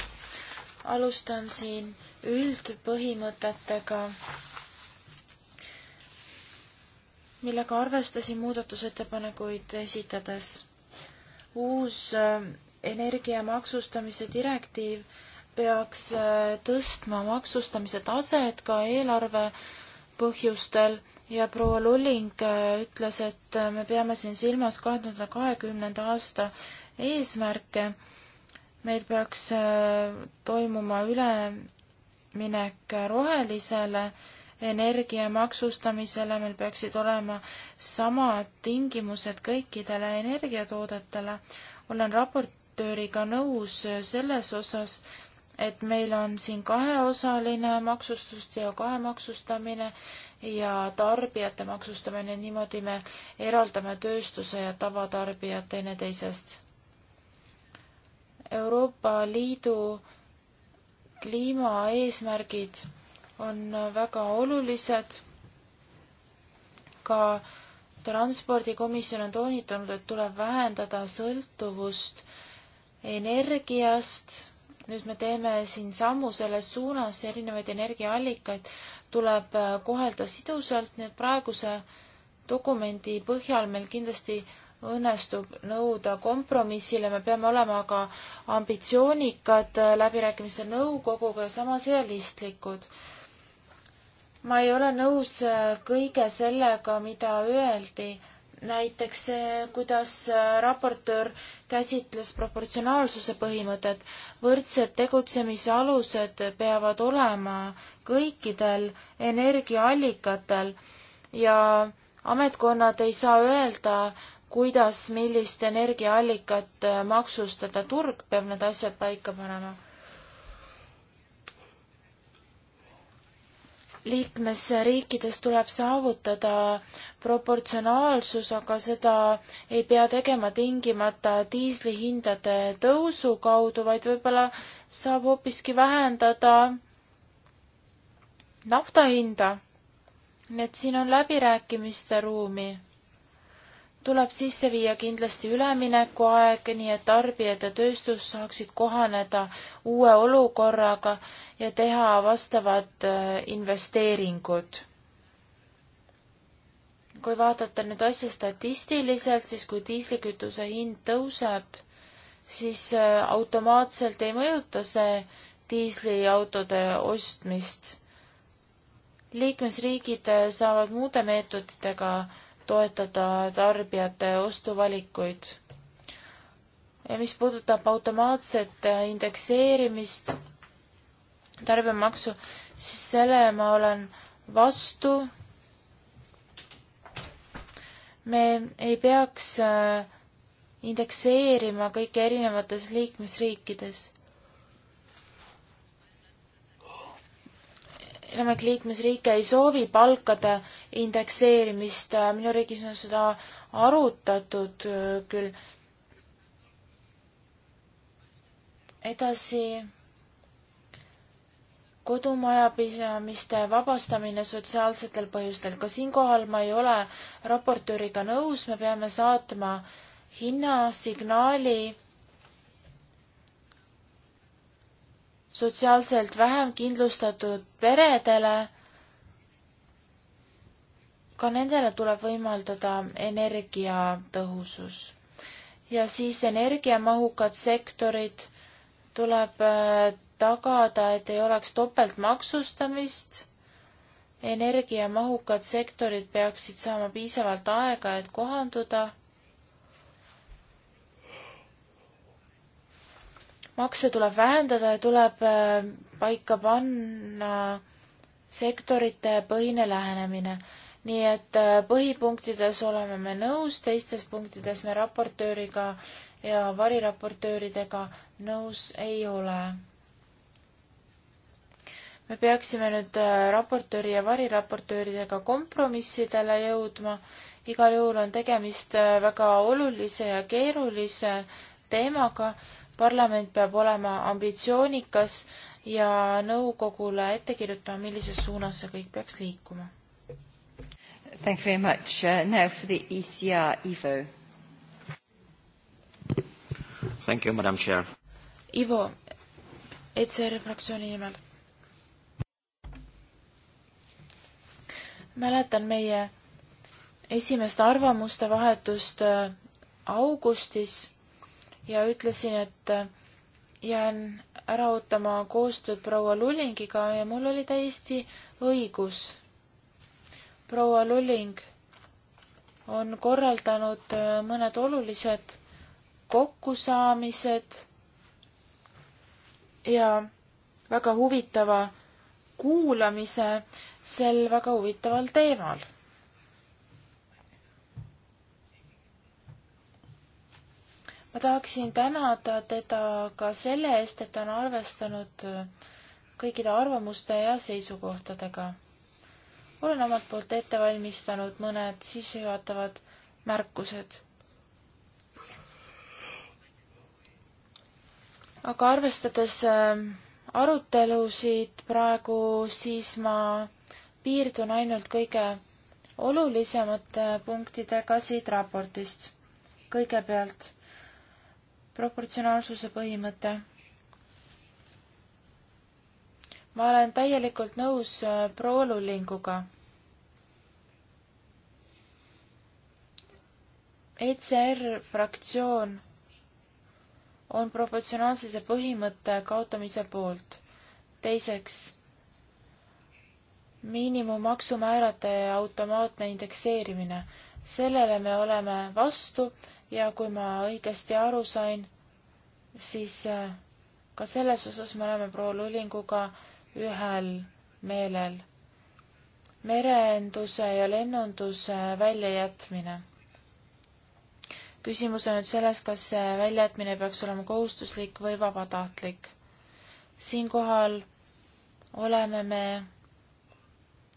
alustan siin üldpõhimõtetega millega arvestasin muudatusettepanekuid esitades. uus äh, energia maksustamise direktiiv peaks äh, tõstma maksustamise taset ka eelarve põhjustel ja proua Lulling äh, ütles, et me peame siin silmas kahe tuhande kahekümnenda aasta eesmärke. meil peaks toimuma üleminek rohelisele energia maksustamisele, meil peaksid olema samad tingimused kõikidele energiatoodetele. olen raportööriga nõus selles osas, et meil on siin kaheosaline maksustus, CO2 maksustamine ja tarbijate maksustamine, niimoodi me eraldame tööstuse ja tavatarbijad teineteisest. Euroopa Liidu kliimaeesmärgid on väga olulised. ka transpordikomisjon on toonitanud, et tuleb vähendada sõltuvust energiast. nüüd me teeme siin sammu selles suunas, erinevaid energiaallikaid tuleb kohelda sidusalt, nii et praeguse dokumendi põhjal meil kindlasti õnnestub nõuda kompromissile, me peame olema aga ambitsioonikad läbirääkimistel nõukoguga ja samas realistlikud ma ei ole nõus äh, kõige sellega, mida öeldi. näiteks see, äh, kuidas äh, raportöör käsitles proportsionaalsuse põhimõtet. võrdsed tegutsemise alused peavad olema kõikidel energiaallikatel ja ametkonnad ei saa öelda, kuidas, millist energiaallikat maksustada, turg peab need asjad paika panema liikmesriikides tuleb saavutada proportsionaalsus, aga seda ei pea tegema tingimata diislihindade tõusu kaudu, vaid võib-olla saab hoopiski vähendada nafta hinda. nii et siin on läbirääkimiste ruumi tuleb sisse viia kindlasti üleminekuaeg, nii et tarbijad ja tööstus saaksid kohaneda uue olukorraga ja teha vastavad äh, investeeringud. kui vaadata nüüd asja statistiliselt, siis kui diislikütuse hind tõuseb, siis äh, automaatselt ei mõjuta see diisliautode ostmist. liikmesriigid äh, saavad muude meetoditega toetada tarbijate ostuvalikuid. ja mis puudutab automaatset indekseerimist, tarbijamaksu, siis selle ma olen vastu. me ei peaks äh, indekseerima kõiki erinevates liikmesriikides. enamik liikmesriike ei soovi palkade indekseerimist, minu riigis on seda arutatud äh, küll. edasi, kodumajapidamiste vabastamine sotsiaalsetel põhjustel, ka siinkohal ma ei ole raportööriga nõus, me peame saatma hinnasignaali sotsiaalselt vähem kindlustatud peredele, ka nendele tuleb võimaldada energiatõhusus. ja siis energiamahukad sektorid tuleb äh, tagada, et ei oleks topeltmaksustamist energiamahukad sektorid peaksid saama piisavalt aega, et kohanduda makse tuleb vähendada ja tuleb äh, paika panna sektorite põhine lähenemine. nii et äh, põhipunktides oleme me nõus, teistes punktides me raportööriga ja variraportööridega nõus ei ole. me peaksime nüüd äh, raportööri ja variraportööridega kompromissidele jõudma. igal juhul on tegemist väga olulise ja keerulise teemaga parlament peab olema ambitsioonikas ja nõukogule ette kirjutama, millises suunas see kõik peaks liikuma. Thank you very much uh,. Now for the ECR, Ivo. Thank you, madam chair. Ivo, ECR fraktsiooni nimel. mäletan meie esimest arvamuste vahetust äh, augustis ja ütlesin, et äh, jään ära ootama koostööd proua Lullingiga ja mul oli täiesti õigus. proua Lulling on korraldanud äh, mõned olulised kokkusaamised ja väga huvitava kuulamise sel väga huvitaval teemal ma tahaksin tänada teda ka selle eest, et ta on arvestanud kõikide arvamuste ja seisukohtadega. olen omalt poolt ette valmistanud mõned sissejuhatavad märkused. aga arvestades ähm, arutelusid praegu, siis ma piirdun ainult kõige olulisemate punktidega siit raportist. kõigepealt proportsionaalsuse põhimõte. ma olen täielikult nõus äh, proua Lullinguga. ECR fraktsioon on proportsionaalsuse põhimõtte kaotamise poolt. teiseks, miinimummaksumäärade automaatne indekseerimine. sellele me oleme vastu ja kui ma õigesti aru sain, siis äh, ka selles osas me oleme proua Lulinguga ühel meelel. merenduse ja lennunduse väljajätmine. küsimus on nüüd selles, kas see väljajätmine peaks olema kohustuslik või vabatahtlik. siinkohal oleme me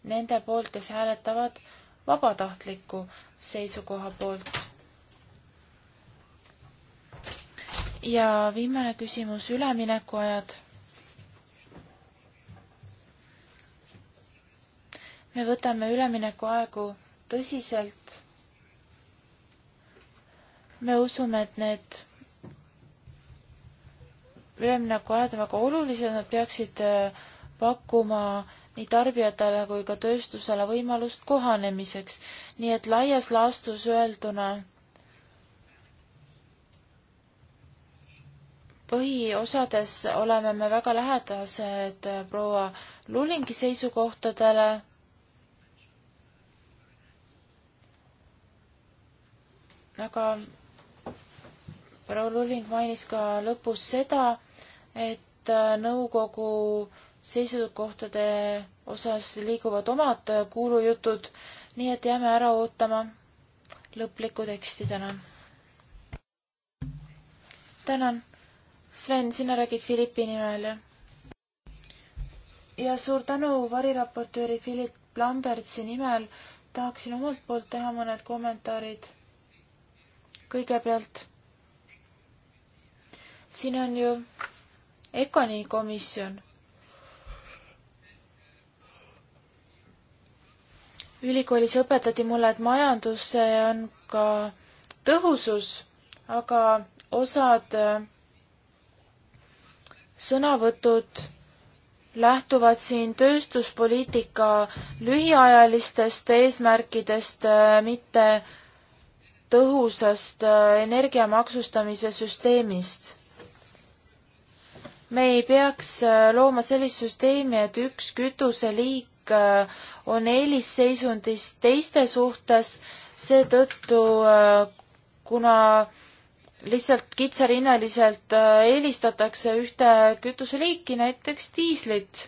nende poolt, kes hääletavad vabatahtliku seisukoha poolt. ja viimane küsimus, üleminekuajad. me võtame üleminekuaegu tõsiselt. me usume, et need üleminekuajad on väga olulised, nad peaksid äh, pakkuma nii tarbijatele kui ka tööstusele võimalust kohanemiseks. nii et laias laastus öelduna põhiosades oleme me väga lähedased äh, proua Lulingi seisukohtadele. aga proua Luling mainis ka lõpus seda, et äh, nõukogu seisukohtade osas liiguvad omad äh, kuulujutud, nii et jääme ära ootama lõplikku teksti täna. tänan Sven, sina räägid Philippi nimel. ja suur tänu variraportööri Philip Lambertsi nimel. tahaksin omalt poolt teha mõned kommentaarid. kõigepealt, siin on ju Econi komisjon. ülikoolis õpetati mulle, et majandus on ka tõhusus, aga osad äh, sõnavõtud lähtuvad siin tööstuspoliitika lühiajalistest eesmärkidest, äh, mitte tõhusast äh, energia maksustamise süsteemist. me ei peaks äh, looma sellist süsteemi, et üks kütuseliik on eelisseisundis teiste suhtes, seetõttu kuna lihtsalt kitsarinnaliselt äh, eelistatakse ühte kütuseliiki, näiteks diislit.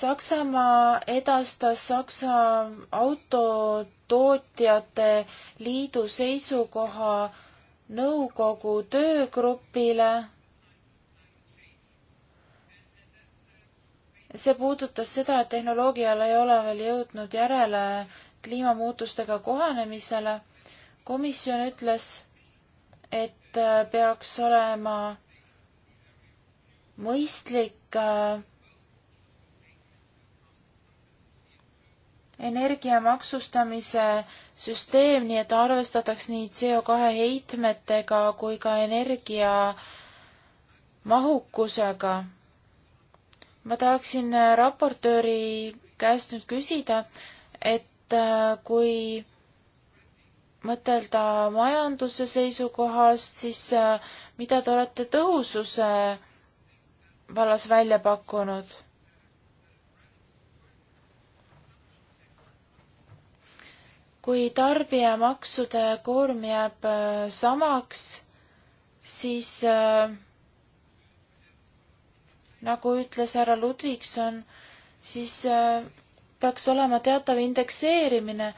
Saksamaa edastas Saksa autotootjate liidu seisukoha nõukogu töögrupile see puudutas seda, et tehnoloogial ei ole veel jõudnud järele kliimamuutustega kohanemisele. komisjon ütles, et äh, peaks olema mõistlik äh, energia maksustamise süsteem, nii et arvestataks nii CO2 heitmetega kui ka energia mahukusega ma tahaksin äh, raportööri käest nüüd küsida, et äh, kui mõtelda majanduse seisukohast, siis äh, mida te olete tõhususe vallas välja pakkunud? kui tarbijamaksude koorm jääb samaks, siis äh, nagu ütles härra Ludvigson, siis äh, peaks olema teatav indekseerimine.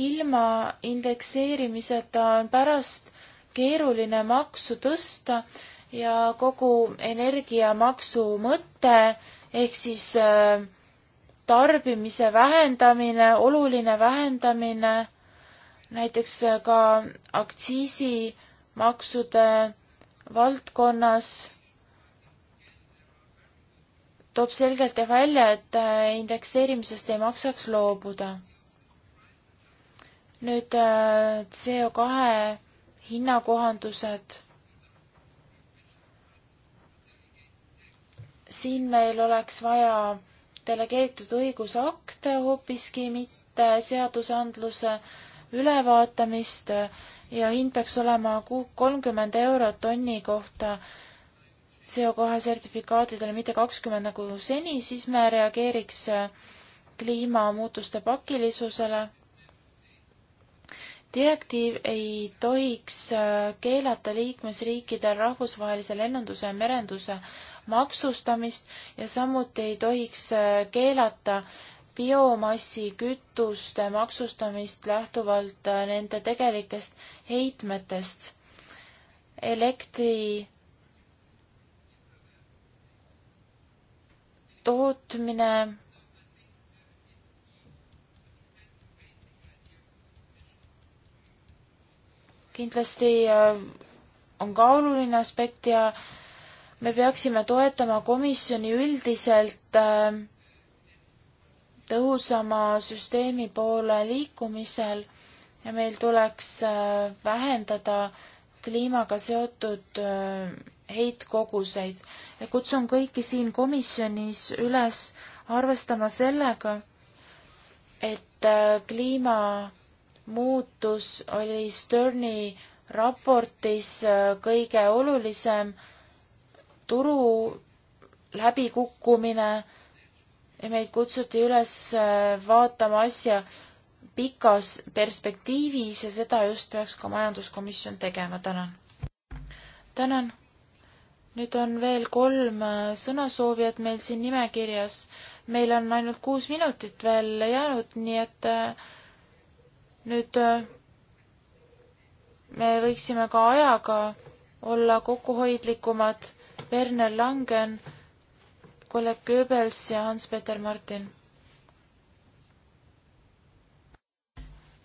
ilma indekseerimiseta on pärast keeruline maksu tõsta ja kogu energiamaksu mõte ehk siis äh, tarbimise vähendamine, oluline vähendamine, näiteks äh, ka aktsiisimaksude valdkonnas toob selgelt välja, et äh, indekseerimisest ei maksaks loobuda. nüüd äh, CO kahe hinnakohandused. siin meil oleks vaja delegeeritud õigusakte hoopiski, mitte seadusandluse ülevaatamist ja hind peaks olema kolmkümmend eurot tonni kohta CO2 sertifikaatidele mitte kakskümmend nagu seni, siis me reageeriks äh, kliimamuutuste pakilisusele. direktiiv ei tohiks äh, keelata liikmesriikidel rahvusvahelise lennunduse ja merenduse maksustamist ja samuti ei tohiks äh, keelata biomassi kütuste maksustamist lähtuvalt nende tegelikest heitmetest. elektri tootmine kindlasti äh, on ka oluline aspekt ja me peaksime toetama komisjoni üldiselt äh, tõhusama süsteemi poole liikumisel ja meil tuleks äh, vähendada kliimaga seotud heitkoguseid ja kutsun kõiki siin komisjonis üles arvestama sellega, et äh, kliimamuutus oli Sterni raportis äh, kõige olulisem turu läbikukkumine ja meid kutsuti üles äh, vaatama asja pikas perspektiivis ja seda just peaks ka majanduskomisjon tegema, tänan. tänan nüüd on veel kolm äh, sõnasoovijat meil siin nimekirjas. meil on ainult kuus minutit veel jäänud, nii et äh, nüüd äh, me võiksime ka ajaga olla kokkuhoidlikumad. Werner Langen, kolleeg Goebbels ja Hans-Peter Martin.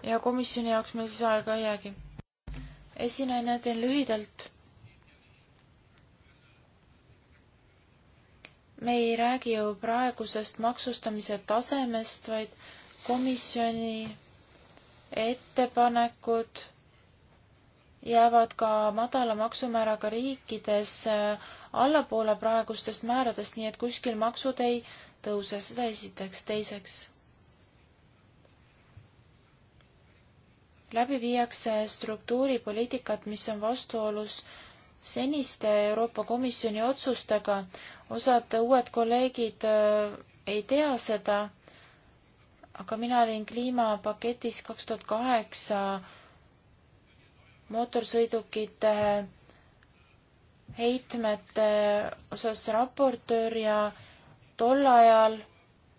ja komisjoni jaoks meil siis aega ei jäägi. esinaine, teen lühidalt me ei räägi ju praegusest maksustamise tasemest, vaid komisjoni ettepanekud jäävad ka madala maksumääraga riikides äh, allapoole praegustest määradest, nii et kuskil maksud ei tõuse, seda esiteks. teiseks, läbi viiakse struktuuripoliitikat, mis on vastuolus seniste Euroopa Komisjoni otsustega, osad uued kolleegid äh, ei tea seda, aga mina olin kliimapaketis kaks tuhat kaheksa mootorsõidukite heitmete osas raportöör ja tol ajal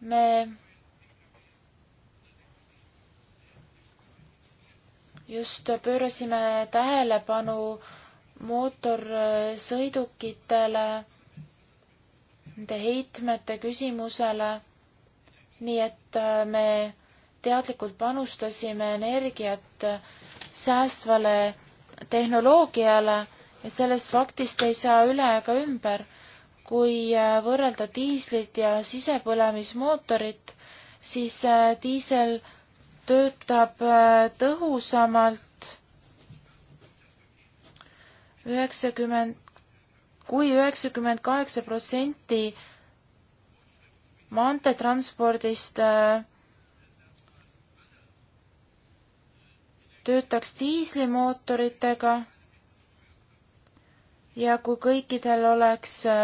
me just pöörasime tähelepanu mootorsõidukitele nende heitmete küsimusele, nii et äh, me teadlikult panustasime energiat äh, säästvale tehnoloogiale ja sellest faktist ei saa üle ega ümber. kui äh, võrrelda diislit ja sisepõlemismootorit, siis diisel töötab tõhusamalt üheksakümmend kui üheksakümmend kaheksa protsenti maanteetranspordist äh, töötaks diislimootoritega ja kui kõikidel oleks äh,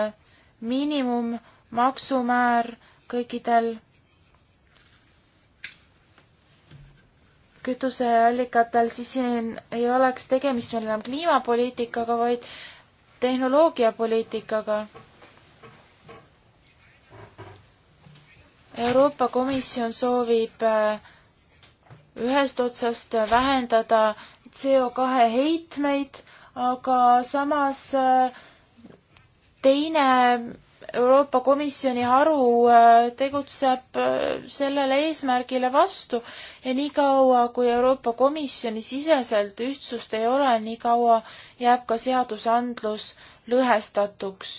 miinimummaksumäär kõikidel kütuseallikatel, siis siin ei oleks tegemist veel enam kliimapoliitikaga, vaid tehnoloogiapoliitikaga. Euroopa Komisjon soovib äh, ühest otsast vähendada CO2 heitmeid, aga samas äh, teine Euroopa Komisjoni haru äh, tegutseb äh, sellele eesmärgile vastu ja niikaua, kui Euroopa Komisjoni siseselt ühtsust ei ole, niikaua jääb ka seadusandlus lõhestatuks.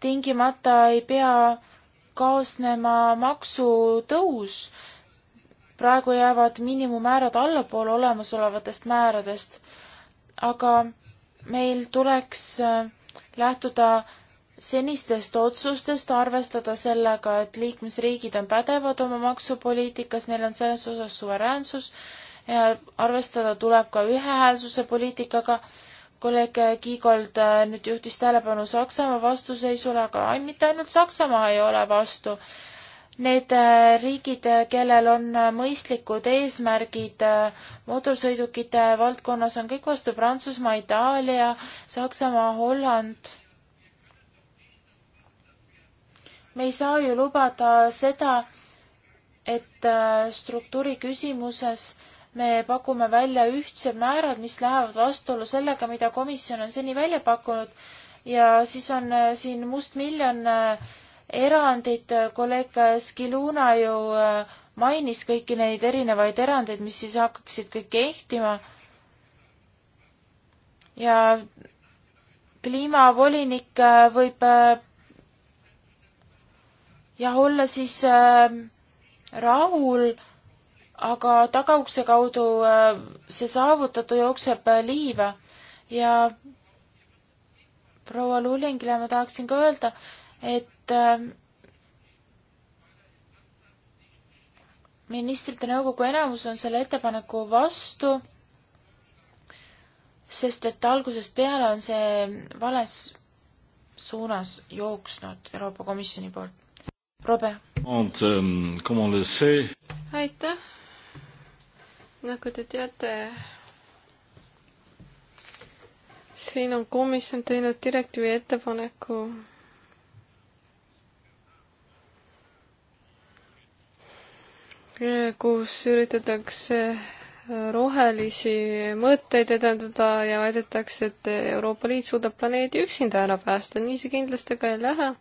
tingimata ei pea kaasnema maksutõus, praegu jäävad miinimummäärad allapoole olemasolevatest määradest, aga meil tuleks äh, lähtuda senistest otsustest arvestada sellega, et liikmesriigid on pädevad oma maksupoliitikas, neil on selles osas suveräänsus ja arvestada tuleb ka ühehäälsuse poliitikaga. kolleeg Kiigold äh, nüüd juhtis tähelepanu Saksamaa vastuseisule, aga mitte ainult Saksamaa ei ole vastu. Need äh, riigid, äh, kellel on mõistlikud eesmärgid mootorsõidukite valdkonnas, on kõik vastu Prantsusmaa, Itaalia, Saksamaa, Holland me ei saa ju lubada seda, et äh, struktuuri küsimuses me pakume välja ühtsed määrad, mis lähevad vastuollu sellega, mida komisjon on seni välja pakkunud ja siis on äh, siin mustmiljon äh, erandid, kolleeg Skiluna ju mainis kõiki neid erinevaid erandeid, mis siis hakkaksid kõik kehtima. ja kliimavolinik võib ja olla siis äh, rahul, aga tagaukse kaudu äh, see saavutatu jookseb äh, liiva ja proua Lullingile ma tahaksin ka öelda, et äh, ministrite nõukogu enamus on selle ettepaneku vastu, sest et algusest peale on see vales suunas jooksnud Euroopa Komisjoni poolt. Robe. Ähm, aitäh. nagu te teate, siin on komisjon teinud direktiivi ettepaneku kus üritatakse rohelisi mõtteid edendada ja väidetakse, et Euroopa Liit suudab planeedi üksinda ära päästa, nii see kindlasti ka ei lähe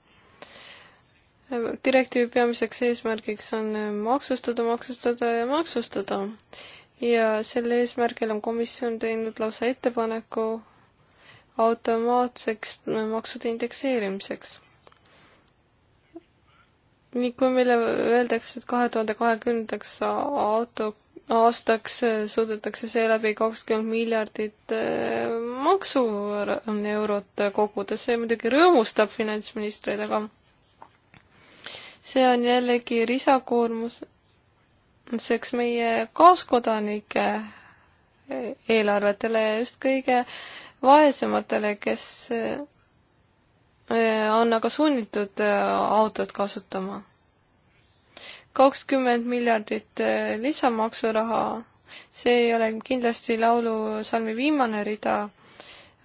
direktiivi peamiseks eesmärgiks on äh, maksustada, maksustada ja maksustada. ja sel eesmärgil on komisjon teinud lausa ettepaneku automaatseks äh, maksude indekseerimiseks nii kui meile öeldakse, et kahe tuhande kahekümnendaks auto, aastaks äh, suudetakse seeläbi kakskümmend miljardit maksu eurot koguda, see muidugi rõõmustab finantsministreid, aga see on jällegi lisakoormus seks meie kaaskodanike eelarvetele ja just kõige vaesematele, kes eh, on aga sunnitud eh, autot kasutama. kakskümmend miljardit eh, lisamaksuraha, see ei ole kindlasti laulusalmi viimane rida,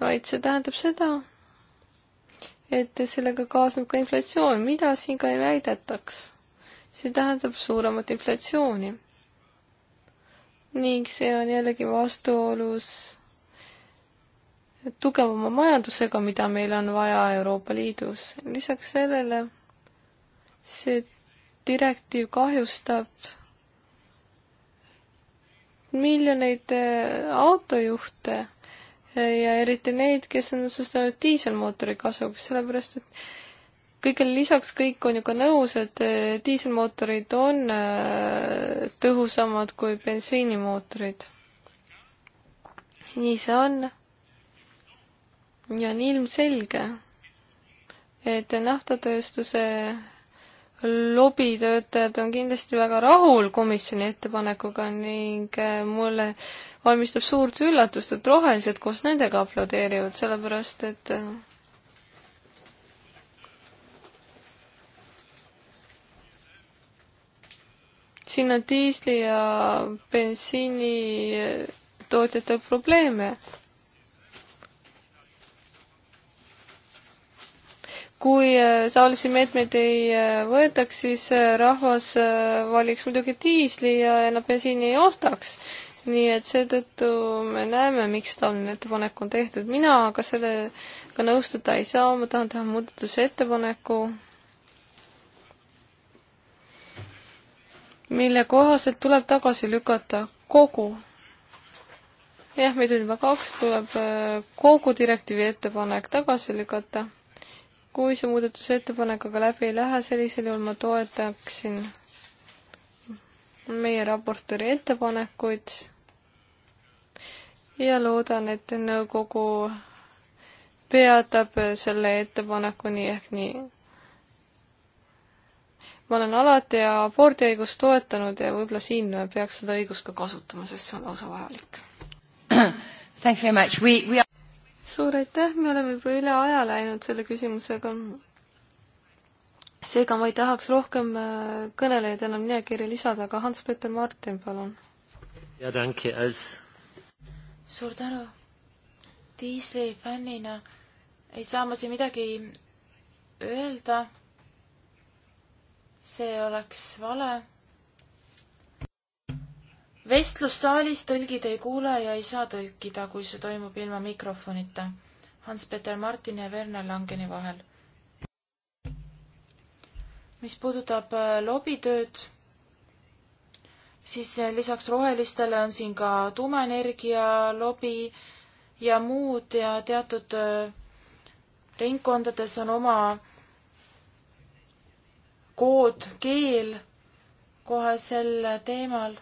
vaid see tähendab seda, et sellega kaasneb ka inflatsioon, mida siin ka ei väidetaks. see tähendab suuremat inflatsiooni. ning see on jällegi vastuolus tugevama majandusega, mida meil on vaja Euroopa Liidus. lisaks sellele see direktiiv kahjustab miljoneid autojuhte ja eriti neid, kes on otsustanud diiselmootori kasuks, sellepärast et kõigele lisaks kõik on ju ka nõus, et eh, diiselmootorid on eh, tõhusamad kui bensiinimootorid. nii see on. ja on ilmselge, et naftatööstuse lobitöötajad on kindlasti väga rahul komisjoni ettepanekuga ning äh, mulle valmistab suurt üllatust, et rohelised koos nendega aplodeerivad, sellepärast et äh, siin on diisli ja bensiini äh, tootjatel probleeme kui taolisi äh, meetmeid ei äh, võetaks, siis äh, rahvas valiks muidugi diisli ja enam bensiini ei ostaks. nii et seetõttu me näeme, miks taoline ettepanek on tehtud. mina aga sellega nõustuda ei saa, ma tahan teha muudatusettepaneku, mille kohaselt tuleb tagasi lükata kogu jah, meid on juba kaks, tuleb kogu direktiivi ettepanek tagasi lükata kui see muudatusettepanek aga läbi ei lähe, sellisel juhul ma toetaksin meie raportööri ettepanekuid ja loodan, et nõukogu peatab selle ettepaneku nii ehk nii. ma olen alati abordiõigust toetanud ja võib-olla siin peaks seda õigust ka kasutama, sest see on lausa vajalik. Thank you very much. We, we are suur aitäh, me oleme juba üle aja läinud selle küsimusega. seega ma ei tahaks rohkem äh, kõnelejaid enam nimekirja lisada, aga Hans-Peter Martin, palun. ja tänki, Els. suur tänu. diisli fännina ei saa ma siin midagi öelda. see oleks vale vestlussaalis tõlgid ei kuule ja ei saa tõlkida, kui see toimub ilma mikrofonita. Hans-Peter Martin ja Werner Langeni vahel. mis puudutab äh, lobitööd, siis äh, lisaks rohelistele on siin ka tuumaenergia lobi ja muud ja teatud äh, ringkondades on oma kood, keel kohe sel teemal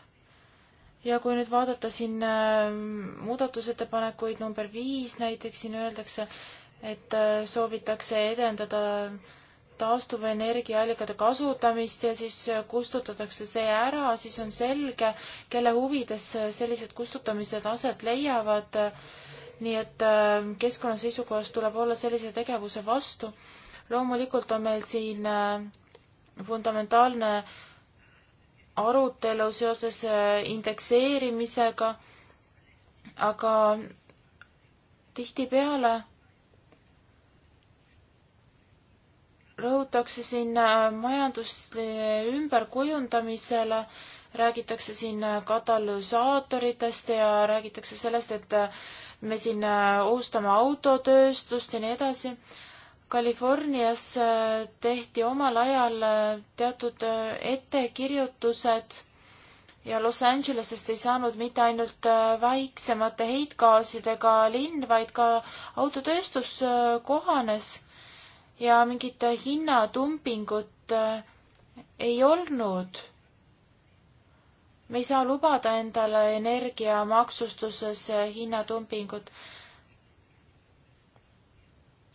ja kui nüüd vaadata siin ähm, muudatusettepanekuid number viis näiteks, siin öeldakse, et äh, soovitakse edendada taastuvenergiaallikate kasutamist ja siis äh, kustutatakse see ära, siis on selge, kelle huvides äh, sellised kustutamised aset leiavad. nii et keskkonna seisukohast tuleb olla sellise tegevuse vastu. loomulikult on meil siin fundamentaalne arutelu seoses äh, indekseerimisega, aga tihtipeale rõhutakse siin äh, majandusli ümberkujundamisele, räägitakse siin äh, katalüsaatoritest ja räägitakse sellest, et me siin ohustame autotööstust ja nii edasi Californias äh, tehti omal ajal äh, teatud äh, ettekirjutused ja Los Angelesest ei saanud mitte ainult väiksemate heitgaasidega linn, vaid ka autotööstus kohanes ja mingit hinnatumpingut ei olnud. me ei saa lubada endale energiamaksustuses hinnatumpingut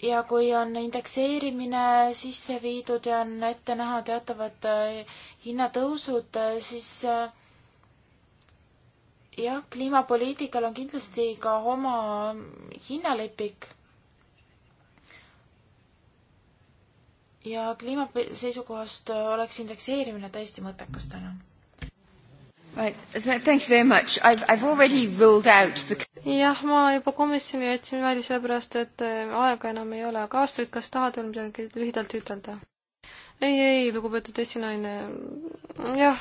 ja kui on indekseerimine sisse viidud ja on ette näha teatavad äh, hinnatõusud, äh, siis äh, jah, kliimapoliitikal on kindlasti ka oma hinnalepik. ja kliima seisukohast oleks indekseerimine täiesti mõttekas täna jah, ma juba komisjoni jätsin välja, sellepärast et eh, aega enam ei ole, aga Astrid, kas tahad veel midagi lühidalt ütelda? ei, ei, lugupeetud esinaine, jah.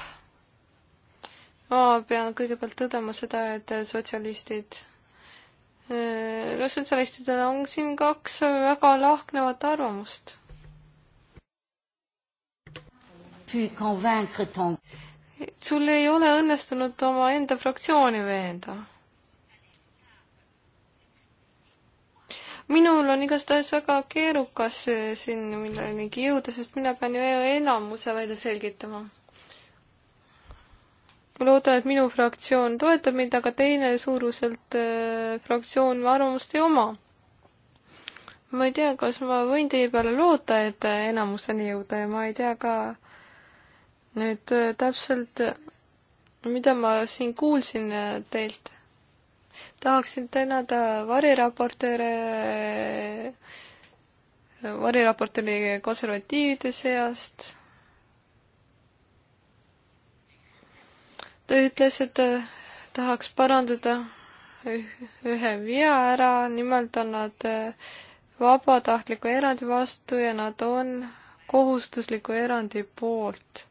ma pean kõigepealt tõdema seda, et sotsialistid eh, no sotsialistidel on siin kaks väga lahknevat arvamust et sul ei ole õnnestunud omaenda fraktsiooni veenda. minul on igastahes väga keerukas siin millenigi jõuda, sest mina pean ju enamuse välja selgitama. loodan, et minu fraktsioon toetab mind, aga teine suuruselt äh, fraktsioon arvamust ei oma. ma ei tea, kas ma võin teie peale loota, et äh, enamuseni jõuda ja ma ei tea ka, nüüd äh, täpselt, äh, mida ma siin kuulsin äh, teilt? tahaksin tänada variraportööre, variraportööri konservatiivide seast. ta ütles, et tahaks parandada ühe vea ära, nimelt on nad vabatahtliku erandi vastu ja nad on kohustusliku erandi poolt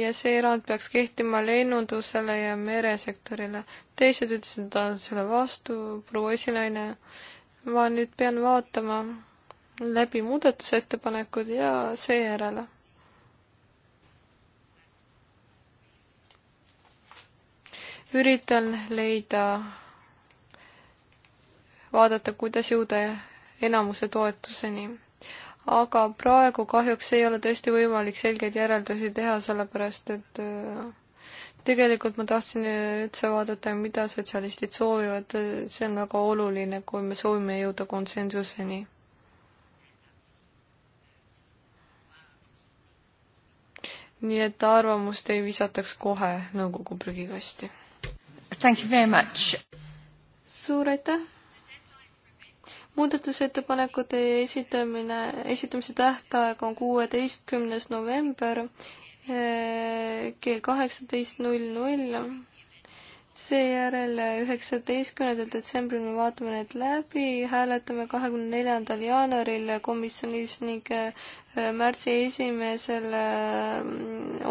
ja see erand peaks kehtima lennundusele ja meresektorile. teised ütlesid, et on selle vastu, proua esinaine. ma nüüd pean vaatama läbi muudatusettepanekud ja seejärel. üritan leida, vaadata, kuidas jõuda enamuse toetuseni aga praegu kahjuks ei ole tõesti võimalik selgeid järeldusi teha, sellepärast et äh, tegelikult ma tahtsin üldse vaadata, mida sotsialistid soovivad, see on väga oluline, kui me soovime jõuda konsensuseni. nii et arvamust ei visataks kohe nõukogu prügikasti. suur aitäh! muudatusettepanekute esitamine, esitamise tähtaeg on kuueteistkümnes november eh, kell kaheksateist null null. seejärel üheksateistkümnendal detsembril me vaatame need läbi, hääletame kahekümne neljandal jaanuaril komisjonis ning eh, märtsi esimesel eh,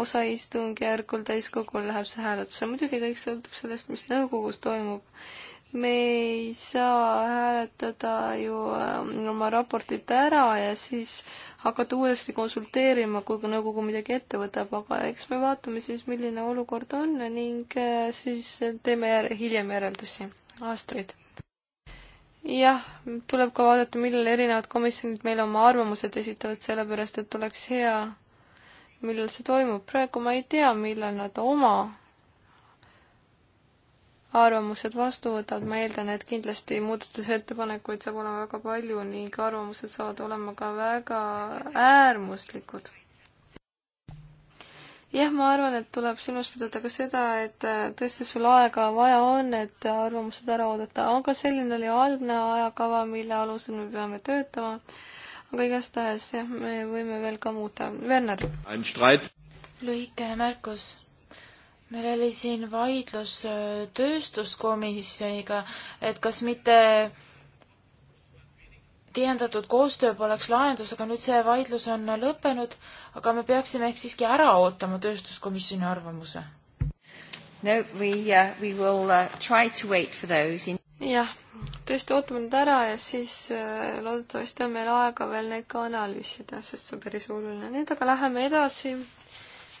osaistungjärgul täiskogul läheb see hääletusele. muidugi kõik sõltub sellest, mis nõukogus toimub me ei saa hääletada ju ähm, oma raportit ära ja siis hakata uuesti konsulteerima, kui nõukogu midagi ette võtab, aga eks me vaatame siis, milline olukord on ning äh, siis teeme jär hiljem järeldusi. Astrid? jah, tuleb ka vaadata, millal erinevad komisjonid meile oma arvamused esitavad, sellepärast et oleks hea, millal see toimub. praegu ma ei tea, millal nad oma arvamused vastu võtavad, ma eeldan, et kindlasti muudatusettepanekuid saab olema väga palju ning arvamused saavad olema ka väga äärmuslikud. jah, ma arvan, et tuleb silmas pidada ka seda, et äh, tõesti sul aega vaja on, et arvamused ära oodata, aga selline oli algne ajakava, mille alusel me peame töötama. aga igastahes jah, me võime veel ka muuta. Werner. lühike märkus meil oli siin vaidlus äh, tööstuskomisjoniga, et kas mitte tihendatud koostöö poleks lahendus, aga nüüd see vaidlus on lõppenud, aga me peaksime ehk siiski ära ootama tööstuskomisjoni arvamuse. no we uh,, we will uh, try to wait for those in jah, tõesti ootame nad ära ja siis uh, loodetavasti on meil aega veel neid ka analüüsida, sest see on päris oluline. nüüd aga läheme edasi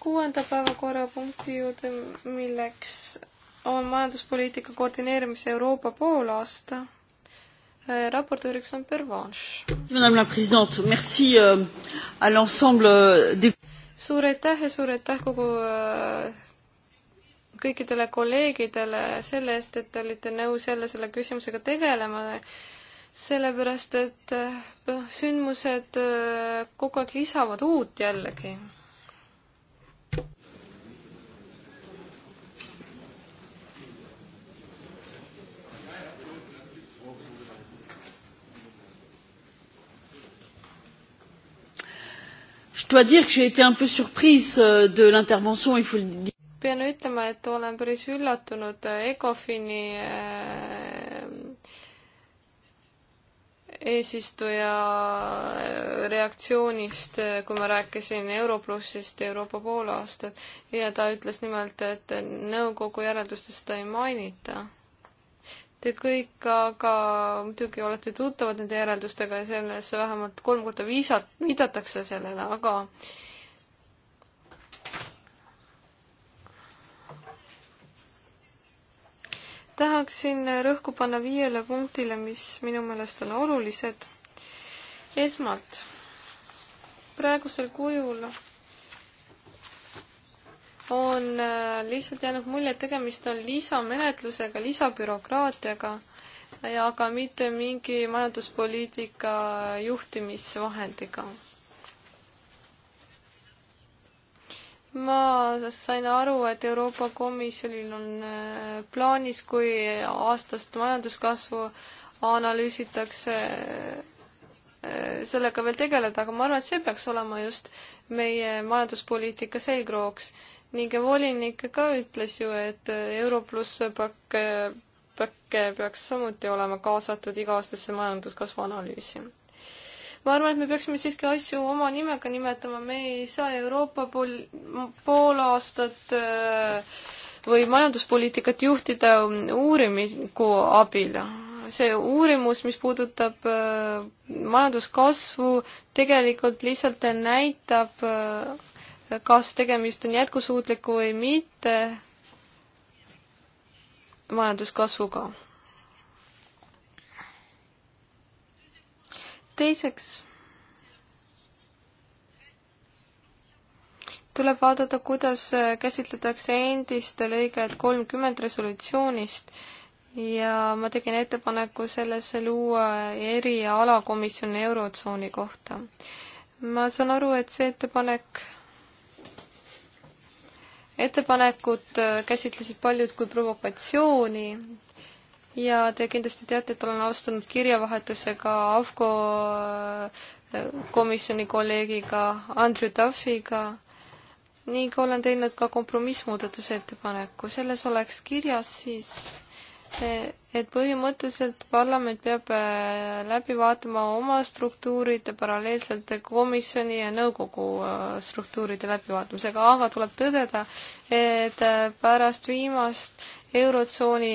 kuuenda päevakorrapunkti juurde, milleks on majanduspoliitika koordineerimise Euroopa poolaasta. Äh, raportööriks on Pervanš. Euh, suur aitäh ja suur aitäh kogu äh, kõikidele kolleegidele selle eest, et te olite nõus jälle selle küsimusega tegelema sellepärast, et äh, sündmused kogu aeg lisavad uut jällegi. Je dois dire que j'ai été un peu surprise euh, de l'intervention, il faut le dire. pean ütlema, et olen päris üllatunud äh, Ecofini äh, eesistuja äh, reaktsioonist, kui ma rääkisin Europlussist Euroopa poolaastal ja ta ütles nimelt, et nõukogu järeldustes seda ei mainita Te kõik aga muidugi olete tuttavad nende järeldustega ja sellesse vähemalt kolm korda viisat-, viidatakse sellele, aga tahaksin rõhku panna viiele punktile, mis minu meelest on olulised. esmalt, praegusel kujul on äh, lihtsalt jäänud mulje, et tegemist on lisamenetlusega, lisabürokraatiaga ja aga mitte mingi majanduspoliitika juhtimisvahendiga. ma sain aru, et Euroopa Komisjonil on äh, plaanis, kui aastast majanduskasvu analüüsitakse, äh, sellega veel tegeleda, aga ma arvan, et see peaks olema just meie majanduspoliitika selgrooks ning volinik ka ütles ju, et Euro pluss pakk, pakk peaks samuti olema kaasatud iga-aastasse majanduskasvu analüüsi. ma arvan, et me peaksime siiski asju oma nimega nimetama, me ei saa Euroopa pool, pool aastat äh, või majanduspoliitikat juhtida uurimisku abil see uurimus, mis puudutab äh, majanduskasvu, tegelikult lihtsalt näitab äh, kas tegemist on jätkusuutliku või mitte majanduskasvuga. teiseks tuleb vaadata, kuidas käsitletakse endist lõiget kolmkümmend resolutsioonist ja ma tegin ettepaneku sellesse luua erialakomisjon Eurotsooni kohta. ma saan aru, et see ettepanek ettepanekud äh, käsitlesid paljud kui provokatsiooni ja te kindlasti teate, et olen alustanud kirjavahetusega AFCO äh, komisjoni kolleegiga Andrew Duffiga ning olen teinud ka kompromissmuudatuse ettepaneku. selles oleks kirjas siis et põhimõtteliselt parlament peab äh, läbi vaatama oma struktuurid paralleelselt komisjoni ja nõukogu äh, struktuuride läbivaatamisega, aga tuleb tõdeda, et äh, pärast viimast Eurotsooni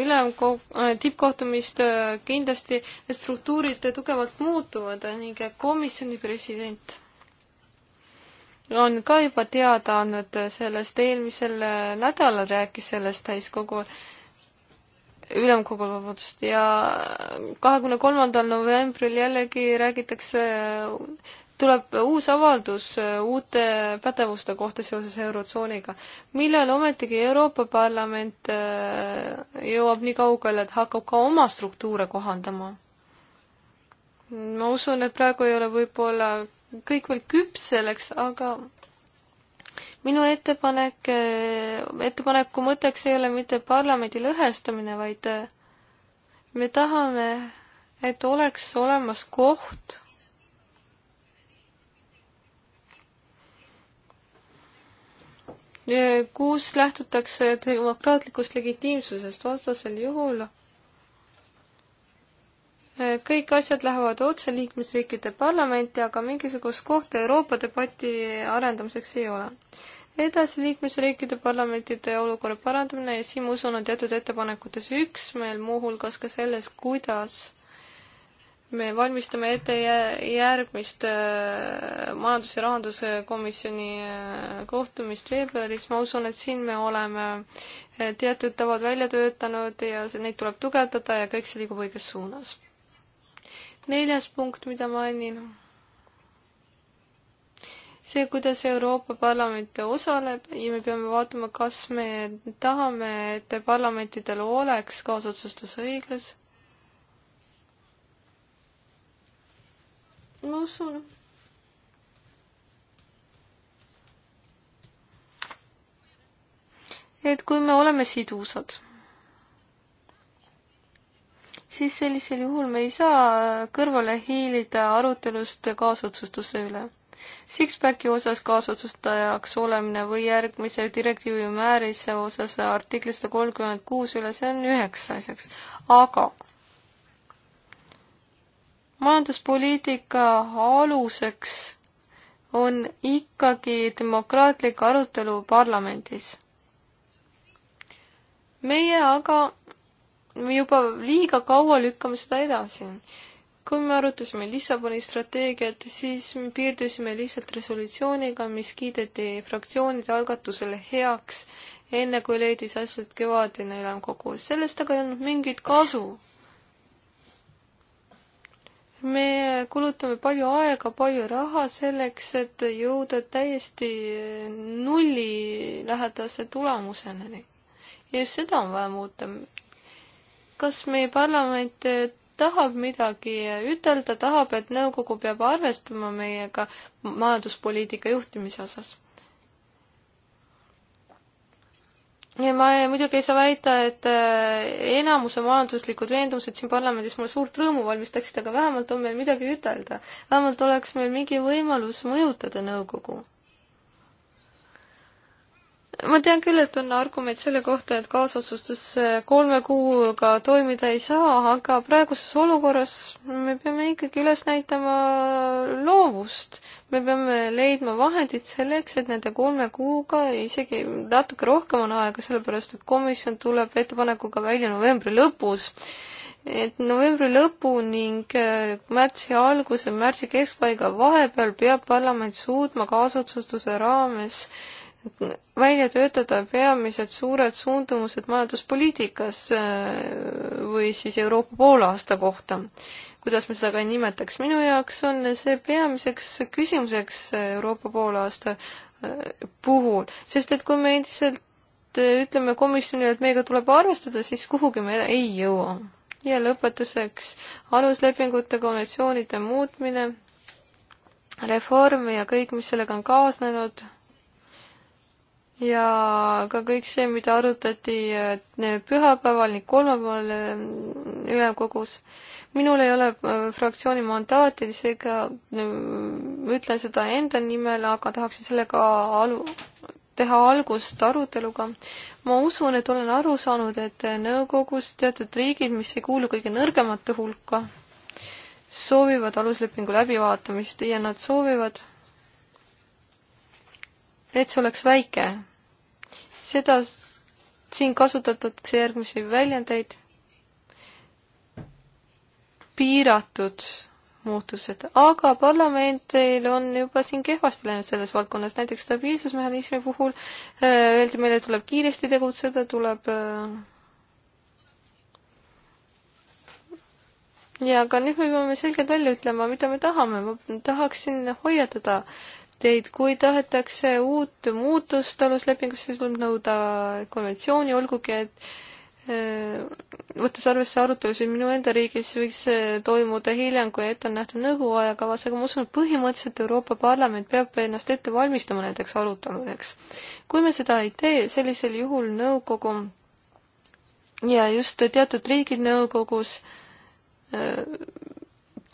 ülemkog-, tippkohtumist kindlasti need struktuurid tugevalt muutuvad ning komisjoni president on ka juba teada andnud sellest, eelmisel nädalal rääkis sellest täiskogul ülemkogul, vabandust, ja kahekümne kolmandal novembril jällegi räägitakse, tuleb uus avaldus äh, uute pädevuste kohta seoses Eurotsooniga. millal ometigi Euroopa Parlament äh, jõuab nii kaugele, et hakkab ka oma struktuure kohandama? ma usun, et praegu ei ole võib-olla kõik veel küps selleks, aga minu ettepanek, eh, ettepaneku mõtteks ei ole mitte parlamendi lõhestamine, vaid eh, me tahame, et oleks olemas koht, eh, kus lähtutakse demokraatlikust legitiimsusest, vastasel juhul kõik asjad lähevad otse liikmesriikide parlamenti, aga mingisugust kohta Euroopa debati arendamiseks ei ole edasi liikmesriikide parlamentide olukorra parandamine ja siin ma usun, on teatud ettepanekutes üksmeel, muuhulgas ka selles, kuidas me valmistame ette järgmist äh, majandus- ja rahanduskomisjoni äh, kohtumist veebruaris, ma usun, et siin me oleme äh, teatud tavad välja töötanud ja neid tuleb tugevdada ja kõik see liigub õiges suunas. neljas punkt, mida mainin ma see, kuidas Euroopa Parlament osaleb ja me peame vaatama, kas me tahame, et parlamentidel oleks kaasotsustusõigus. ma usun et kui me oleme sidusad, siis sellisel juhul me ei saa kõrvale hiilida arutelust kaasotsustuse üle. Sixpacki osas kaasotsustajaks olemine või järgmise direktiivi määrise osas artiklis sada kolmkümmend kuus üle, see on üheks asjaks, aga majanduspoliitika aluseks on ikkagi demokraatlik arutelu parlamendis. meie aga juba liiga kaua lükkame seda edasi kui me arutasime Lissaboni strateegiat, siis me piirdusime lihtsalt resolutsiooniga, mis kiideti fraktsioonide algatusele heaks, enne kui leidis aset kevadine ülemkogu. sellest aga ei olnud mingit kasu. me kulutame palju aega, palju raha selleks, et jõuda täiesti nulli lähedase tulemuseni. ja just seda on vaja muuta. kas meie parlament tahab midagi ütelda, tahab, et nõukogu peab arvestama meiega majanduspoliitika juhtimise osas. ja ma ei, muidugi ei saa väita, et äh, enamuse majanduslikud veendumused siin parlamendis mulle suurt rõõmu valmistaksid, aga vähemalt on meil midagi ütelda. vähemalt oleks meil mingi võimalus mõjutada nõukogu ma tean küll, et on argument selle kohta, et kaasotsustus kolme kuuga toimida ei saa, aga praeguses olukorras me peame ikkagi üles näitama loovust. me peame leidma vahendid selleks, et nende kolme kuuga isegi natuke rohkem on aega, sellepärast et komisjon tuleb ettepanekuga välja novembri lõpus. et novembri lõpu ning äh, märtsi alguse, märtsi keskpaiga vahepeal peab parlament suutma kaasotsustuse raames äh, välja töötada peamised suured suundumused majanduspoliitikas äh, või siis Euroopa poolaasta kohta. kuidas me seda ka ei nimetaks, minu jaoks on see peamiseks küsimuseks Euroopa poolaasta äh, puhul, sest et kui me endiselt äh, ütleme komisjonile, et meiega tuleb arvestada, siis kuhugi me ei jõua. ja lõpetuseks aluslepingute konventsioonide muutmine, reform ja kõik, mis sellega on kaasnenud ja ka kõik see, mida arutati pühapäeval ning kolmapäeval mm, ülemkogus. minul ei ole äh, fraktsiooni mandaati, seega mm, ütlen seda enda nimel, aga tahaksin sellega alu-, teha algust aruteluga. ma usun, et olen aru saanud, et nõukogus teatud riigid, mis ei kuulu kõige nõrgemate hulka, soovivad aluslepingu läbivaatamist ja nad soovivad et see oleks väike. seda, siin kasutatakse järgmisi väljendeid. piiratud muutused, aga parlamendil on juba siin kehvasti läinud selles valdkonnas, näiteks stabiilsusmehhanismi puhul äh, öeldi meile, tuleb kiiresti tegutseda, tuleb äh, ja aga nüüd me peame selgelt välja ütlema, mida me tahame, ma tahaksin hoiatada äh, teid, kui tahetakse uut muutust aluslepingusse, siis tuleb nõuda konventsiooni, olgugi et äh, võttes arvesse arutelusid minu enda riigis, võiks see toimuda hiljem, kui ette on nähtud nõukogu ajakavas, aga ma usun, et põhimõtteliselt Euroopa Parlament peab ennast ette valmistama nendeks aruteludeks. kui me seda ei tee, sellisel juhul nõukogu ja just teatud riigid nõukogus äh,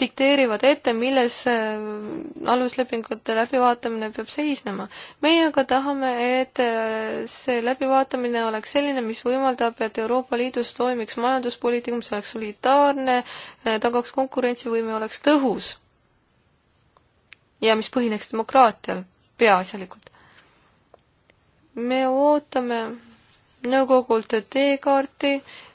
dikteerivad ette, milles äh, aluslepingute läbivaatamine peab seisnema. meie aga tahame, et äh, see läbivaatamine oleks selline, mis võimaldab, et Euroopa Liidus toimiks majanduspoliitika, mis oleks solidaarne, äh, tagaks konkurentsivõime, oleks tõhus ja mis põhineks demokraatial peaasjalikult. me ootame nõukogult teekaarti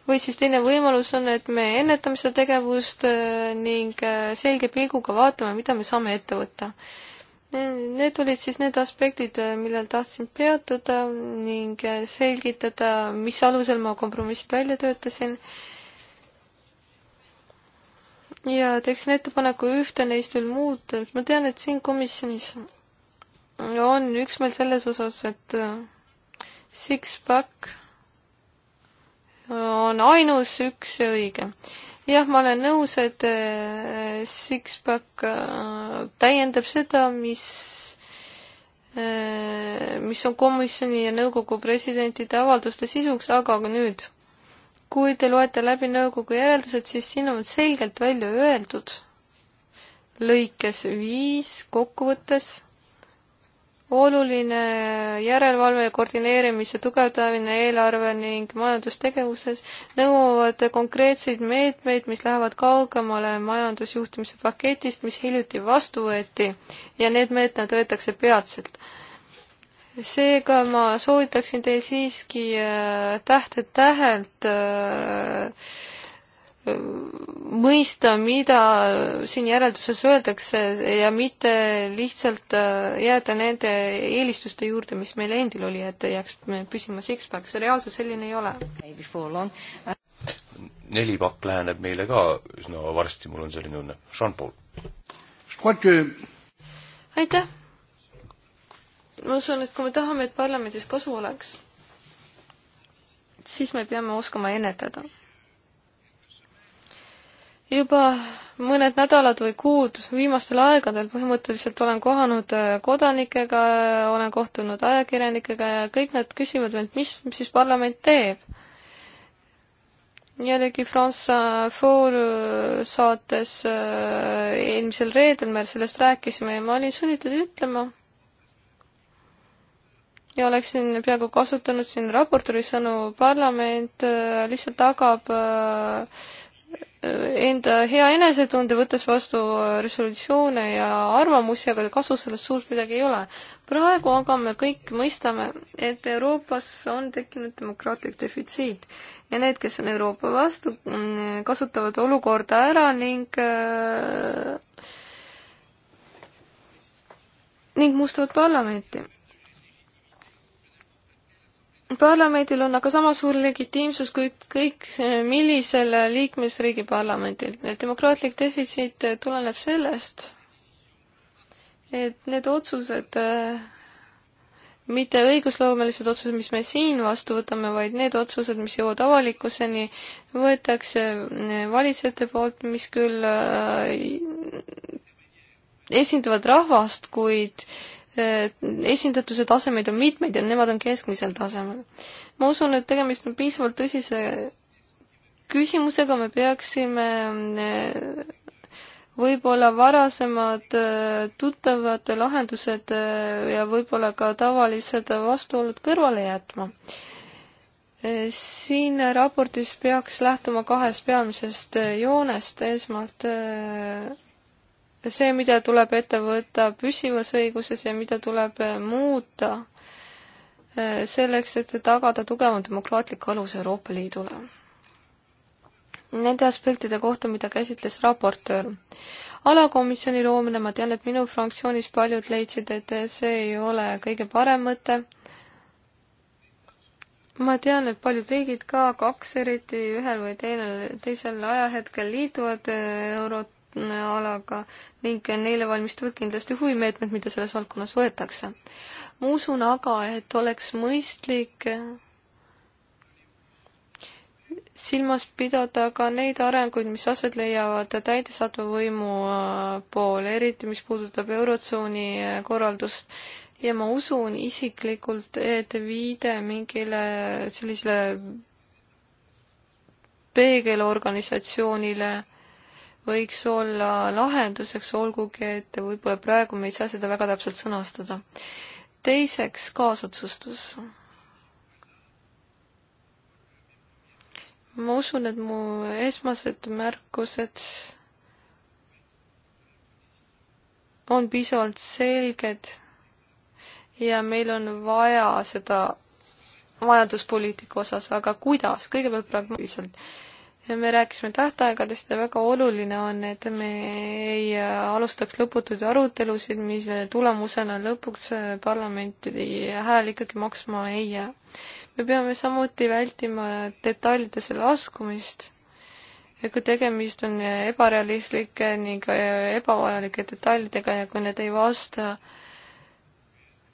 või siis teine võimalus on, et me ennetame seda tegevust äh, ning äh, selge pilguga vaatame, mida me saame ette võtta. Need olid siis need aspektid, äh, millel tahtsin peatuda ning selgitada, mis alusel ma kompromissid välja töötasin. ja teeksin ettepaneku ühte neist veel muuta, ma tean, et siin komisjonis on üksmeel selles osas, et six-pack on ainus üks ja õige. jah, ma olen nõus, et äh, six-pack äh, täiendab seda, mis äh, mis on komisjoni ja nõukogu presidentide avalduste sisuks, aga nüüd, kui te loete läbi nõukogu järeldused, siis siin on selgelt välja öeldud lõikes viis kokkuvõttes oluline järelevalve ja koordineerimise tugevdamine eelarve ning majandustegevuses nõuavad konkreetseid meetmeid, mis lähevad kaugemale majandusjuhtimise paketist, mis hiljuti vastu võeti ja need meetmed võetakse peatselt. seega ma soovitaksin teil siiski täht-tähelt äh, mõista, mida siin järelduses öeldakse ja mitte lihtsalt äh, jääda nende eelistuste juurde, mis meil endil oli, et jääks püsima six-pack, see reaalsus selline ei ole. neli pakk läheneb meile ka üsna no, varsti, mul on selline tunne. Jean-Paul. aitäh. ma usun, et kui me tahame, et parlamendis kasu oleks, siis me peame oskama ennetada juba mõned nädalad või kuud viimastel aegadel põhimõtteliselt olen kohanud äh, kodanikega, olen kohtunud ajakirjanikega ja kõik nad küsivad meilt, mis siis parlament teeb. jällegi France Four äh, saates äh, eelmisel reedel me sellest rääkisime ja ma olin sunnitud ütlema ja oleksin peaaegu kasutanud siin raportööri sõnu, parlament lihtsalt tagab äh, enda hea enesetunde, võttes vastu resolutsioone ja arvamusi, aga kasu sellest suurt midagi ei ole. praegu aga me kõik mõistame, et Euroopas on tekkinud demokraatlik defitsiit ja need, kes on Euroopa vastu, kasutavad olukorda ära ning äh, ning mustavad parlamenti parlamendil on aga sama suur legitiimsus kui kõik, millisel liikmesriigi parlamendil. demokraatlik defitsiit tuleneb sellest, et need otsused, mitte õigusloomelised otsused, mis me siin vastu võtame, vaid need otsused, mis jõuavad avalikkuseni, võetakse valitsejate poolt, mis küll äh, esindavad rahvast, kuid äh, Äh, esindatuse tasemeid on mitmeid ja nemad on keskmisel tasemel. ma usun, et tegemist on piisavalt tõsise küsimusega, me peaksime äh, võib-olla varasemad äh, tuttavad lahendused ja võib-olla ka tavalised vastuolud kõrvale jätma. siin raportis peaks lähtuma kahest peamisest joonest, esmalt see, mida tuleb ette võtta püsivas õiguses ja mida tuleb äh, muuta äh, selleks, et tagada tugevam demokraatlik alus Euroopa Liidule. Nende aspektide kohta, mida käsitles raportöör. alakomisjoni loomine, ma tean, et minu fraktsioonis paljud leidsid, et see ei ole kõige parem mõte. ma tean, et paljud riigid ka, kaks eriti, ühel või teine, teisel ajahetkel liituvad äh, Eurot alaga ning neile valmistuvad kindlasti huvimeetmed, mida selles valdkonnas võetakse. ma usun aga, et oleks mõistlik silmas pidada ka neid arenguid, mis aset leiavad täidesaatva võimu äh, pool, eriti mis puudutab Eurotsooni äh, korraldust. ja ma usun isiklikult, et viide mingile sellisele peegelorganisatsioonile võiks olla lahenduseks, olgugi et võib-olla praegu me ei saa seda väga täpselt sõnastada. teiseks, kaasotsustus. ma usun, et mu esmased märkused on piisavalt selged ja meil on vaja seda majanduspoliitika osas, aga kuidas, kõigepealt pragmaatiliselt me rääkisime tähtaegadest ja väga oluline on, et me ei alustaks lõputuid arutelusid, mille tulemusena lõpuks parlamenti hääl ikkagi maksma ei jää. me peame samuti vältima detailidesse laskumist, kui tegemist on ebarealistlike ning ebavajalike detailidega ja kui need ei vasta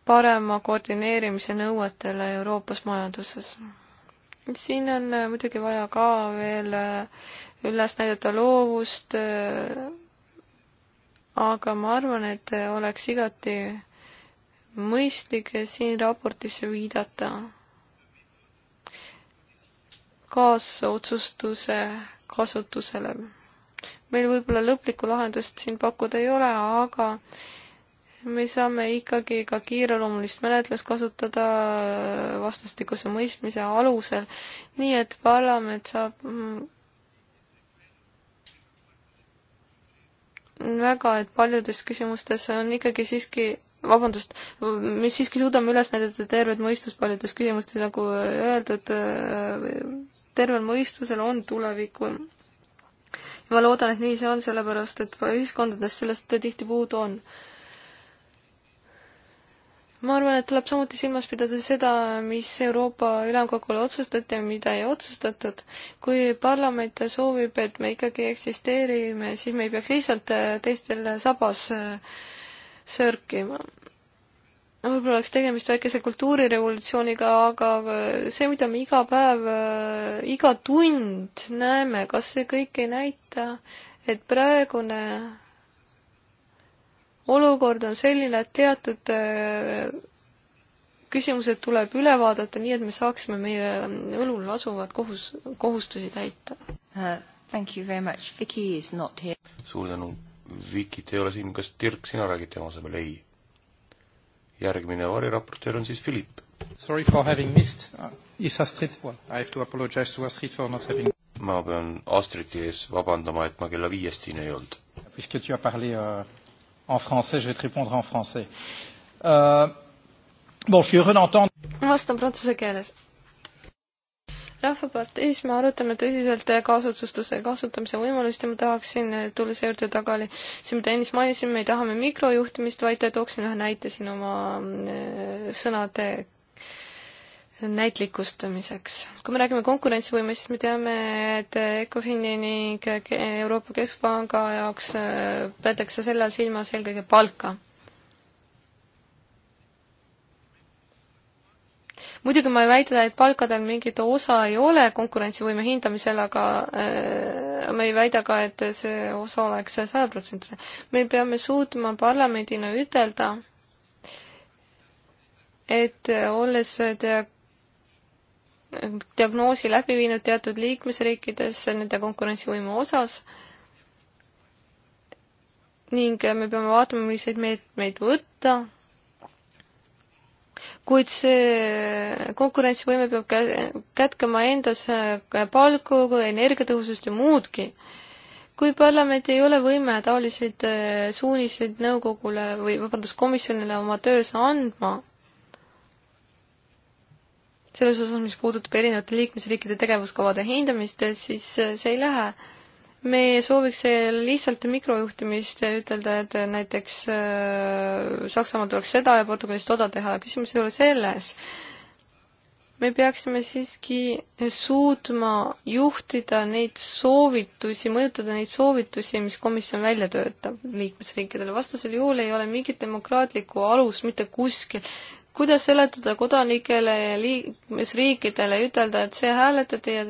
parema koordineerimise nõuetele Euroopas majanduses siin on äh, muidugi vaja ka veel äh, üles näidata loovust, äh, aga ma arvan, et oleks igati mõistlik siin raportisse viidata kaasotsustuse kasutusele. meil võib-olla lõplikku lahendust siin pakkuda ei ole, aga me saame ikkagi ka kiireloomulist menetlust kasutada vastastikuse mõistmise alusel, nii et parlament saab mm, väga, et paljudes küsimustes on ikkagi siiski vabandust, me siiski suudame üles näidata tervet mõistust paljudes küsimustes, nagu öeldud, tervel mõistusel on tulevikku. ja ma loodan, et nii see on, sellepärast et ühiskondades sellest tihti puudu on ma arvan, et tuleb samuti silmas pidada seda, mis Euroopa Ülemkogul otsustati ja mida ei otsustatud. kui parlament soovib, et me ikkagi eksisteerime, siis me ei peaks lihtsalt äh, teistel sabas äh, sörkima. võib-olla oleks tegemist väikese kultuurirevolutsiooniga, aga äh, see, mida me iga päev, iga tund näeme, kas see kõik ei näita, et praegune olukord on selline, et teatud äh, küsimused tuleb üle vaadata, nii et me saaksime meie õlul asuvad kohus, kohustusi täita uh,. Thank you very much, Vicky is not here. suur tänu, Vikit ei ole siin, kas Dirk, sina räägid tema asemel? ei. järgmine variraportöör on siis Philipp. Sorry for having missed uh,, is Astrid well,, I have to apologize to Astrid for not having ma pean Astriti ees vabandama, et ma kella viiest siin ei olnud. Puisque tu as parlé uh en français, je vais te répondre en français. Euh, bon, je suis heureux d'entendre. vastan prantsuse keeles. rahvaparteis me arutame tõsiselt kaasotsustuse kasutamise võimalust ja ma tahaksin eh, tulla selle juurde tagasi, see mida ennist mainisin, me tahame mikrojuhtimist, vaid tooksin ühe näite siin oma mm, eh, sõnade näitlikustamiseks. kui me räägime konkurentsivõimest, siis me teame, et Ecofini ning Euroopa Keskpanga jaoks äh, peetakse selle all silmas eelkõige palka. muidugi ma ei väida, et palkadel mingit osa ei ole konkurentsivõime hindamisel, aga äh, ma ei väida ka, et see osa oleks sajaprotsendiline. me peame suutma parlamendina ütelda, et olles diagnoosi läbi viinud teatud liikmesriikides nende konkurentsivõime osas ning me peame vaatama, milliseid meetmeid võtta, kuid see konkurentsivõime peab kätkema endas palku, energiatõhusust ja muudki. kui parlament ei ole võime taoliseid suuniseid nõukogule või vabandust, komisjonile oma töös andma, selles osas, mis puudutab erinevate liikmesriikide tegevuskavade hindamist, siis äh, see ei lähe. me sooviks lihtsalt mikrojuhtimist ütelda, et näiteks äh, Saksamaal tuleks seda ja Portugalis toda teha, küsimus ei ole selles. me peaksime siiski suutma juhtida neid soovitusi, mõjutada neid soovitusi, mis komisjon välja töötab liikmesriikidele, vastasel juhul ei ole mingit demokraatlikku alust mitte kuskil kuidas seletada kodanikele ja liikmesriikidele, ütelda, et see hääletati ja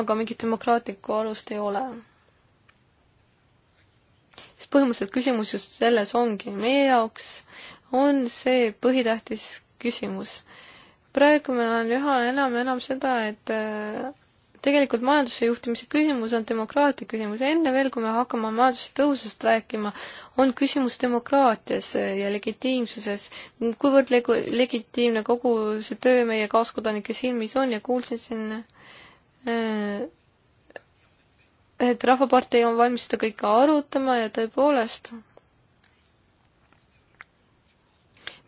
aga mingit demokraatlikku alust ei ole. siis põhimõtteliselt küsimus just selles ongi, meie jaoks on see põhitähtis küsimus. praegu meil on üha enam, enam seda, et tegelikult majanduse juhtimise küsimus on demokraatia küsimus. enne veel, kui me hakkame majanduse tõusust rääkima, on küsimus demokraatias ja legitiimsuses. kuivõrd legu-, legitiimne kogu see töö meie kaaskodanike silmis on ja kuulsin siin äh, et Rahvapartei on valmis seda kõike arutama ja tõepoolest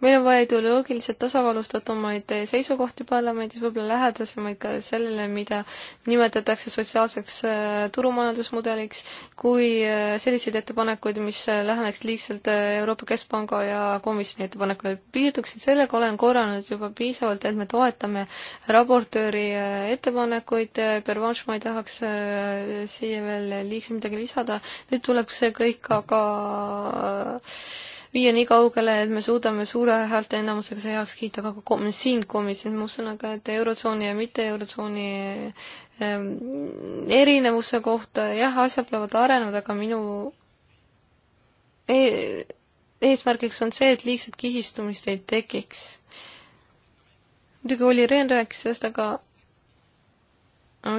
meil on vaja ideoloogiliselt tasakaalustatumaid seisukohti parlamendis, võib-olla lähedasemaid ka sellele, mida nimetatakse sotsiaalseks äh, turumajandusmudeliks, kui äh, selliseid ettepanekuid, mis äh, läheneks liigselt Euroopa Keskpanga ja komisjoni ettepanekule. piirduksin sellega, olen korranud juba piisavalt, et me toetame raportööri ettepanekuid, ma ei tahaks siia veel liigselt midagi lisada, nüüd tuleb see kõik aga viia nii kaugele, et me suudame suure häälte enamusega see heaks kiita ka kom siin komisjonis, ma usun aga, et Eurotsooni ja mitte Eurotsooni ähm, erinevuse kohta, jah, asjad peavad arenema, aga minu e eesmärgiks on see, et liigset kihistumist ei tekiks. muidugi Olli Rehn rääkis sellest, aga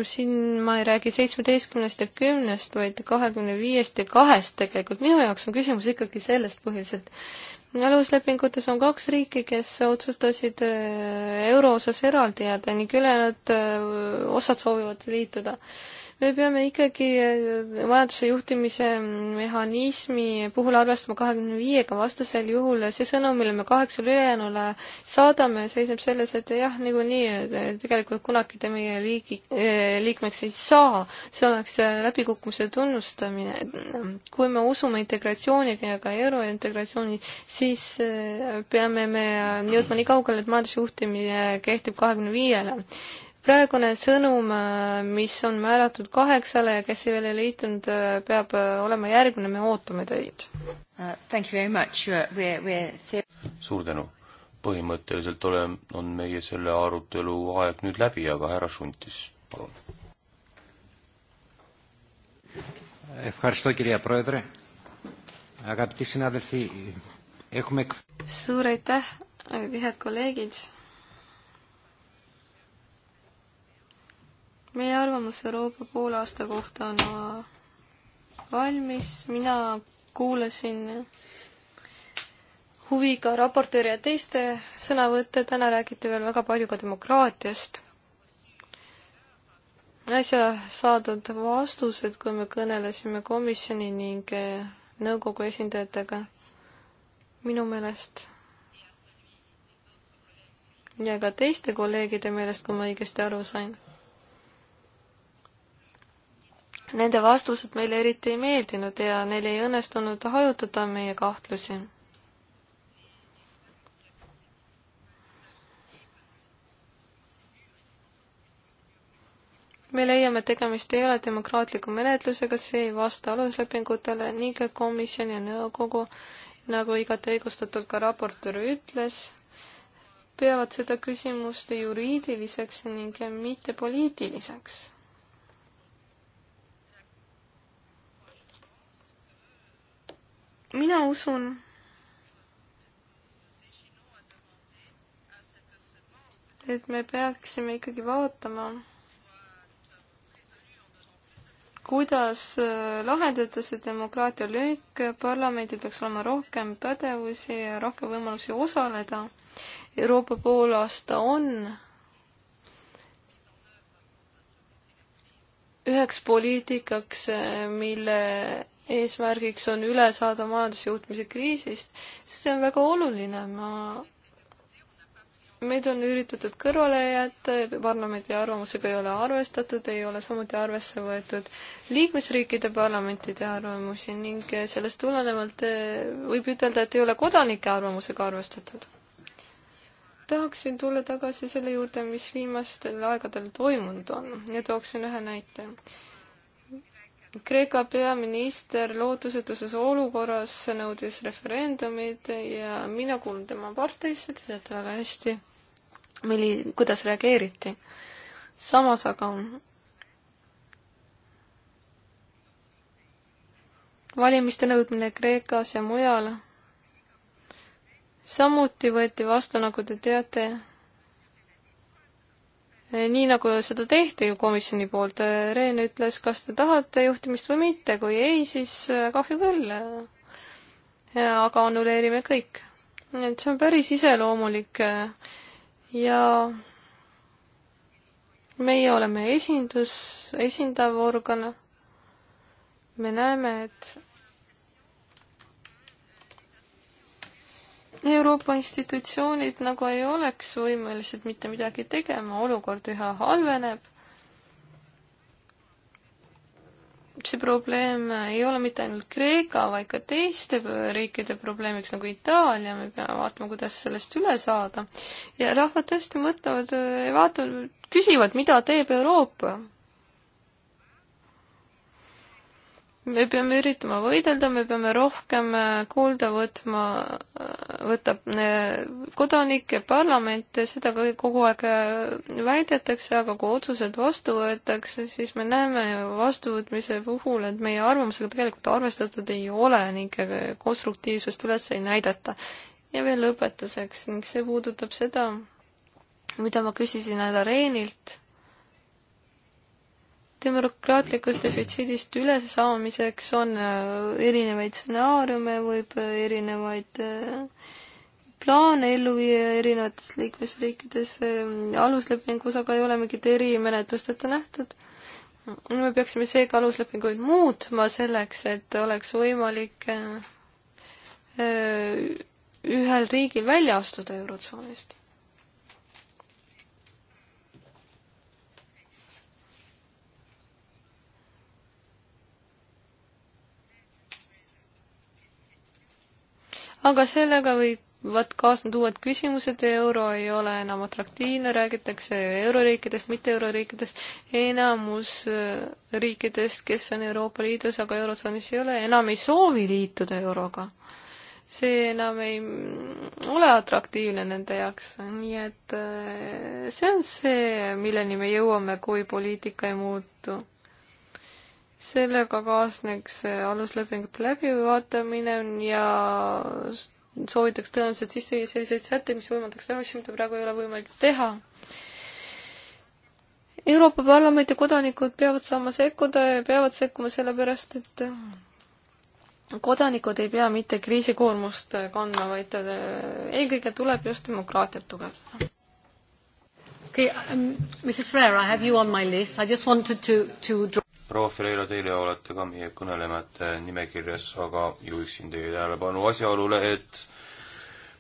siin ma ei räägi seitsmeteistkümnest ja kümnest, vaid kahekümne viiest ja kahest tegelikult. minu jaoks on küsimus ikkagi sellest põhiliselt. aluslepingutes on kaks riiki, kes otsustasid äh, euro osas eraldi jääda ning ülejäänud äh, osad soovivad liituda me peame ikkagi majanduse äh, juhtimise mehhanismi puhul arvestama kahekümne viiega, vastasel juhul see sõnum, mille me kaheksale ülejäänule äh, saadame, seisneb selles, et jah, niikuinii äh, tegelikult kunagi te meie liigi, liikmeks ei saa. see oleks läbikukkumise tunnustamine. kui me usume integratsiooni ja ka eurointegratsiooni, siis peame me jõudma nii kaugele, et majandusjuhtimine kehtib kahekümne viiele praegune sõnum, äh, mis on määratud kaheksale ja kes ei veel ei liitunud, äh, peab äh, olema järgmine, me ootame teid uh,. We're, we're... suur tänu. põhimõtteliselt ole, on meie selle arutelu aeg nüüd läbi, aga härra Šuntis, palun. suur aitäh, head kolleegid meie arvamus Euroopa poolaasta kohta on valmis, mina kuulasin huviga raportööri ja teiste sõnavõtte, täna räägiti veel väga palju ka demokraatiast. äsja saadud vastused, kui me kõnelesime komisjoni ning nõukogu esindajatega, minu meelest ja ka teiste kolleegide meelest, kui ma õigesti aru sain Nende vastused meile eriti ei meeldinud ja neil ei õnnestunud hajutada meie kahtlusi. me leiame, et tegemist ei ole demokraatliku menetlusega, see ei vasta aluslepingutele ning komisjon ja nõukogu, nagu igati õigustatult ka raportöör ütles, peavad seda küsimust juriidiliseks ning mitte poliitiliseks mina usun, et me peaksime ikkagi vaatama, kuidas äh, lahendada see demokraatia löök, parlamendil peaks olema rohkem pädevusi ja rohkem võimalusi osaleda. Euroopa poolaasta on üheks poliitikaks, äh, mille eesmärgiks on üle saada majandusjuhtmise kriisist, siis see on väga oluline, ma, meid on üritatud kõrvale jätta, parlamendi arvamusega ei ole arvestatud, ei ole samuti arvesse võetud liikmesriikide parlamentide arvamusi ning sellest tulenevalt eh, võib ütelda, et ei ole kodanike arvamusega arvestatud. tahaksin tulla tagasi selle juurde, mis viimastel aegadel toimunud on ja tooksin ühe näite Kreeka peaminister lootusetuses olukorras nõudis referendumit ja mina kuulun tema parteisse, te teate väga hästi, milli-, kuidas reageeriti. samas aga valimiste nõudmine Kreekas ja mujal samuti võeti vastu, nagu te teate, Eh, nii nagu seda tehti ju komisjoni poolt, eh, Reen ütles, kas te tahate juhtimist või mitte, kui ei, siis eh, kahju küll. aga annuleerime kõik. nii et see on päris iseloomulik ja meie oleme esindus, esindav organ. me näeme, et Euroopa institutsioonid nagu ei oleks võimelised mitte midagi tegema, olukord üha halveneb. see probleem ei ole mitte ainult Kreeka, vaid ka teiste riikide probleemiks nagu Itaalia, me peame vaatama, kuidas sellest üle saada. ja rahvad tõesti mõtlevad, vaatavad, küsivad, mida teeb Euroopa me peame üritama võidelda, me peame rohkem äh, kuulda võtma, äh, võtab äh, kodanikke, parlamente, seda kogu aeg väidetakse, aga kui otsused vastu võetakse, siis me näeme vastuvõtmise puhul, et meie arvamusega tegelikult arvestatud ei ole ning konstruktiivsust üles ei näidata. ja veel lõpetuseks ning see puudutab seda, mida ma küsisin härra Reenilt demokraatlikust defitsiidist ülesaamiseks on äh, erinevaid stsenaariume, võib äh, erinevaid äh, plaane ellu viia erinevates liikmesriikides, ähm, aluslepingus aga ei ole mingit erimenetlust ette nähtud. me peaksime seega aluslepinguid muutma selleks, et oleks võimalik ühel riigil välja astuda Eurotsoonist aga sellega võivad kaasneda uued küsimused, euro ei ole enam atraktiivne, räägitakse euroriikidest, mitte euroriikidest, enamus äh, riikidest, kes on Euroopa Liidus, aga Eurotsoonis ei ole, enam ei soovi liituda euroga. see enam ei mm, ole atraktiivne nende jaoks, nii et äh, see on see, milleni me jõuame, kui poliitika ei muutu sellega kaasneks aluslepingute läbivaatamine ja soovitaks tõenäoliselt sisse viia selliseid sätteid, mis võimaldaks teha asju, mida praegu ei ole võimalik teha. Euroopa Parlamendi kodanikud peavad saama sekkuda ja peavad sekkuma sellepärast, et kodanikud ei pea mitte kriisikoormust kandma, vaid äh, eelkõige tuleb just demokraatiat tugevdada. Okay, um, Mrs. Ferreira, I have you on my list. I just wanted to, to draw proua Ferreira, teile olete ka meie kõnelemata nimekirjas, aga juhiksin teie tähelepanu asjaolule, et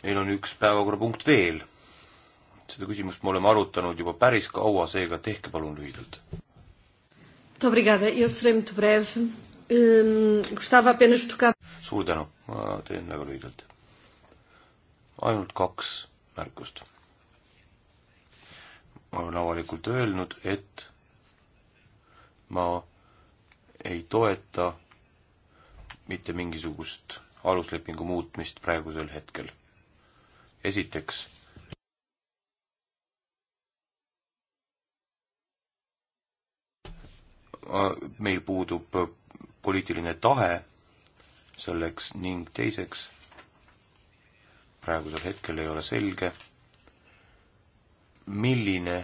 meil on üks päevakorrapunkt veel. seda küsimust me oleme arutanud juba päris kaua, seega tehke palun lühidalt. suur tänu, ma teen väga lühidalt. ainult kaks märkust. ma olen avalikult öelnud, et ma ei toeta mitte mingisugust aluslepingu muutmist praegusel hetkel. esiteks, meil puudub poliitiline tahe selleks ning teiseks, praegusel hetkel ei ole selge, milline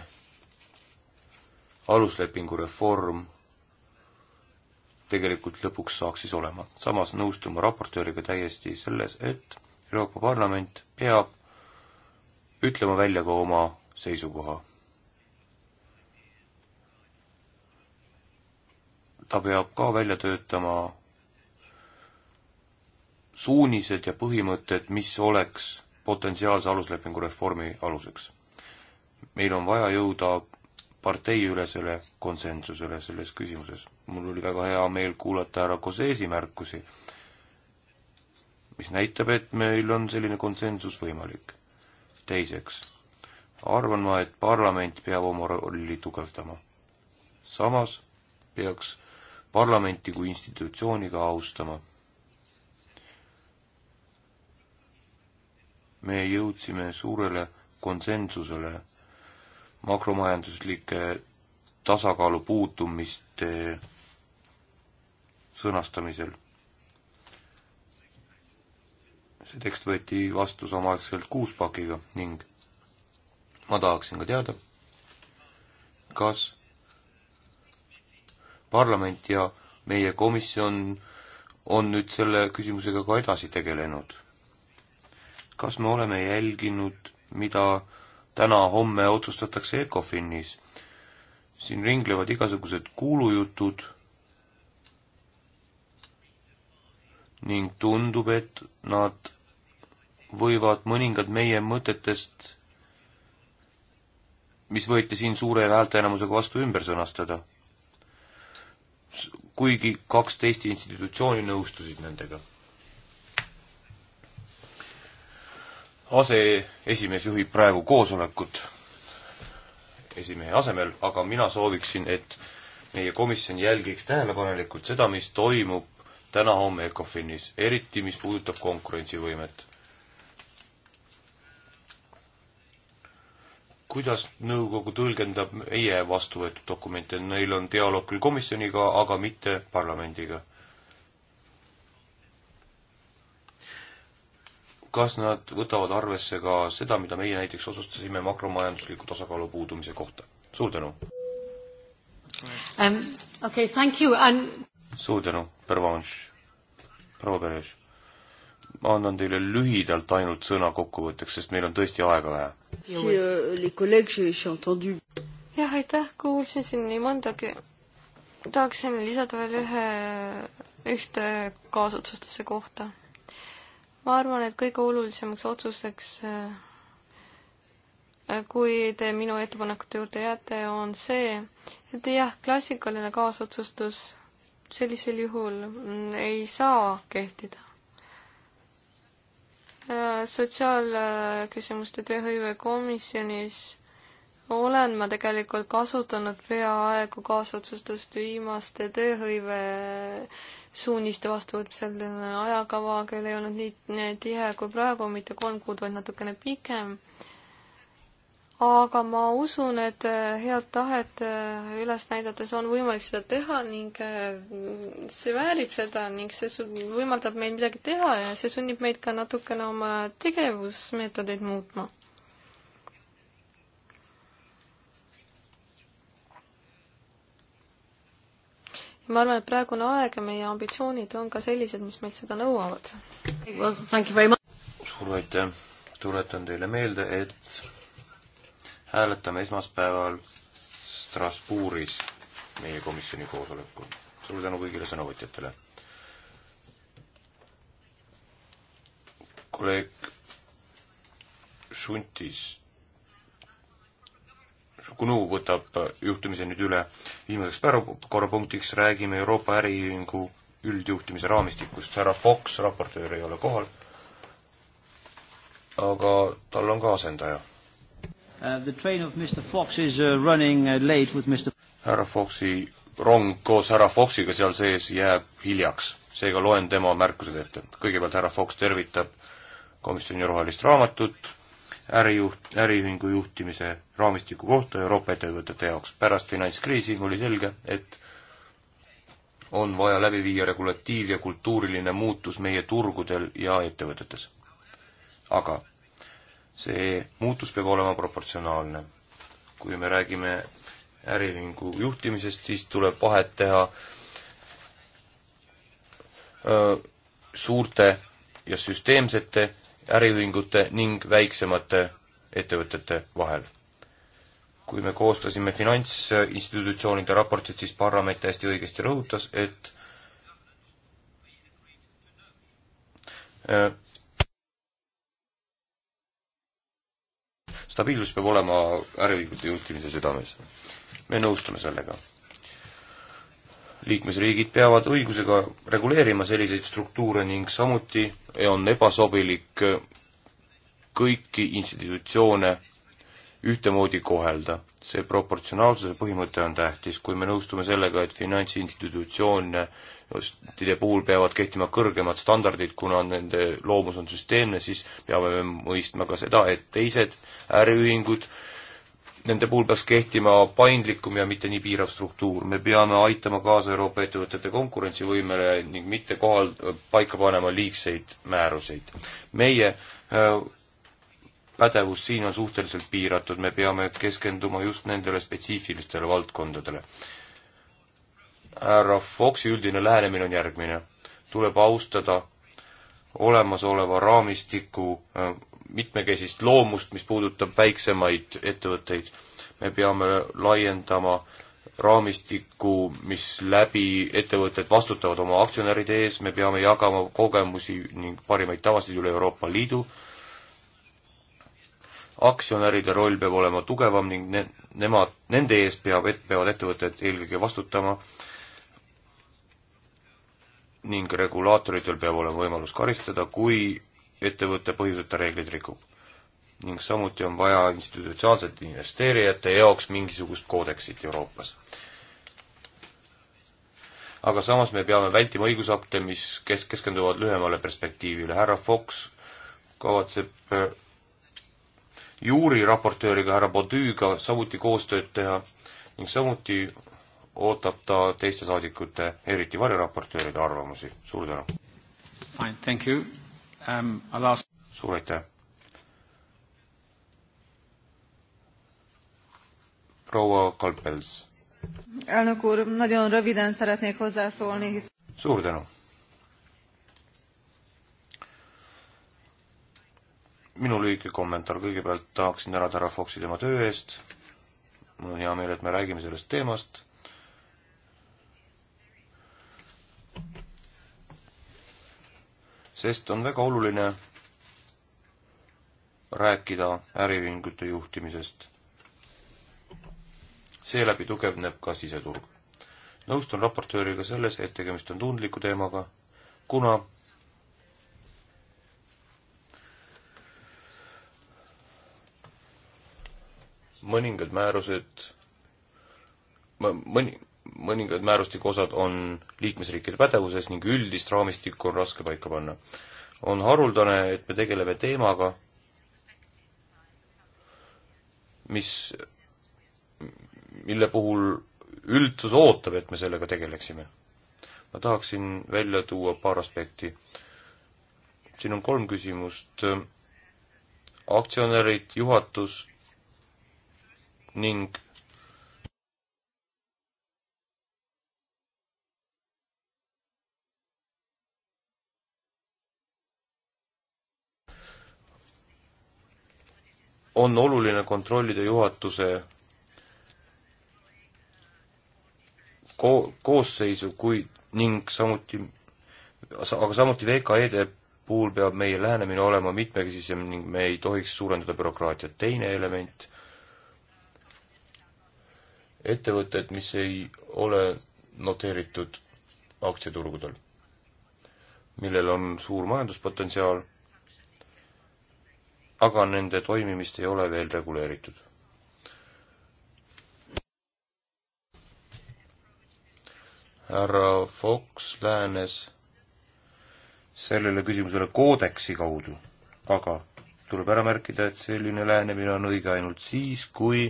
aluslepingu reform tegelikult lõpuks saaks siis olema. samas nõustun ma raportööriga täiesti selles, et Euroopa Parlament peab ütlema välja ka oma seisukoha. ta peab ka välja töötama suunised ja põhimõtted, mis oleks potentsiaalse aluslepingu reformi aluseks. meil on vaja jõuda parteiülesele konsensusele selles küsimuses. mul oli väga hea meel kuulata härra Koseesi märkusi, mis näitab, et meil on selline konsensus võimalik. teiseks, arvan ma, et parlament peab oma rolli tugevdama. samas peaks parlamenti kui institutsiooni ka austama. me jõudsime suurele konsensusele makromajanduslike tasakaalu puutumist sõnastamisel. see tekst võeti vastu samaaegselt kuuspakiga ning ma tahaksin ka teada, kas parlament ja meie komisjon on nüüd selle küsimusega ka edasi tegelenud. kas me oleme jälginud, mida täna-homme otsustatakse ECOFINis. siin ringlevad igasugused kuulujutud ning tundub, et nad võivad mõningad meie mõtetest, mis võeti siin suure häälteenamusega vastu, ümber sõnastada. kuigi kaksteist institutsiooni nõustusid nendega aseesimees juhib praegu koosolekut esimehe asemel, aga mina sooviksin, et meie komisjon jälgiks tähelepanelikult seda, mis toimub täna-homme ECOFINis, eriti mis puudutab konkurentsivõimet. kuidas nõukogu tõlgendab meie vastu võetud dokumente, neil on dialoog küll komisjoniga, aga mitte parlamendiga kas nad võtavad arvesse ka seda, mida meie näiteks otsustasime makromajandusliku tasakaalu puudumise kohta? suur tänu um,! Okay, thank you and suur tänu, Pervanš, proua Pervanš. ma annan teile lühidalt ainult sõna kokkuvõtteks, sest meil on tõesti aega vähe. Euh, jah, aitäh, kuulsin siin nii mõndagi. tahaksin lisada veel ühe, ühte kaasotsustuse kohta ma arvan, et kõige olulisemaks otsuseks, äh, kui te minu ettepanekute juurde jääte, on see, et jah, klassikaline kaasotsustus sellisel juhul mm, ei saa kehtida. Äh, sotsiaalküsimuste tööhõivekomisjonis olen ma tegelikult kasutanud peaaegu kaasotsustust viimaste tööhõive suuniste vastuvõtmisel äh, ajakava küll ei olnud nii tihe kui praegu, mitte kolm kuud, vaid natukene pikem. aga ma usun, et äh, head tahet äh, üles näidates on võimalik seda teha ning see väärib seda ning see võimaldab meil midagi teha ja see sunnib meid ka natukene oma tegevusmeetodeid muutma ma arvan, et praegune aeg ja meie ambitsioonid on ka sellised, mis meilt seda nõuavad. suur aitäh, tuletan teile meelde, et hääletame esmaspäeval Strasbourgis meie komisjoni koosolekul. suur tänu kõigile sõnavõtjatele. kolleeg Šuntis nõukogu võtab äh, juhtimise nüüd üle. viimaseks päevakorrapunktiks räägime Euroopa Äriühingu üldjuhtimise raamistikust. härra Fox, raportöör, ei ole kohal, aga tal on ka asendaja uh,. The train of Mr Fox is uh, running uh, late with Mr härra Foxi rong koos härra Foxiga seal sees jääb hiljaks, seega loen tema märkused ette. kõigepealt härra Fox tervitab komisjoni rohelist raamatut, ärijuht, äriühingu juhtimise raamistiku kohta Euroopa ettevõtete jaoks. pärast finantskriisi oli selge, et on vaja läbi viia regulatiiv- ja kultuuriline muutus meie turgudel ja ettevõtetes. aga see muutus peab olema proportsionaalne. kui me räägime äriühingu juhtimisest, siis tuleb vahet teha öö, suurte ja süsteemsete äriühingute ning väiksemate ettevõtete vahel. kui me koostasime finantsinstitutsioonide raportit, siis parlament täiesti õigesti rõhutas, et äh, stabiilsus peab olema äriühingute juhtimise südames. me nõustume sellega liikmesriigid peavad õigusega reguleerima selliseid struktuure ning samuti on ebasobilik kõiki institutsioone ühtemoodi kohelda. see proportsionaalsuse põhimõte on tähtis, kui me nõustume sellega, et finantsinstitutsioonide puhul peavad kehtima kõrgemad standardid, kuna nende loomus on süsteemne, siis peame me mõistma ka seda, et teised äriühingud äh, nende puhul peaks kehtima paindlikum ja mitte nii piirav struktuur. me peame aitama kaasa Euroopa ettevõtete konkurentsivõimele ning mitte kohal paika panema liigseid määruseid. meie äh, pädevus siin on suhteliselt piiratud, me peame keskenduma just nendele spetsiifilistele valdkondadele. härra Foxi üldine lähenemine on järgmine. tuleb austada olemasoleva raamistiku äh, mitmekesist loomust, mis puudutab väiksemaid ettevõtteid. me peame laiendama raamistikku, mis läbi ettevõtted vastutavad oma aktsionäride ees, me peame jagama kogemusi ning parimaid tavasid üle Euroopa Liidu, aktsionäride roll peab olema tugevam ning ne-, nemad, nende ees peab, et peavad ettevõtted eelkõige vastutama ning regulaatoritel peab olema võimalus karistada, kui ettevõte põhjuseta reegleid rikub. ning samuti on vaja institutsionaalsete investeerijate jaoks mingisugust koodeksit Euroopas. aga samas me peame vältima õigusakte, mis kes-, keskenduvad lühemale perspektiivile, härra Fox kavatseb äh, juuriraportööriga härra Baudüüga samuti koostööd teha ning samuti ootab ta teiste saadikute, eriti variraportööride arvamusi. suur tänu! Fine, thank you um,. Ask... suur aitäh. proua Kalpels. suur tänu. minu lühike kommentaar, kõigepealt tahaksin tänada härra Foxi tema töö eest. mul on hea meel, et me räägime sellest teemast sest on väga oluline rääkida äriühingute juhtimisest. seeläbi tugevneb ka siseturg. nõustun raportööriga selles, et tegemist on tundliku teemaga, kuna mõningad määrused, mõni, mõningad määrustiku osad on liikmesriikide pädevuses ning üldist raamistikku on raske paika panna. on haruldane, et me tegeleme teemaga, mis, mille puhul üldsus ootab, et me sellega tegeleksime. ma tahaksin välja tuua paar aspekti. siin on kolm küsimust. aktsionärid, juhatus ning on oluline kontrollida juhatuse ko-, koosseisu, kui ning samuti, aga samuti VKE-de puhul peab meie lähenemine olema mitmekesisem ning me ei tohiks suurendada bürokraatiat. teine element, ettevõtted, mis ei ole noteeritud aktsiaturgudel, millel on suur majanduspotentsiaal aga nende toimimist ei ole veel reguleeritud. härra Fox läänes sellele küsimusele koodeksi kaudu, aga tuleb ära märkida, et selline lähenemine on õige ainult siis, kui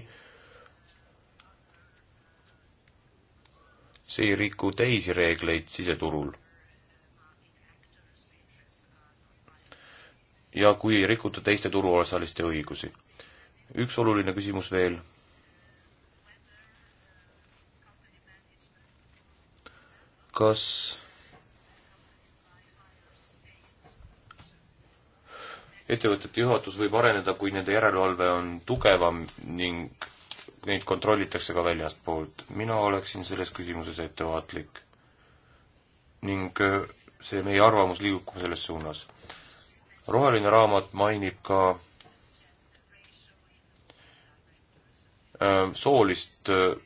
see ei riku teisi reegleid siseturul ja kui ei rikuta teiste turuosaliste õigusi. üks oluline küsimus veel. kas ettevõtete juhatus võib areneda, kui nende järelevalve on tugevam ning neid kontrollitakse ka väljastpoolt. mina oleksin selles küsimuses ettevaatlik. ning see meie arvamus liigub ka selles suunas roheline raamat mainib ka äh, soolist äh,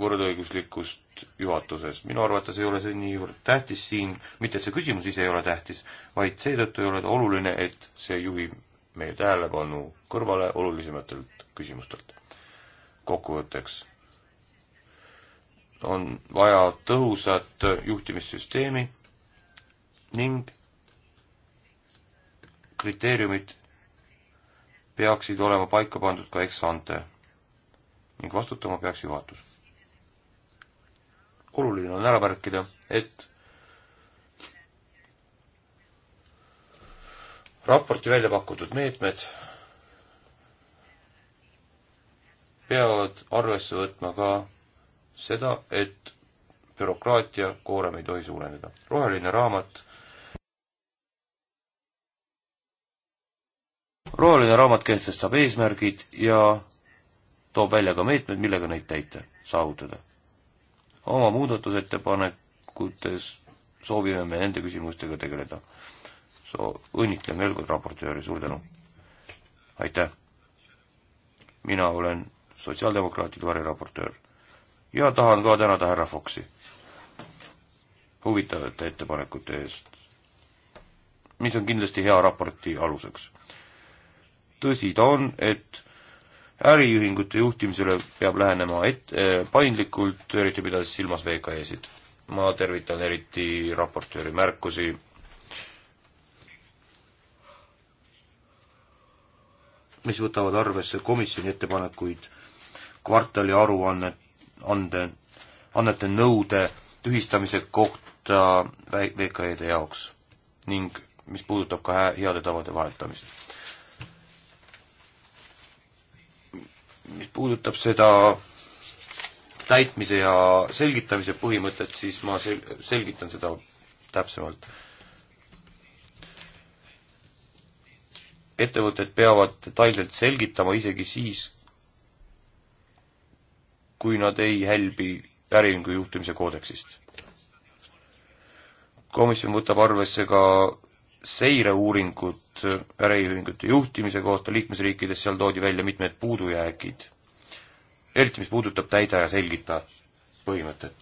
võrdõiguslikkust juhatuses. minu arvates ei ole see niivõrd tähtis siin, mitte et see küsimus ise ei ole tähtis, vaid seetõttu ei ole ta oluline, et see juhib meie tähelepanu kõrvale olulisematelt küsimustelt. kokkuvõtteks on vaja tõhusat juhtimissüsteemi ning kriteeriumid peaksid olema paika pandud ka ex-ante ning vastutama peaks juhatus. oluline on ära märkida, et raporti välja pakutud meetmed peavad arvesse võtma ka seda, et bürokraatia koorem ei tohi suureneda. roheline raamat roheline raamat kehtestab eesmärgid ja toob välja ka meetmed, millega neid täita, saavutada. oma muudatusettepanekutes soovime me nende küsimustega tegeleda. So-, õnnitlen veel kord raportööri, suur tänu! aitäh! mina olen sotsiaaldemokraatide variraportöör ja tahan ka tänada härra Foxi huvitavate ettepanekute eest, mis on kindlasti hea raporti aluseks tõsi ta on, et äriühingute juhtimisele peab lähenema et- äh,, paindlikult, eriti pidades silmas VKE-sid. ma tervitan eriti raportööri märkusi mis võtavad arvesse komisjoni ettepanekuid kvartali aruanne, ande, annete nõude tühistamise kohta VKE-de jaoks ning mis puudutab ka heade tavade vahetamist. mis puudutab seda täitmise ja selgitamise põhimõtet, siis ma sel-, selgitan seda täpsemalt. ettevõtted peavad detailselt selgitama isegi siis, kui nad ei hälbi äriühingu juhtimise koodeksist. komisjon võtab arvesse ka seireuuringud äriühingute juhtimise kohta liikmesriikides, seal toodi välja mitmed puudujäägid, eriti mis puudutab täida ja selgita põhimõtet.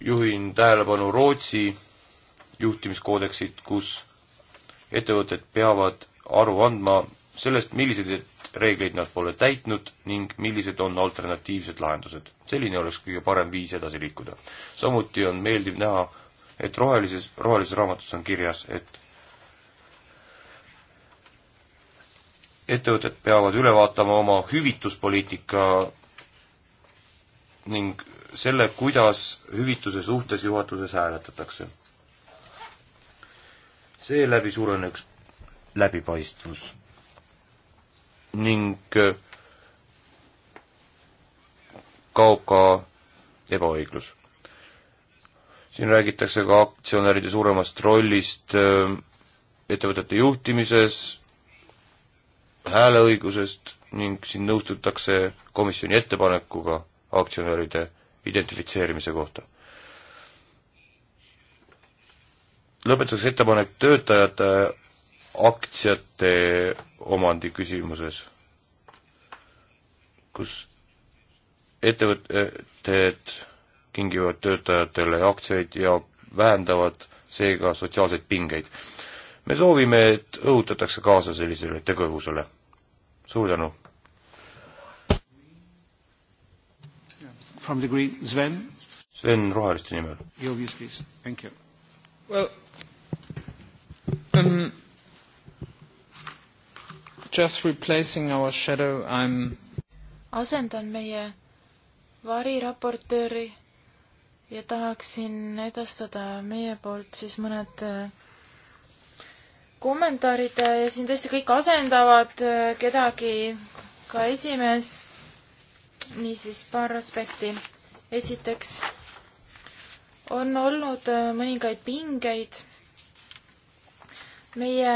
juhin tähelepanu Rootsi juhtimiskoodeksit, kus ettevõtted peavad aru andma sellest, milliseid reegleid nad pole täitnud ning millised on alternatiivsed lahendused. selline oleks kõige parem viis edasi liikuda. samuti on meeldiv näha, et rohelises, rohelises raamatus on kirjas, et ettevõtted peavad üle vaatama oma hüvituspoliitika ning selle, kuidas hüvituse suhtes juhatuses hääletatakse. seeläbi suureneks läbipaistvus ning äh, kaob ka ebaõiglus siin räägitakse ka aktsionäride suuremast rollist äh, ettevõtete juhtimises, hääleõigusest ning siin nõustutakse komisjoni ettepanekuga aktsionäride identifitseerimise kohta. lõpetuseks ettepanek töötajate aktsiate omandi küsimuses, kus ettevõtted et kingivad töötajatele aktsiaid ja vähendavad seega sotsiaalseid pingeid. me soovime, et õhutatakse kaasa sellisele tegevusele. suur tänu! From the green, Sven? Sven Roheliste nimel. Your views please, thank you. Well um,, just replacing our shadow, I am asendan meie variraportööri ja tahaksin edastada meie poolt siis mõned äh, kommentaarid ja siin tõesti kõik asendavad äh, kedagi, ka esimees. niisiis paar aspekti. esiteks on olnud äh, mõningaid pingeid meie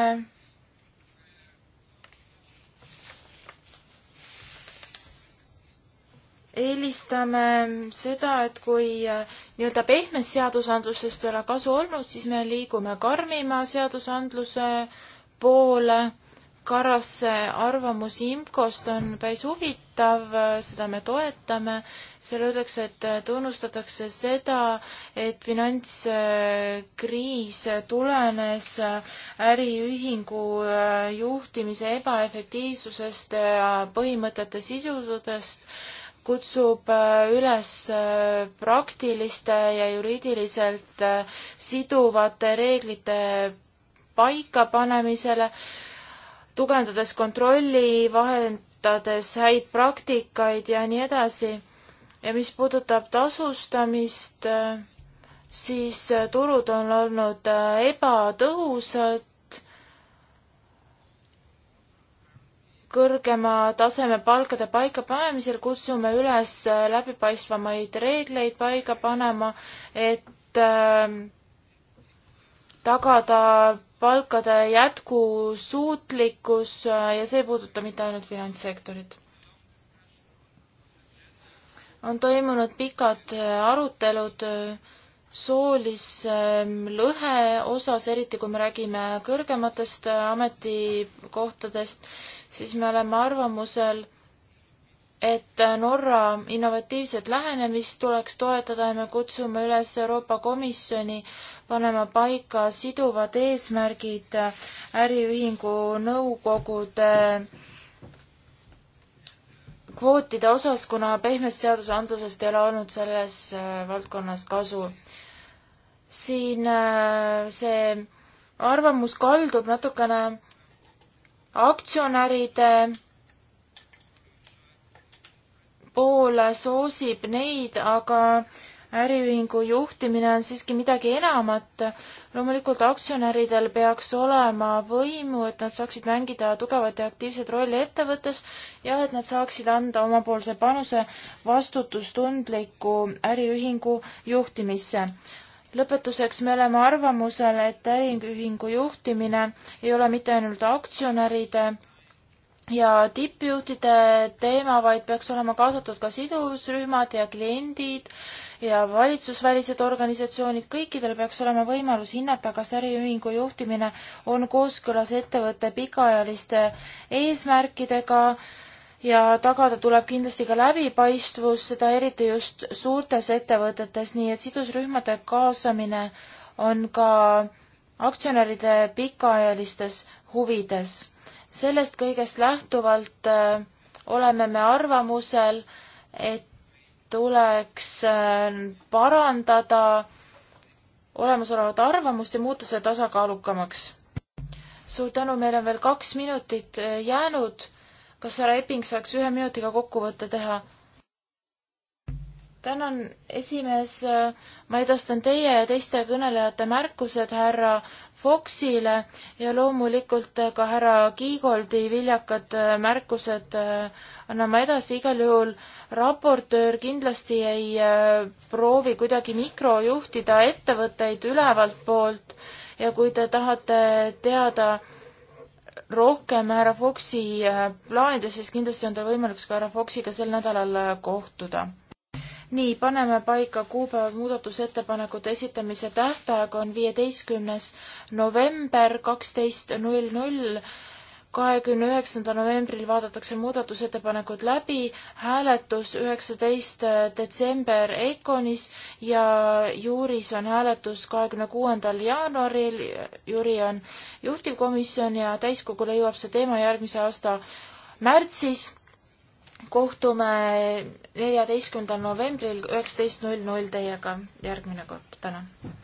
eelistame seda, et kui äh, nii-öelda pehmest seadusandlusest ei ole kasu olnud, siis me liigume karmima seadusandluse poole. Karase arvamus IMCO-st on päris huvitav, äh, seda me toetame. seal öeldakse, et äh, tunnustatakse seda, et finantskriis tulenes äriühingu juhtimise ebaefektiivsusest ja põhimõtete sisusudest kutsub äh, üles äh, praktiliste ja juriidiliselt äh, siduvate reeglite paikapanemisele, tugevdades kontrolli, vahendades häid praktikaid ja nii edasi. ja mis puudutab tasustamist, siis turud on olnud ebatõhusad kõrgema taseme palkade paikapanemisel kutsume üles äh, läbipaistvamaid reegleid paika panema, et ähm, tagada palkade jätkusuutlikkus äh, ja see ei puuduta mitte ainult finantssektorit. on toimunud pikad äh, arutelud soolise ähm, lõhe osas, eriti kui me räägime kõrgematest ametikohtadest siis me oleme arvamusel, et Norra innovatiivset lähenemist tuleks toetada ja me kutsume üles Euroopa Komisjoni panema paika siduvad eesmärgid äriühingu nõukogude kvootide osas, kuna pehmest seadusandlusest ei ole olnud selles äh, valdkonnas kasu. siin äh, see arvamus kaldub natukene aktsionäride poole soosib neid, aga äriühingu juhtimine on siiski midagi enamat. loomulikult aktsionäridel peaks olema võimu, et nad saaksid mängida tugevat ja aktiivset rolli ettevõttes ja et nad saaksid anda omapoolse panuse vastutustundliku äriühingu juhtimisse lõpetuseks me oleme arvamusel, et äriühingu juhtimine ei ole mitte ainult aktsionäride ja tippjuhtide teema, vaid peaks olema kaasatud ka sidusrühmad ja kliendid ja valitsusvälised organisatsioonid, kõikidel peaks olema võimalus hinnata, kas äriühingu juhtimine on kooskõlas ettevõtte pikaajaliste eesmärkidega äh, ja tagada tuleb kindlasti ka läbipaistvus, seda eriti just suurtes ettevõtetes, nii et sidusrühmade kaasamine on ka aktsionäride pikaajalistes huvides. sellest kõigest lähtuvalt äh, oleme me arvamusel, et tuleks äh, parandada olemasolevat arvamust ja muuta see tasakaalukamaks. suur tänu, meil on veel kaks minutit äh, jäänud kas härra Epping saaks ühe minutiga kokkuvõtte teha? tänan, esimees, ma edastan teie ja teiste kõnelejate märkused härra Foxile ja loomulikult ka härra Kiigoldi viljakad märkused annan ma edasi, igal juhul raportöör kindlasti ei äh, proovi kuidagi mikrojuhtida ettevõtteid ülevalt poolt ja kui te tahate teada, rohkem härra Foxi äh, plaanides, sest kindlasti on tal võimalik ka härra Foxiga sel nädalal äh, kohtuda. nii, paneme paika kuupäevad muudatusettepanekute esitamise tähtaeg on viieteistkümnes november kaksteist null null kahekümne üheksandal novembril vaadatakse muudatusettepanekud läbi, hääletus üheksateist detsember EKONis ja juuris on hääletus kahekümne kuuendal jaanuaril, juuri on juhtivkomisjon ja täiskogule jõuab see teema järgmise aasta märtsis. kohtume neljateistkümnendal novembril üheksateist null null teiega järgmine kord, tänan!